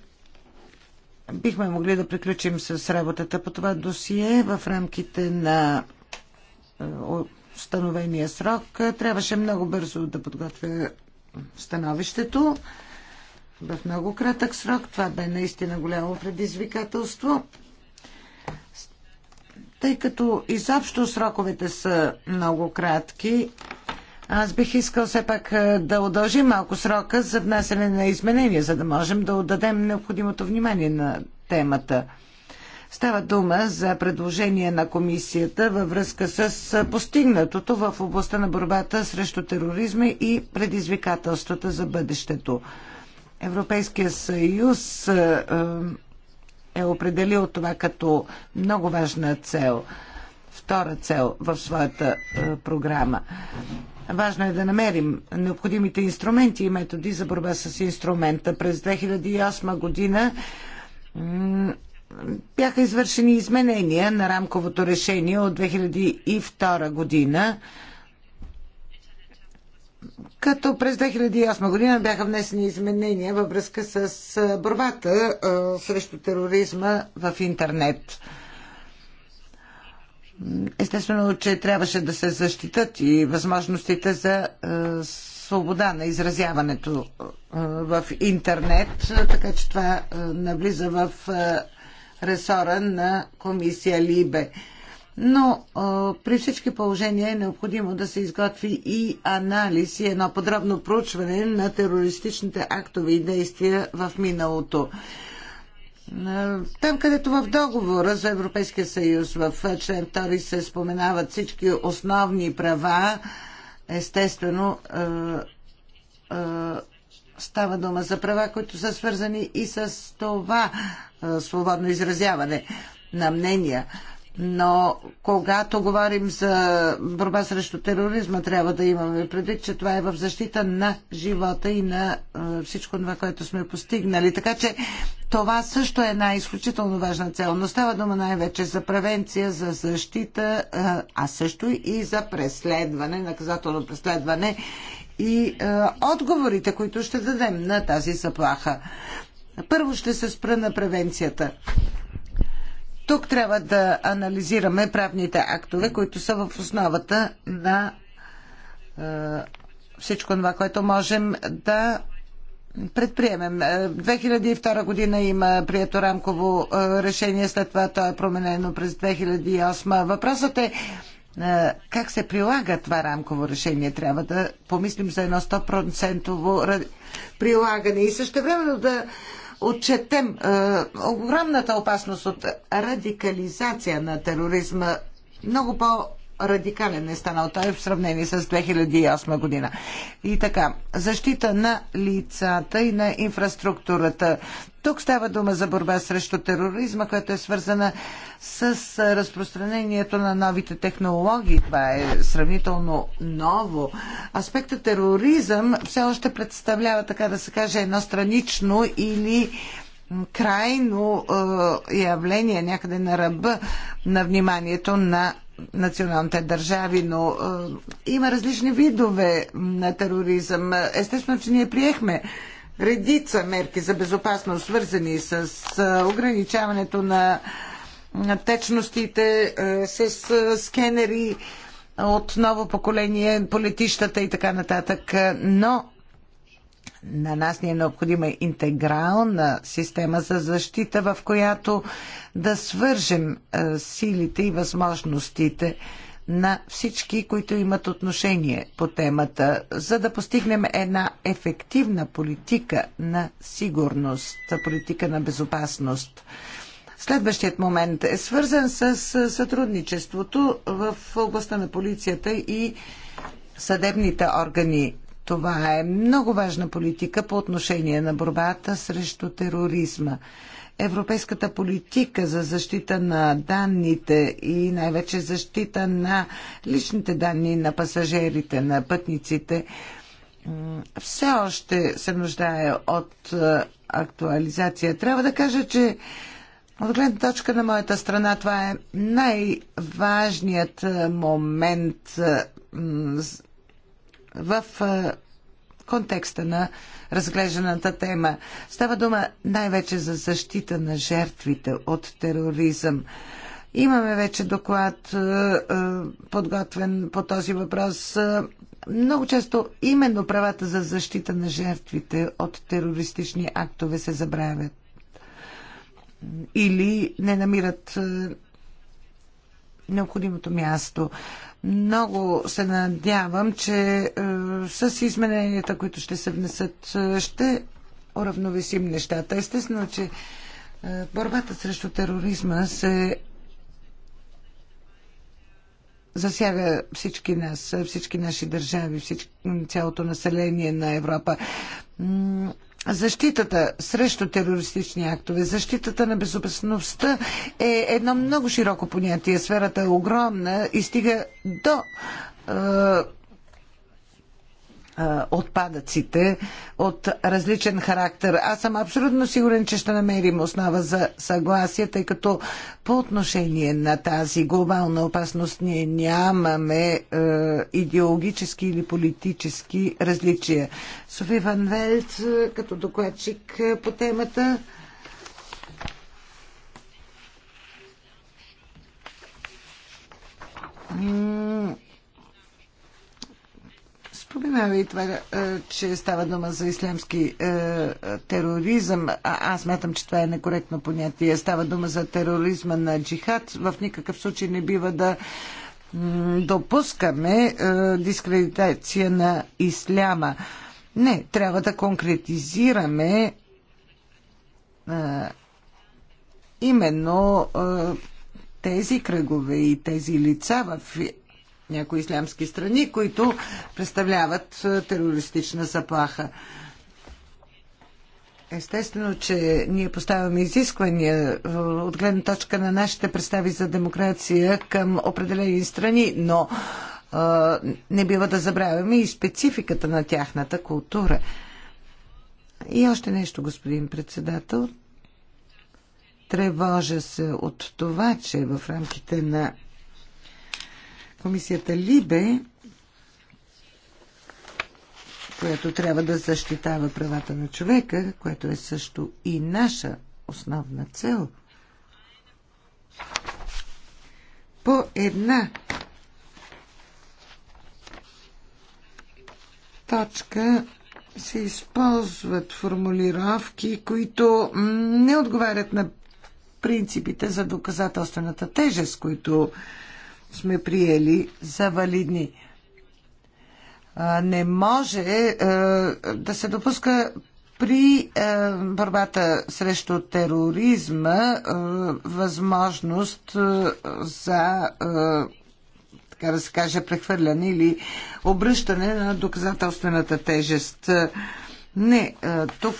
бихме могли да приключим с работата по това досие в рамките на е, установения срок. Трябваше много бързо да подготвя становището в много кратък срок. Това бе наистина голямо предизвикателство. Тъй като изобщо сроковете са много кратки, аз бих искал все пак да удължим малко срока за внасяне на изменения, за да можем да отдадем необходимото внимание на темата. Става дума за предложение на комисията във връзка с постигнатото в областта на борбата срещу тероризма и предизвикателствата за бъдещето. Европейския съюз е определил това като много важна цел, втора цел в своята е, програма. Важно е да намерим необходимите инструменти и методи за борба с инструмента. През 2008 година бяха извършени изменения на рамковото решение от 2002 година като през 2008 година бяха внесени изменения във връзка с борбата срещу тероризма в интернет. Естествено, че трябваше да се защитат и възможностите за свобода на изразяването в интернет, така че това навлиза в ресора на комисия Либе но а, при всички положения е необходимо да се изготви и анализ и едно подробно проучване на терористичните актове и действия в миналото. Там, където в договора за Европейския съюз в член 2 се споменават всички основни права, естествено е, е, става дума за права, които са свързани и с това е, свободно изразяване на мнения. Но когато говорим за борба срещу тероризма, трябва да имаме предвид, че това е в защита на живота и на всичко това, което сме постигнали. Така че това също е една изключително важна цел, но става дума най-вече за превенция, за защита, а също и за преследване, наказателно преследване и отговорите, които ще дадем на тази заплаха. Първо ще се спра на превенцията. Тук трябва да анализираме правните актове, които са в основата на е, всичко това, което можем да предприемем. 2002 е, година има прието рамково е, решение, след това то е променено през 2008. Въпросът е как се прилага това рамково решение. Трябва да помислим за едно 100% прилагане и също времено да отчетем е, огромната опасност от радикализация на тероризма много по- радикален е станал той в сравнение с 2008 година. И така, защита на лицата и на инфраструктурата. Тук става дума за борба срещу тероризма, която е свързана с разпространението на новите технологии. Това е сравнително ново. Аспектът тероризъм все още представлява, така да се каже, едно странично или крайно е, явление някъде на ръба на вниманието на националните държави, но е, има различни видове на тероризъм. Естествено, че ние приехме редица мерки за безопасност, свързани с е, ограничаването на, на течностите, е, с е, скенери от ново поколение полетищата и така нататък. Но на нас ни е необходима интегрална система за защита, в която да свържем е, силите и възможностите на всички, които имат отношение по темата, за да постигнем една ефективна политика на сигурност, политика на безопасност. Следващият момент е свързан с сътрудничеството в областта на полицията и съдебните органи. Това е много важна политика по отношение на борбата срещу тероризма. Европейската политика за защита на данните и най-вече защита на личните данни на пасажирите, на пътниците, все още се нуждае от актуализация. Трябва да кажа, че от гледна точка на моята страна това е най-важният момент в контекста на разглежданата тема. Става дума най-вече за защита на жертвите от тероризъм. Имаме вече доклад подготвен по този въпрос. Много често именно правата за защита на жертвите от терористични актове се забравят или не намират необходимото място. Много се надявам, че е, с измененията, които ще се внесат, е, ще уравновесим нещата. Естествено, че е, борбата срещу тероризма се засяга всички нас, всички наши държави, всички, цялото население на Европа защитата срещу терористични актове, защитата на безопасността е едно много широко понятие. Сферата е огромна и стига до е, отпадъците от различен характер. Аз съм абсолютно сигурен, че ще намерим основа за съгласие, тъй като по отношение на тази глобална опасност ние нямаме е, идеологически или политически различия. Софи Ван Велт, като докладчик по темата. М- споменава и това, е, че става дума за ислямски е, тероризъм. А, аз смятам, че това е некоректно понятие. Става дума за тероризма на джихад. В никакъв случай не бива да допускаме е, дискредитация на исляма. Не, трябва да конкретизираме именно тези кръгове и тези лица в някои ислямски страни, които представляват терористична заплаха. Естествено, че ние поставяме изисквания от гледна точка на нашите представи за демокрация към определени страни, но а, не бива да забравяме и спецификата на тяхната култура. И още нещо, господин председател. Тревожа се от това, че в рамките на Комисията Либе, която трябва да защитава правата на човека, което е също и наша основна цел, по една точка се използват формулировки, които не отговарят на принципите за доказателствената тежест, които сме приели за валидни. Не може е, да се допуска при е, борбата срещу тероризма е, възможност за така да се каже, прехвърляне или обръщане на доказателствената тежест. Не, тук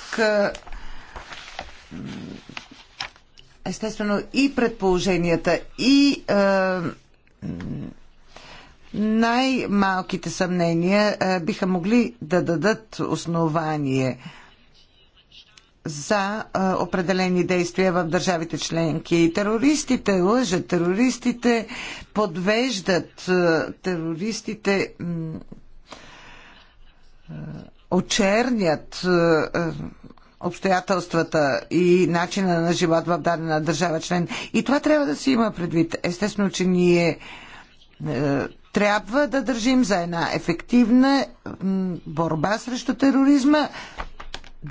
естествено и предположенията, и най-малките съмнения е, биха могли да дадат основание за е, определени действия в държавите членки. Терористите лъжат, терористите подвеждат, е, терористите очернят обстоятелствата и начина на живот в дадена държава член. И това трябва да си има предвид. Естествено, че ние е, трябва да държим за една ефективна борба срещу тероризма,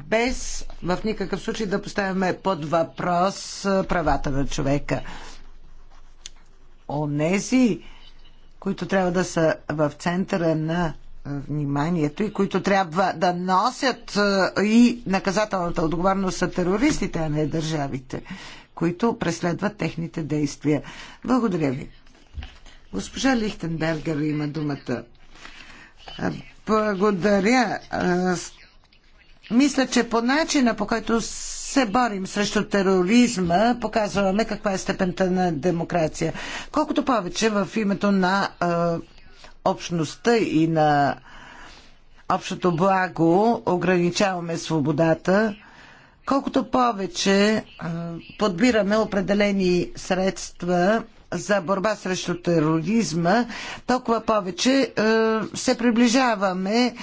без в никакъв случай да поставяме под въпрос е, правата на човека. Онези, които трябва да са в центъра на вниманието и които трябва да носят е, и наказателната отговорност са терористите, а не държавите, които преследват техните действия. Благодаря ви. Госпожа Лихтенбергер има думата. Е, благодаря. Е, мисля, че по начина, по който се борим срещу тероризма, показваме каква е степента на демокрация. Колкото повече в името на общността и на общото благо, ограничаваме свободата, колкото повече подбираме определени средства за борба срещу тероризма, толкова повече се приближаваме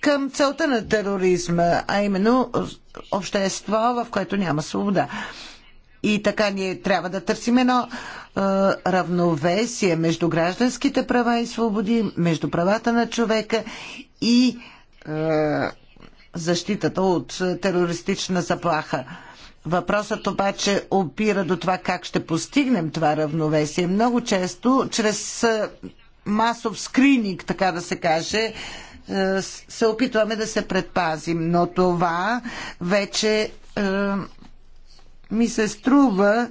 към целта на тероризма, а именно общество, в което няма свобода. И така ние трябва да търсим едно е, равновесие между гражданските права и свободи, между правата на човека и е, защитата от терористична заплаха. Въпросът обаче опира до това как ще постигнем това равновесие. Много често, чрез е, масов скрининг, така да се каже, е, се опитваме да се предпазим, но това вече ми се струва,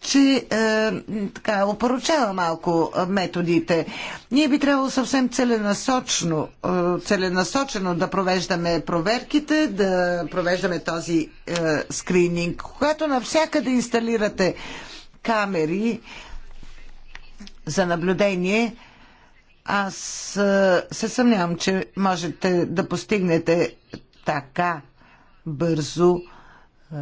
че е, така, опоручава малко методите. Ние би трябвало съвсем целенасочно, е, целенасочено да провеждаме проверките, да провеждаме този е, скрининг. Когато навсякъде инсталирате камери за наблюдение, аз е, се съмнявам, че можете да постигнете така бързо е,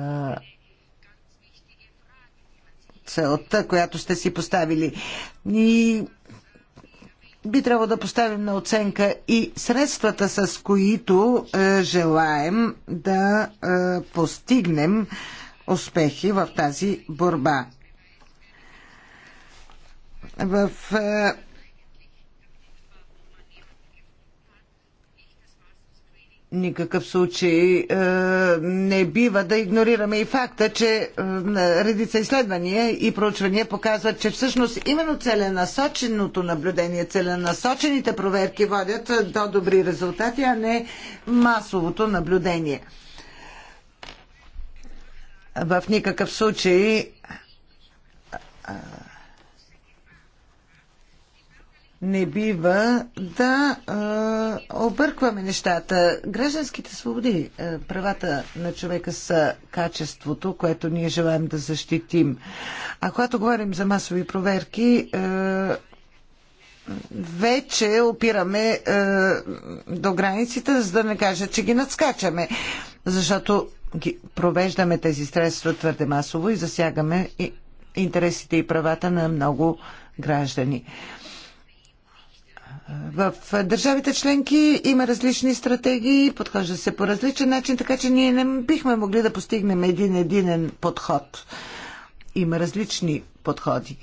целта, която сте си поставили. И би трябвало да поставим на оценка и средствата, с които е, желаем да е, постигнем успехи в тази борба. В е, никакъв случай е, не бива да игнорираме и факта, че е, редица изследвания и проучвания показват, че всъщност именно целенасоченото наблюдение, целенасочените проверки водят е, до добри резултати, а не масовото наблюдение. В никакъв случай не бива да е, объркваме нещата. Гражданските свободи, е, правата на човека са качеството, което ние желаем да защитим. А когато говорим за масови проверки, е, вече опираме е, до границите, за да не кажа, че ги надскачаме. Защото ги провеждаме тези средства твърде масово и засягаме и интересите и правата на много граждани. В държавите членки има различни стратегии, подхожда се по различен начин, така че ние не бихме могли да постигнем един единен подход. Има различни подходи.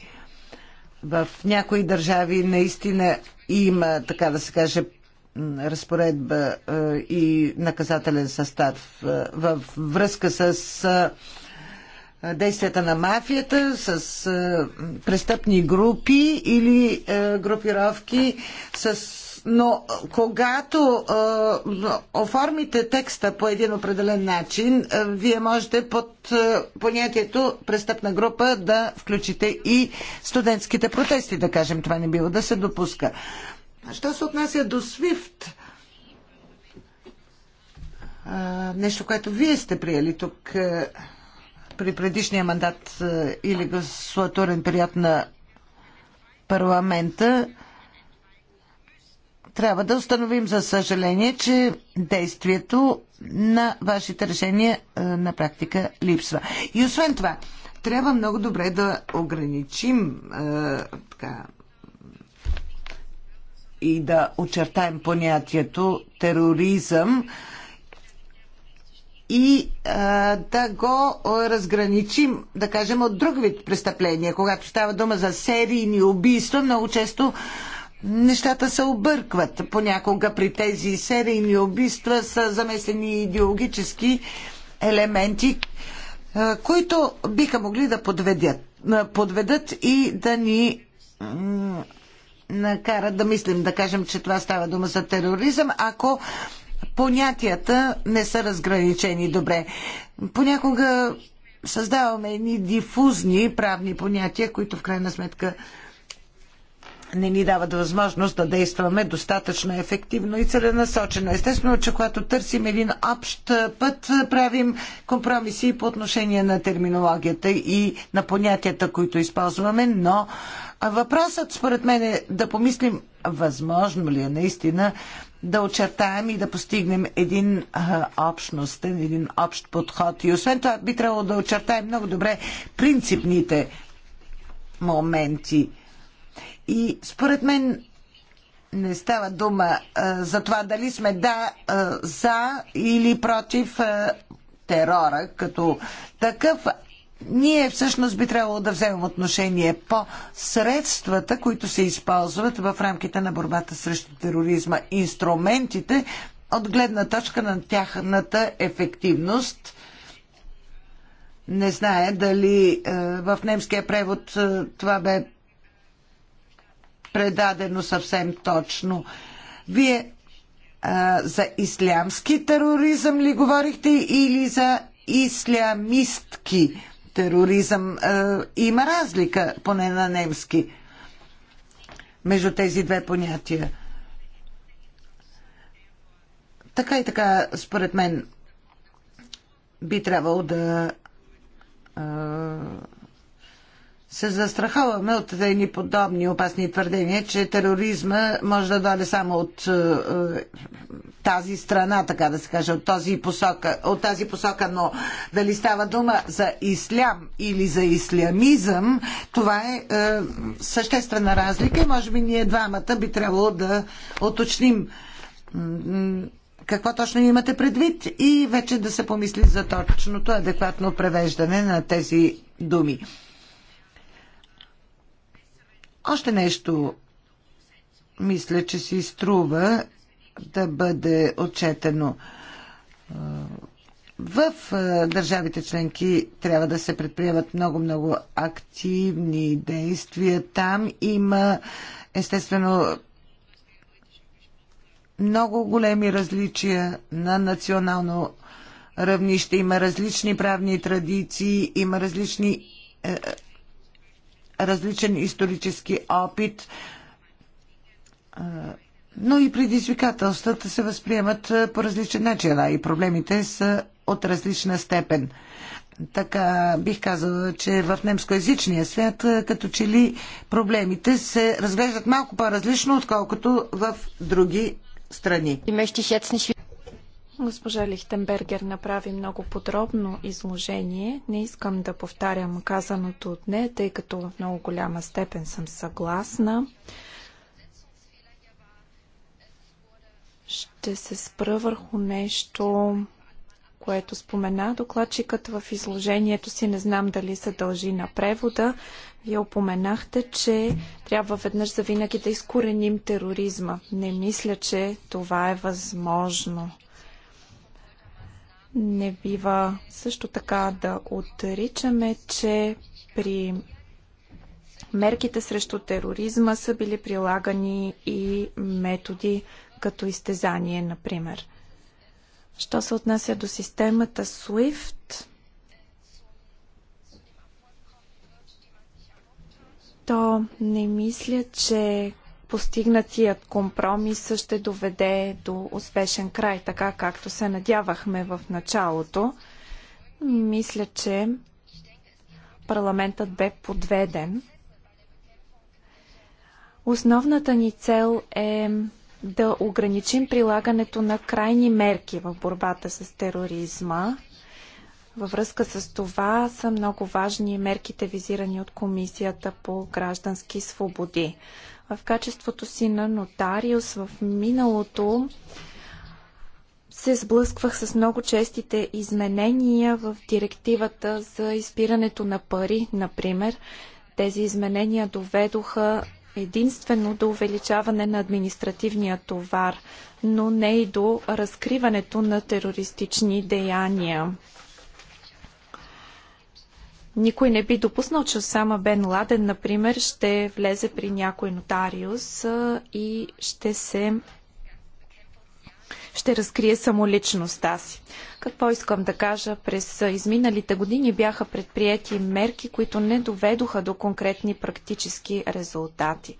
В някои държави наистина има, така да се каже, разпоредба е, и наказателен състав е, във връзка с е, действията на мафията с престъпни групи или групировки с но когато е, оформите текста по един определен начин, е, вие можете под е, понятието престъпна група да включите и студентските протести, да кажем. Това не било да се допуска. Що се отнася до Свифт? е, нещо, което вие сте приели тук. Е, при предишния мандат е, и легислатурен период на парламента, трябва да установим за съжаление, че действието на вашите решения е, на практика липсва. И освен това, трябва много добре да ограничим е, така, и да очертаем понятието тероризъм. Е, и а, да го разграничим, да кажем, от друг вид престъпления. Когато става дума за серийни убийства, много често нещата се объркват. Понякога при тези серийни убийства са замесени идеологически елементи, а, които биха могли да подведят, подведат и да ни накарат да мислим, да кажем, че това става дума за тероризъм, ако понятията не са разграничени добре. Понякога създаваме едни дифузни правни понятия, които в крайна сметка не ни дават възможност да действаме достатъчно ефективно и целенасочено. Естествено, че когато търсим един общ път, правим компромиси по отношение на терминологията и на понятията, които използваме, но въпросът според мен е да помислим възможно ли е наистина да очертаем и да постигнем един а, общностен, един общ подход. И освен това би трябвало да очертаем много добре принципните моменти. И според мен не става дума а, за това дали сме да, а, за или против а, терора като такъв, ние всъщност би трябвало да вземем отношение по средствата, които се използват в рамките на борбата срещу тероризма, инструментите от гледна точка на тяхната ефективност. Не знае дали е, в немския превод е, това бе предадено съвсем точно. Вие е, за ислямски тероризъм ли говорихте или за ислямистки тероризъм. Е, има разлика, поне на немски, между тези две понятия. Така и така, според мен, би трябвало да е, се застраховаме от едни подобни опасни твърдения, че тероризма може да дойде само от е, е, тази страна, така да се каже, от, този посока, от тази посока, но дали става дума за ислям или за ислямизъм, това е, е съществена разлика и може би ние двамата би трябвало да оточним какво точно имате предвид и вече да се помисли за точното адекватно превеждане на тези думи. Още нещо мисля, че си струва да бъде отчетено. В държавите членки трябва да се предприемат много-много активни действия. Там има естествено много големи различия на национално равнище. Има различни правни традиции, има различни е, е, различен исторически опит, но и предизвикателствата се възприемат по различен начин, а и проблемите са от различна степен. Така бих казала, че в немскоязичния свят като че ли проблемите се разглеждат малко по-различно, отколкото в други страни. Госпожа Лихтенбергер направи много подробно изложение. Не искам да повтарям казаното от нея, тъй като в много голяма степен съм съгласна. Ще се спра върху нещо, което спомена докладчикът в изложението си. Не знам дали се дължи на превода. Вие опоменахте, че трябва веднъж за винаги да изкореним тероризма. Не мисля, че това е възможно. Не бива също така да отричаме, че при мерките срещу тероризма са били прилагани и методи като изтезание, например. Що се отнася до системата SWIFT, то не мисля, че постигнатият компромис ще доведе до успешен край, така както се надявахме в началото. Мисля, че парламентът бе подведен. Основната ни цел е да ограничим прилагането на крайни мерки в борбата с тероризма. Във връзка с това са много важни мерките визирани от Комисията по граждански свободи. В качеството си на нотариус в миналото се сблъсквах с много честите изменения в директивата за изпирането на пари, например. Тези изменения доведоха единствено до увеличаване на административния товар, но не и до разкриването на терористични деяния. Никой не би допуснал, че Осама Бен Ладен, например, ще влезе при някой нотариус и ще се ще разкрие самоличността си. Какво искам да кажа? През изминалите години бяха предприяти мерки, които не доведоха до конкретни практически резултати.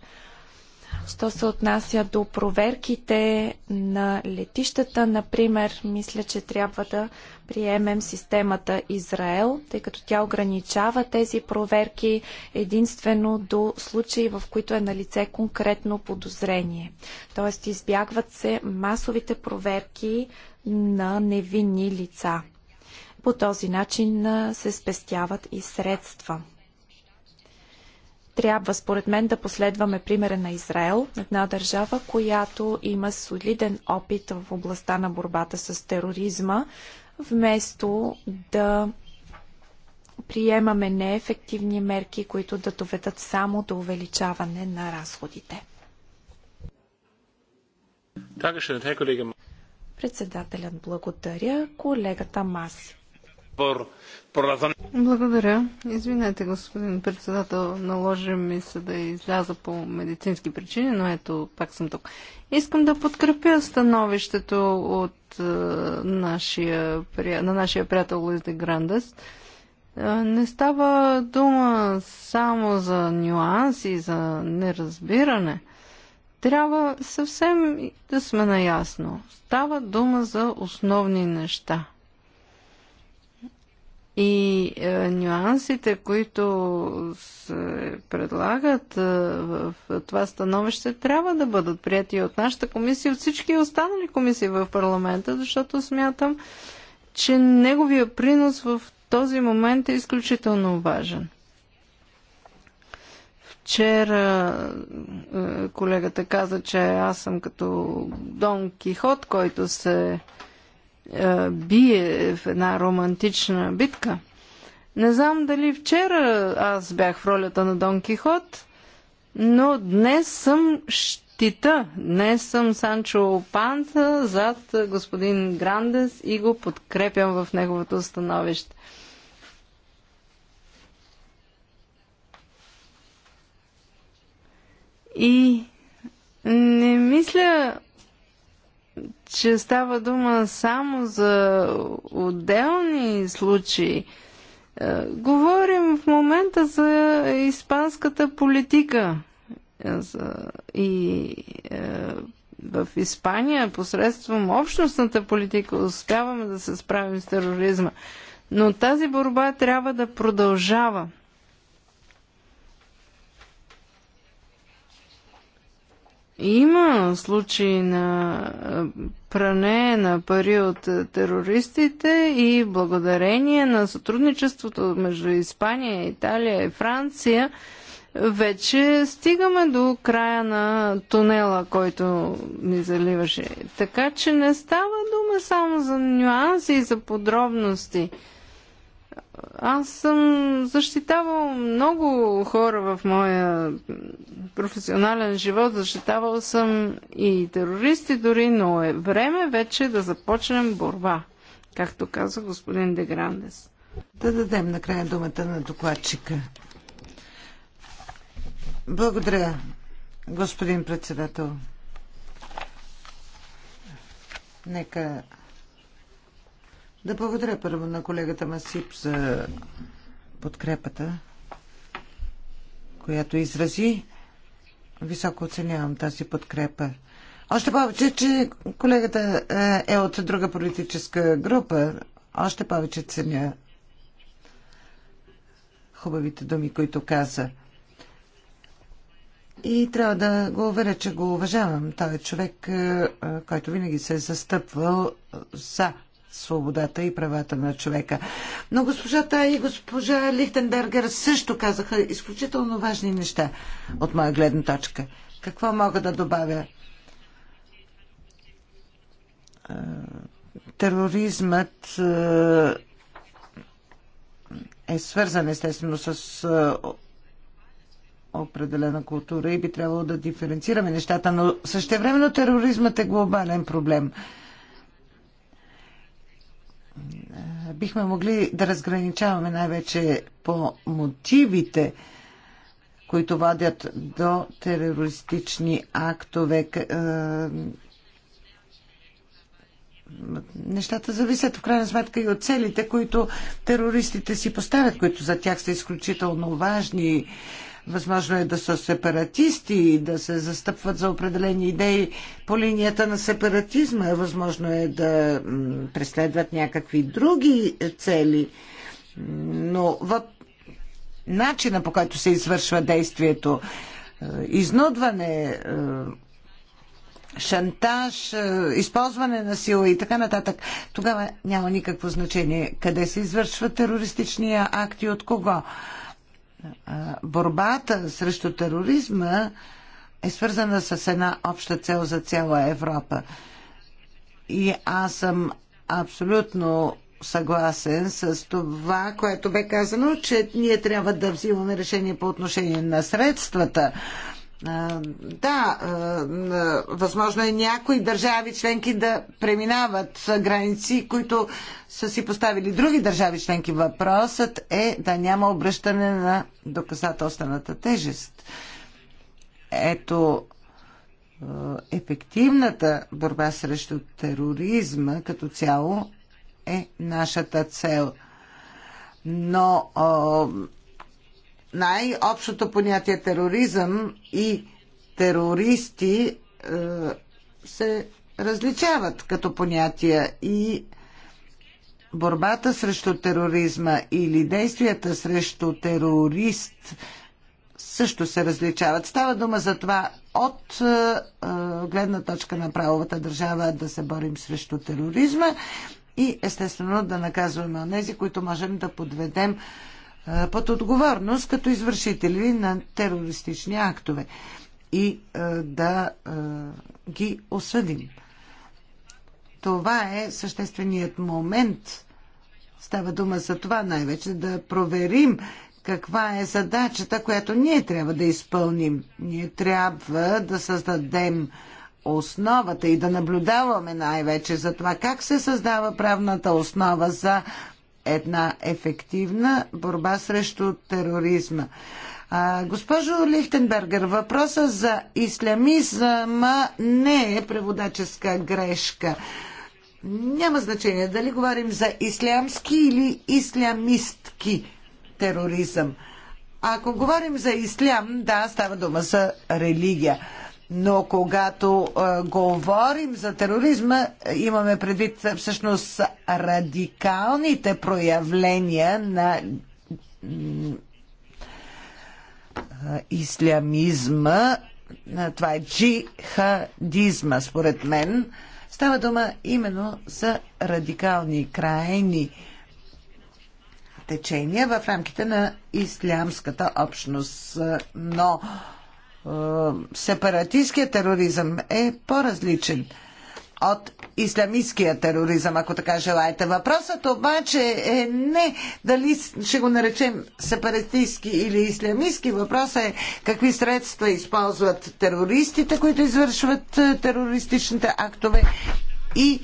Що се отнася до проверките на летищата, например, мисля, че трябва да приемем системата Израел, тъй като тя ограничава тези проверки единствено до случаи, в които е на лице конкретно подозрение. Тоест избягват се масовите проверки на невинни лица. По този начин се спестяват и средства. Трябва, според мен, да последваме примера на Израел, една държава, която има солиден опит в областта на борбата с тероризма, вместо да приемаме неефективни мерки, които да доведат само до увеличаване на разходите. Председателят благодаря колегата Маси. Благодаря. Извинете, господин председател, наложи ми се да изляза по медицински причини, но ето, пак съм тук. Искам да подкрепя становището от е, нашия, на нашия приятел Луис де Грандес. Е, не става дума само за нюанси, за неразбиране. Трябва съвсем да сме наясно. Става дума за основни неща – и е, нюансите, които се предлагат е, в това становище, трябва да бъдат прияти от нашата комисия, от всички останали комисии в парламента, защото смятам, че неговия принос в този момент е изключително важен. Вчера е, колегата каза, че аз съм като Дон Кихот, който се е, е, бие в една романтична битка. Не знам дали вчера аз бях в ролята на Дон Кихот, но днес съм щита. Днес съм Санчо Панта зад господин Грандес и го подкрепям в неговото становище. И не мисля че става дума само за отделни случаи. Е, говорим в момента за испанската политика. Е, и е, в Испания посредством общностната политика успяваме да се справим с тероризма. Но тази борба трябва да продължава. Има случаи на пране на пари от терористите и благодарение на сътрудничеството между Испания, Италия и Франция вече стигаме до края на тунела, който ни заливаше. Така че не става дума само за нюанси и за подробности. Аз съм защитавал много хора в моя професионален живот. Защитавал съм и терористи дори, но е време вече да започнем борба, както каза господин Деграндес. Да дадем накрая думата на докладчика. Благодаря, господин председател. Нека да благодаря първо на колегата Масип за подкрепата, която изрази. Високо оценявам тази подкрепа. Още повече, че колегата е, е от друга политическа група. Още повече ценя хубавите думи, които каза. И трябва да го уверя, че го уважавам. Той е човек, е, който винаги се е застъпвал за свободата и правата на човека. Но госпожата и госпожа Лихтенбергер също казаха изключително важни неща от моя гледна точка. Какво мога да добавя? Тероризмът е свързан естествено с определена култура и би трябвало да диференцираме нещата, но същевременно тероризмът е глобален проблем. бихме могли да разграничаваме най-вече по мотивите, които водят до терористични актове. Е, нещата зависят в крайна сметка и от целите, които терористите си поставят, които за тях са изключително важни Възможно е да са сепаратисти и да се застъпват за определени идеи по линията на сепаратизма. Възможно е да преследват някакви други цели. Но в начина по който се извършва действието, е, изнудване, е, шантаж, е, използване на сила и така нататък, тогава няма никакво значение къде се извършва терористичния акт и от кого борбата срещу тероризма е свързана с една обща цел за цяла Европа. И аз съм абсолютно съгласен с това, което бе казано, че ние трябва да взимаме решение по отношение на средствата, да, възможно е някои държави членки да преминават граници, които са си поставили други държави членки. Въпросът е да няма обръщане на доказателствената тежест. Ето, ефективната борба срещу тероризма като цяло е нашата цел. Но най-общото понятие тероризъм и терористи е, се различават като понятия и борбата срещу тероризма или действията срещу терорист също се различават. Става дума за това от е, е гледна точка на правовата държава да се борим срещу тероризма и естествено да наказваме онези, които можем да подведем под отговорност като извършители на терористични актове и да ги осъдим. Това е същественият момент. Става дума за това най-вече да проверим каква е задачата, която ние трябва да изпълним. Ние трябва да създадем основата и да наблюдаваме най-вече за това как се създава правната основа за една ефективна борба срещу тероризма. А, госпожо Лихтенбергер, въпроса за ислямизма не е преводаческа грешка. Няма значение дали говорим за ислямски или ислямистки тероризъм. Ако говорим за ислям, да, става дума за религия. Но когато а, говорим за тероризма, имаме предвид всъщност радикалните проявления на ислямизма, това е джихадизма, според мен. Става дума именно за радикални крайни течения в рамките на ислямската общност. Но е, сепаратистския тероризъм е по-различен от исламистския тероризъм, ако така желаете. Въпросът обаче е не дали ще го наречем сепаратистски или исламистски. Въпросът е какви средства използват терористите, които извършват е, терористичните актове и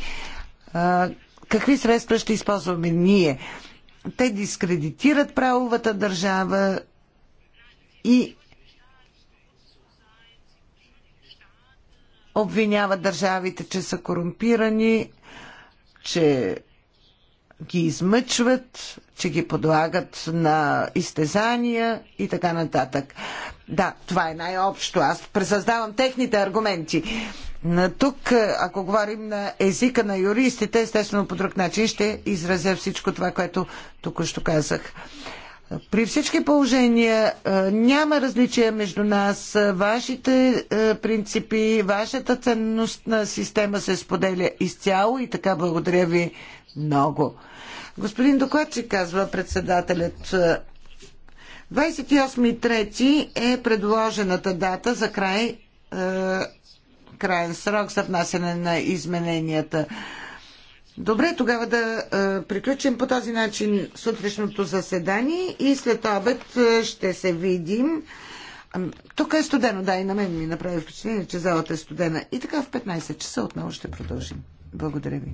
а, е, какви средства ще използваме ние. Те дискредитират правовата държава и обвиняват държавите, че са корумпирани, че ги измъчват, че ги подлагат на изтезания и така нататък. Да, това е най-общо. Аз пресъздавам техните аргументи. Но тук, е, ако говорим на езика на юристите, естествено по друг начин ще изразя всичко това, което тук що казах. При всички положения е, няма различия между нас. Вашите е, принципи, вашата ценностна система се споделя изцяло и така благодаря ви много. Господин докладчик, казва председателят, 28.3 е, е предложената дата за край, е, крайен срок за внасяне на измененията. Добре, тогава да а, приключим по този начин сутрешното заседание и след обед ще се видим. А, тук е студено, да, и на мен ми направи впечатление, че залата е студена. И така в 15 часа отново ще продължим. Благодаря ви.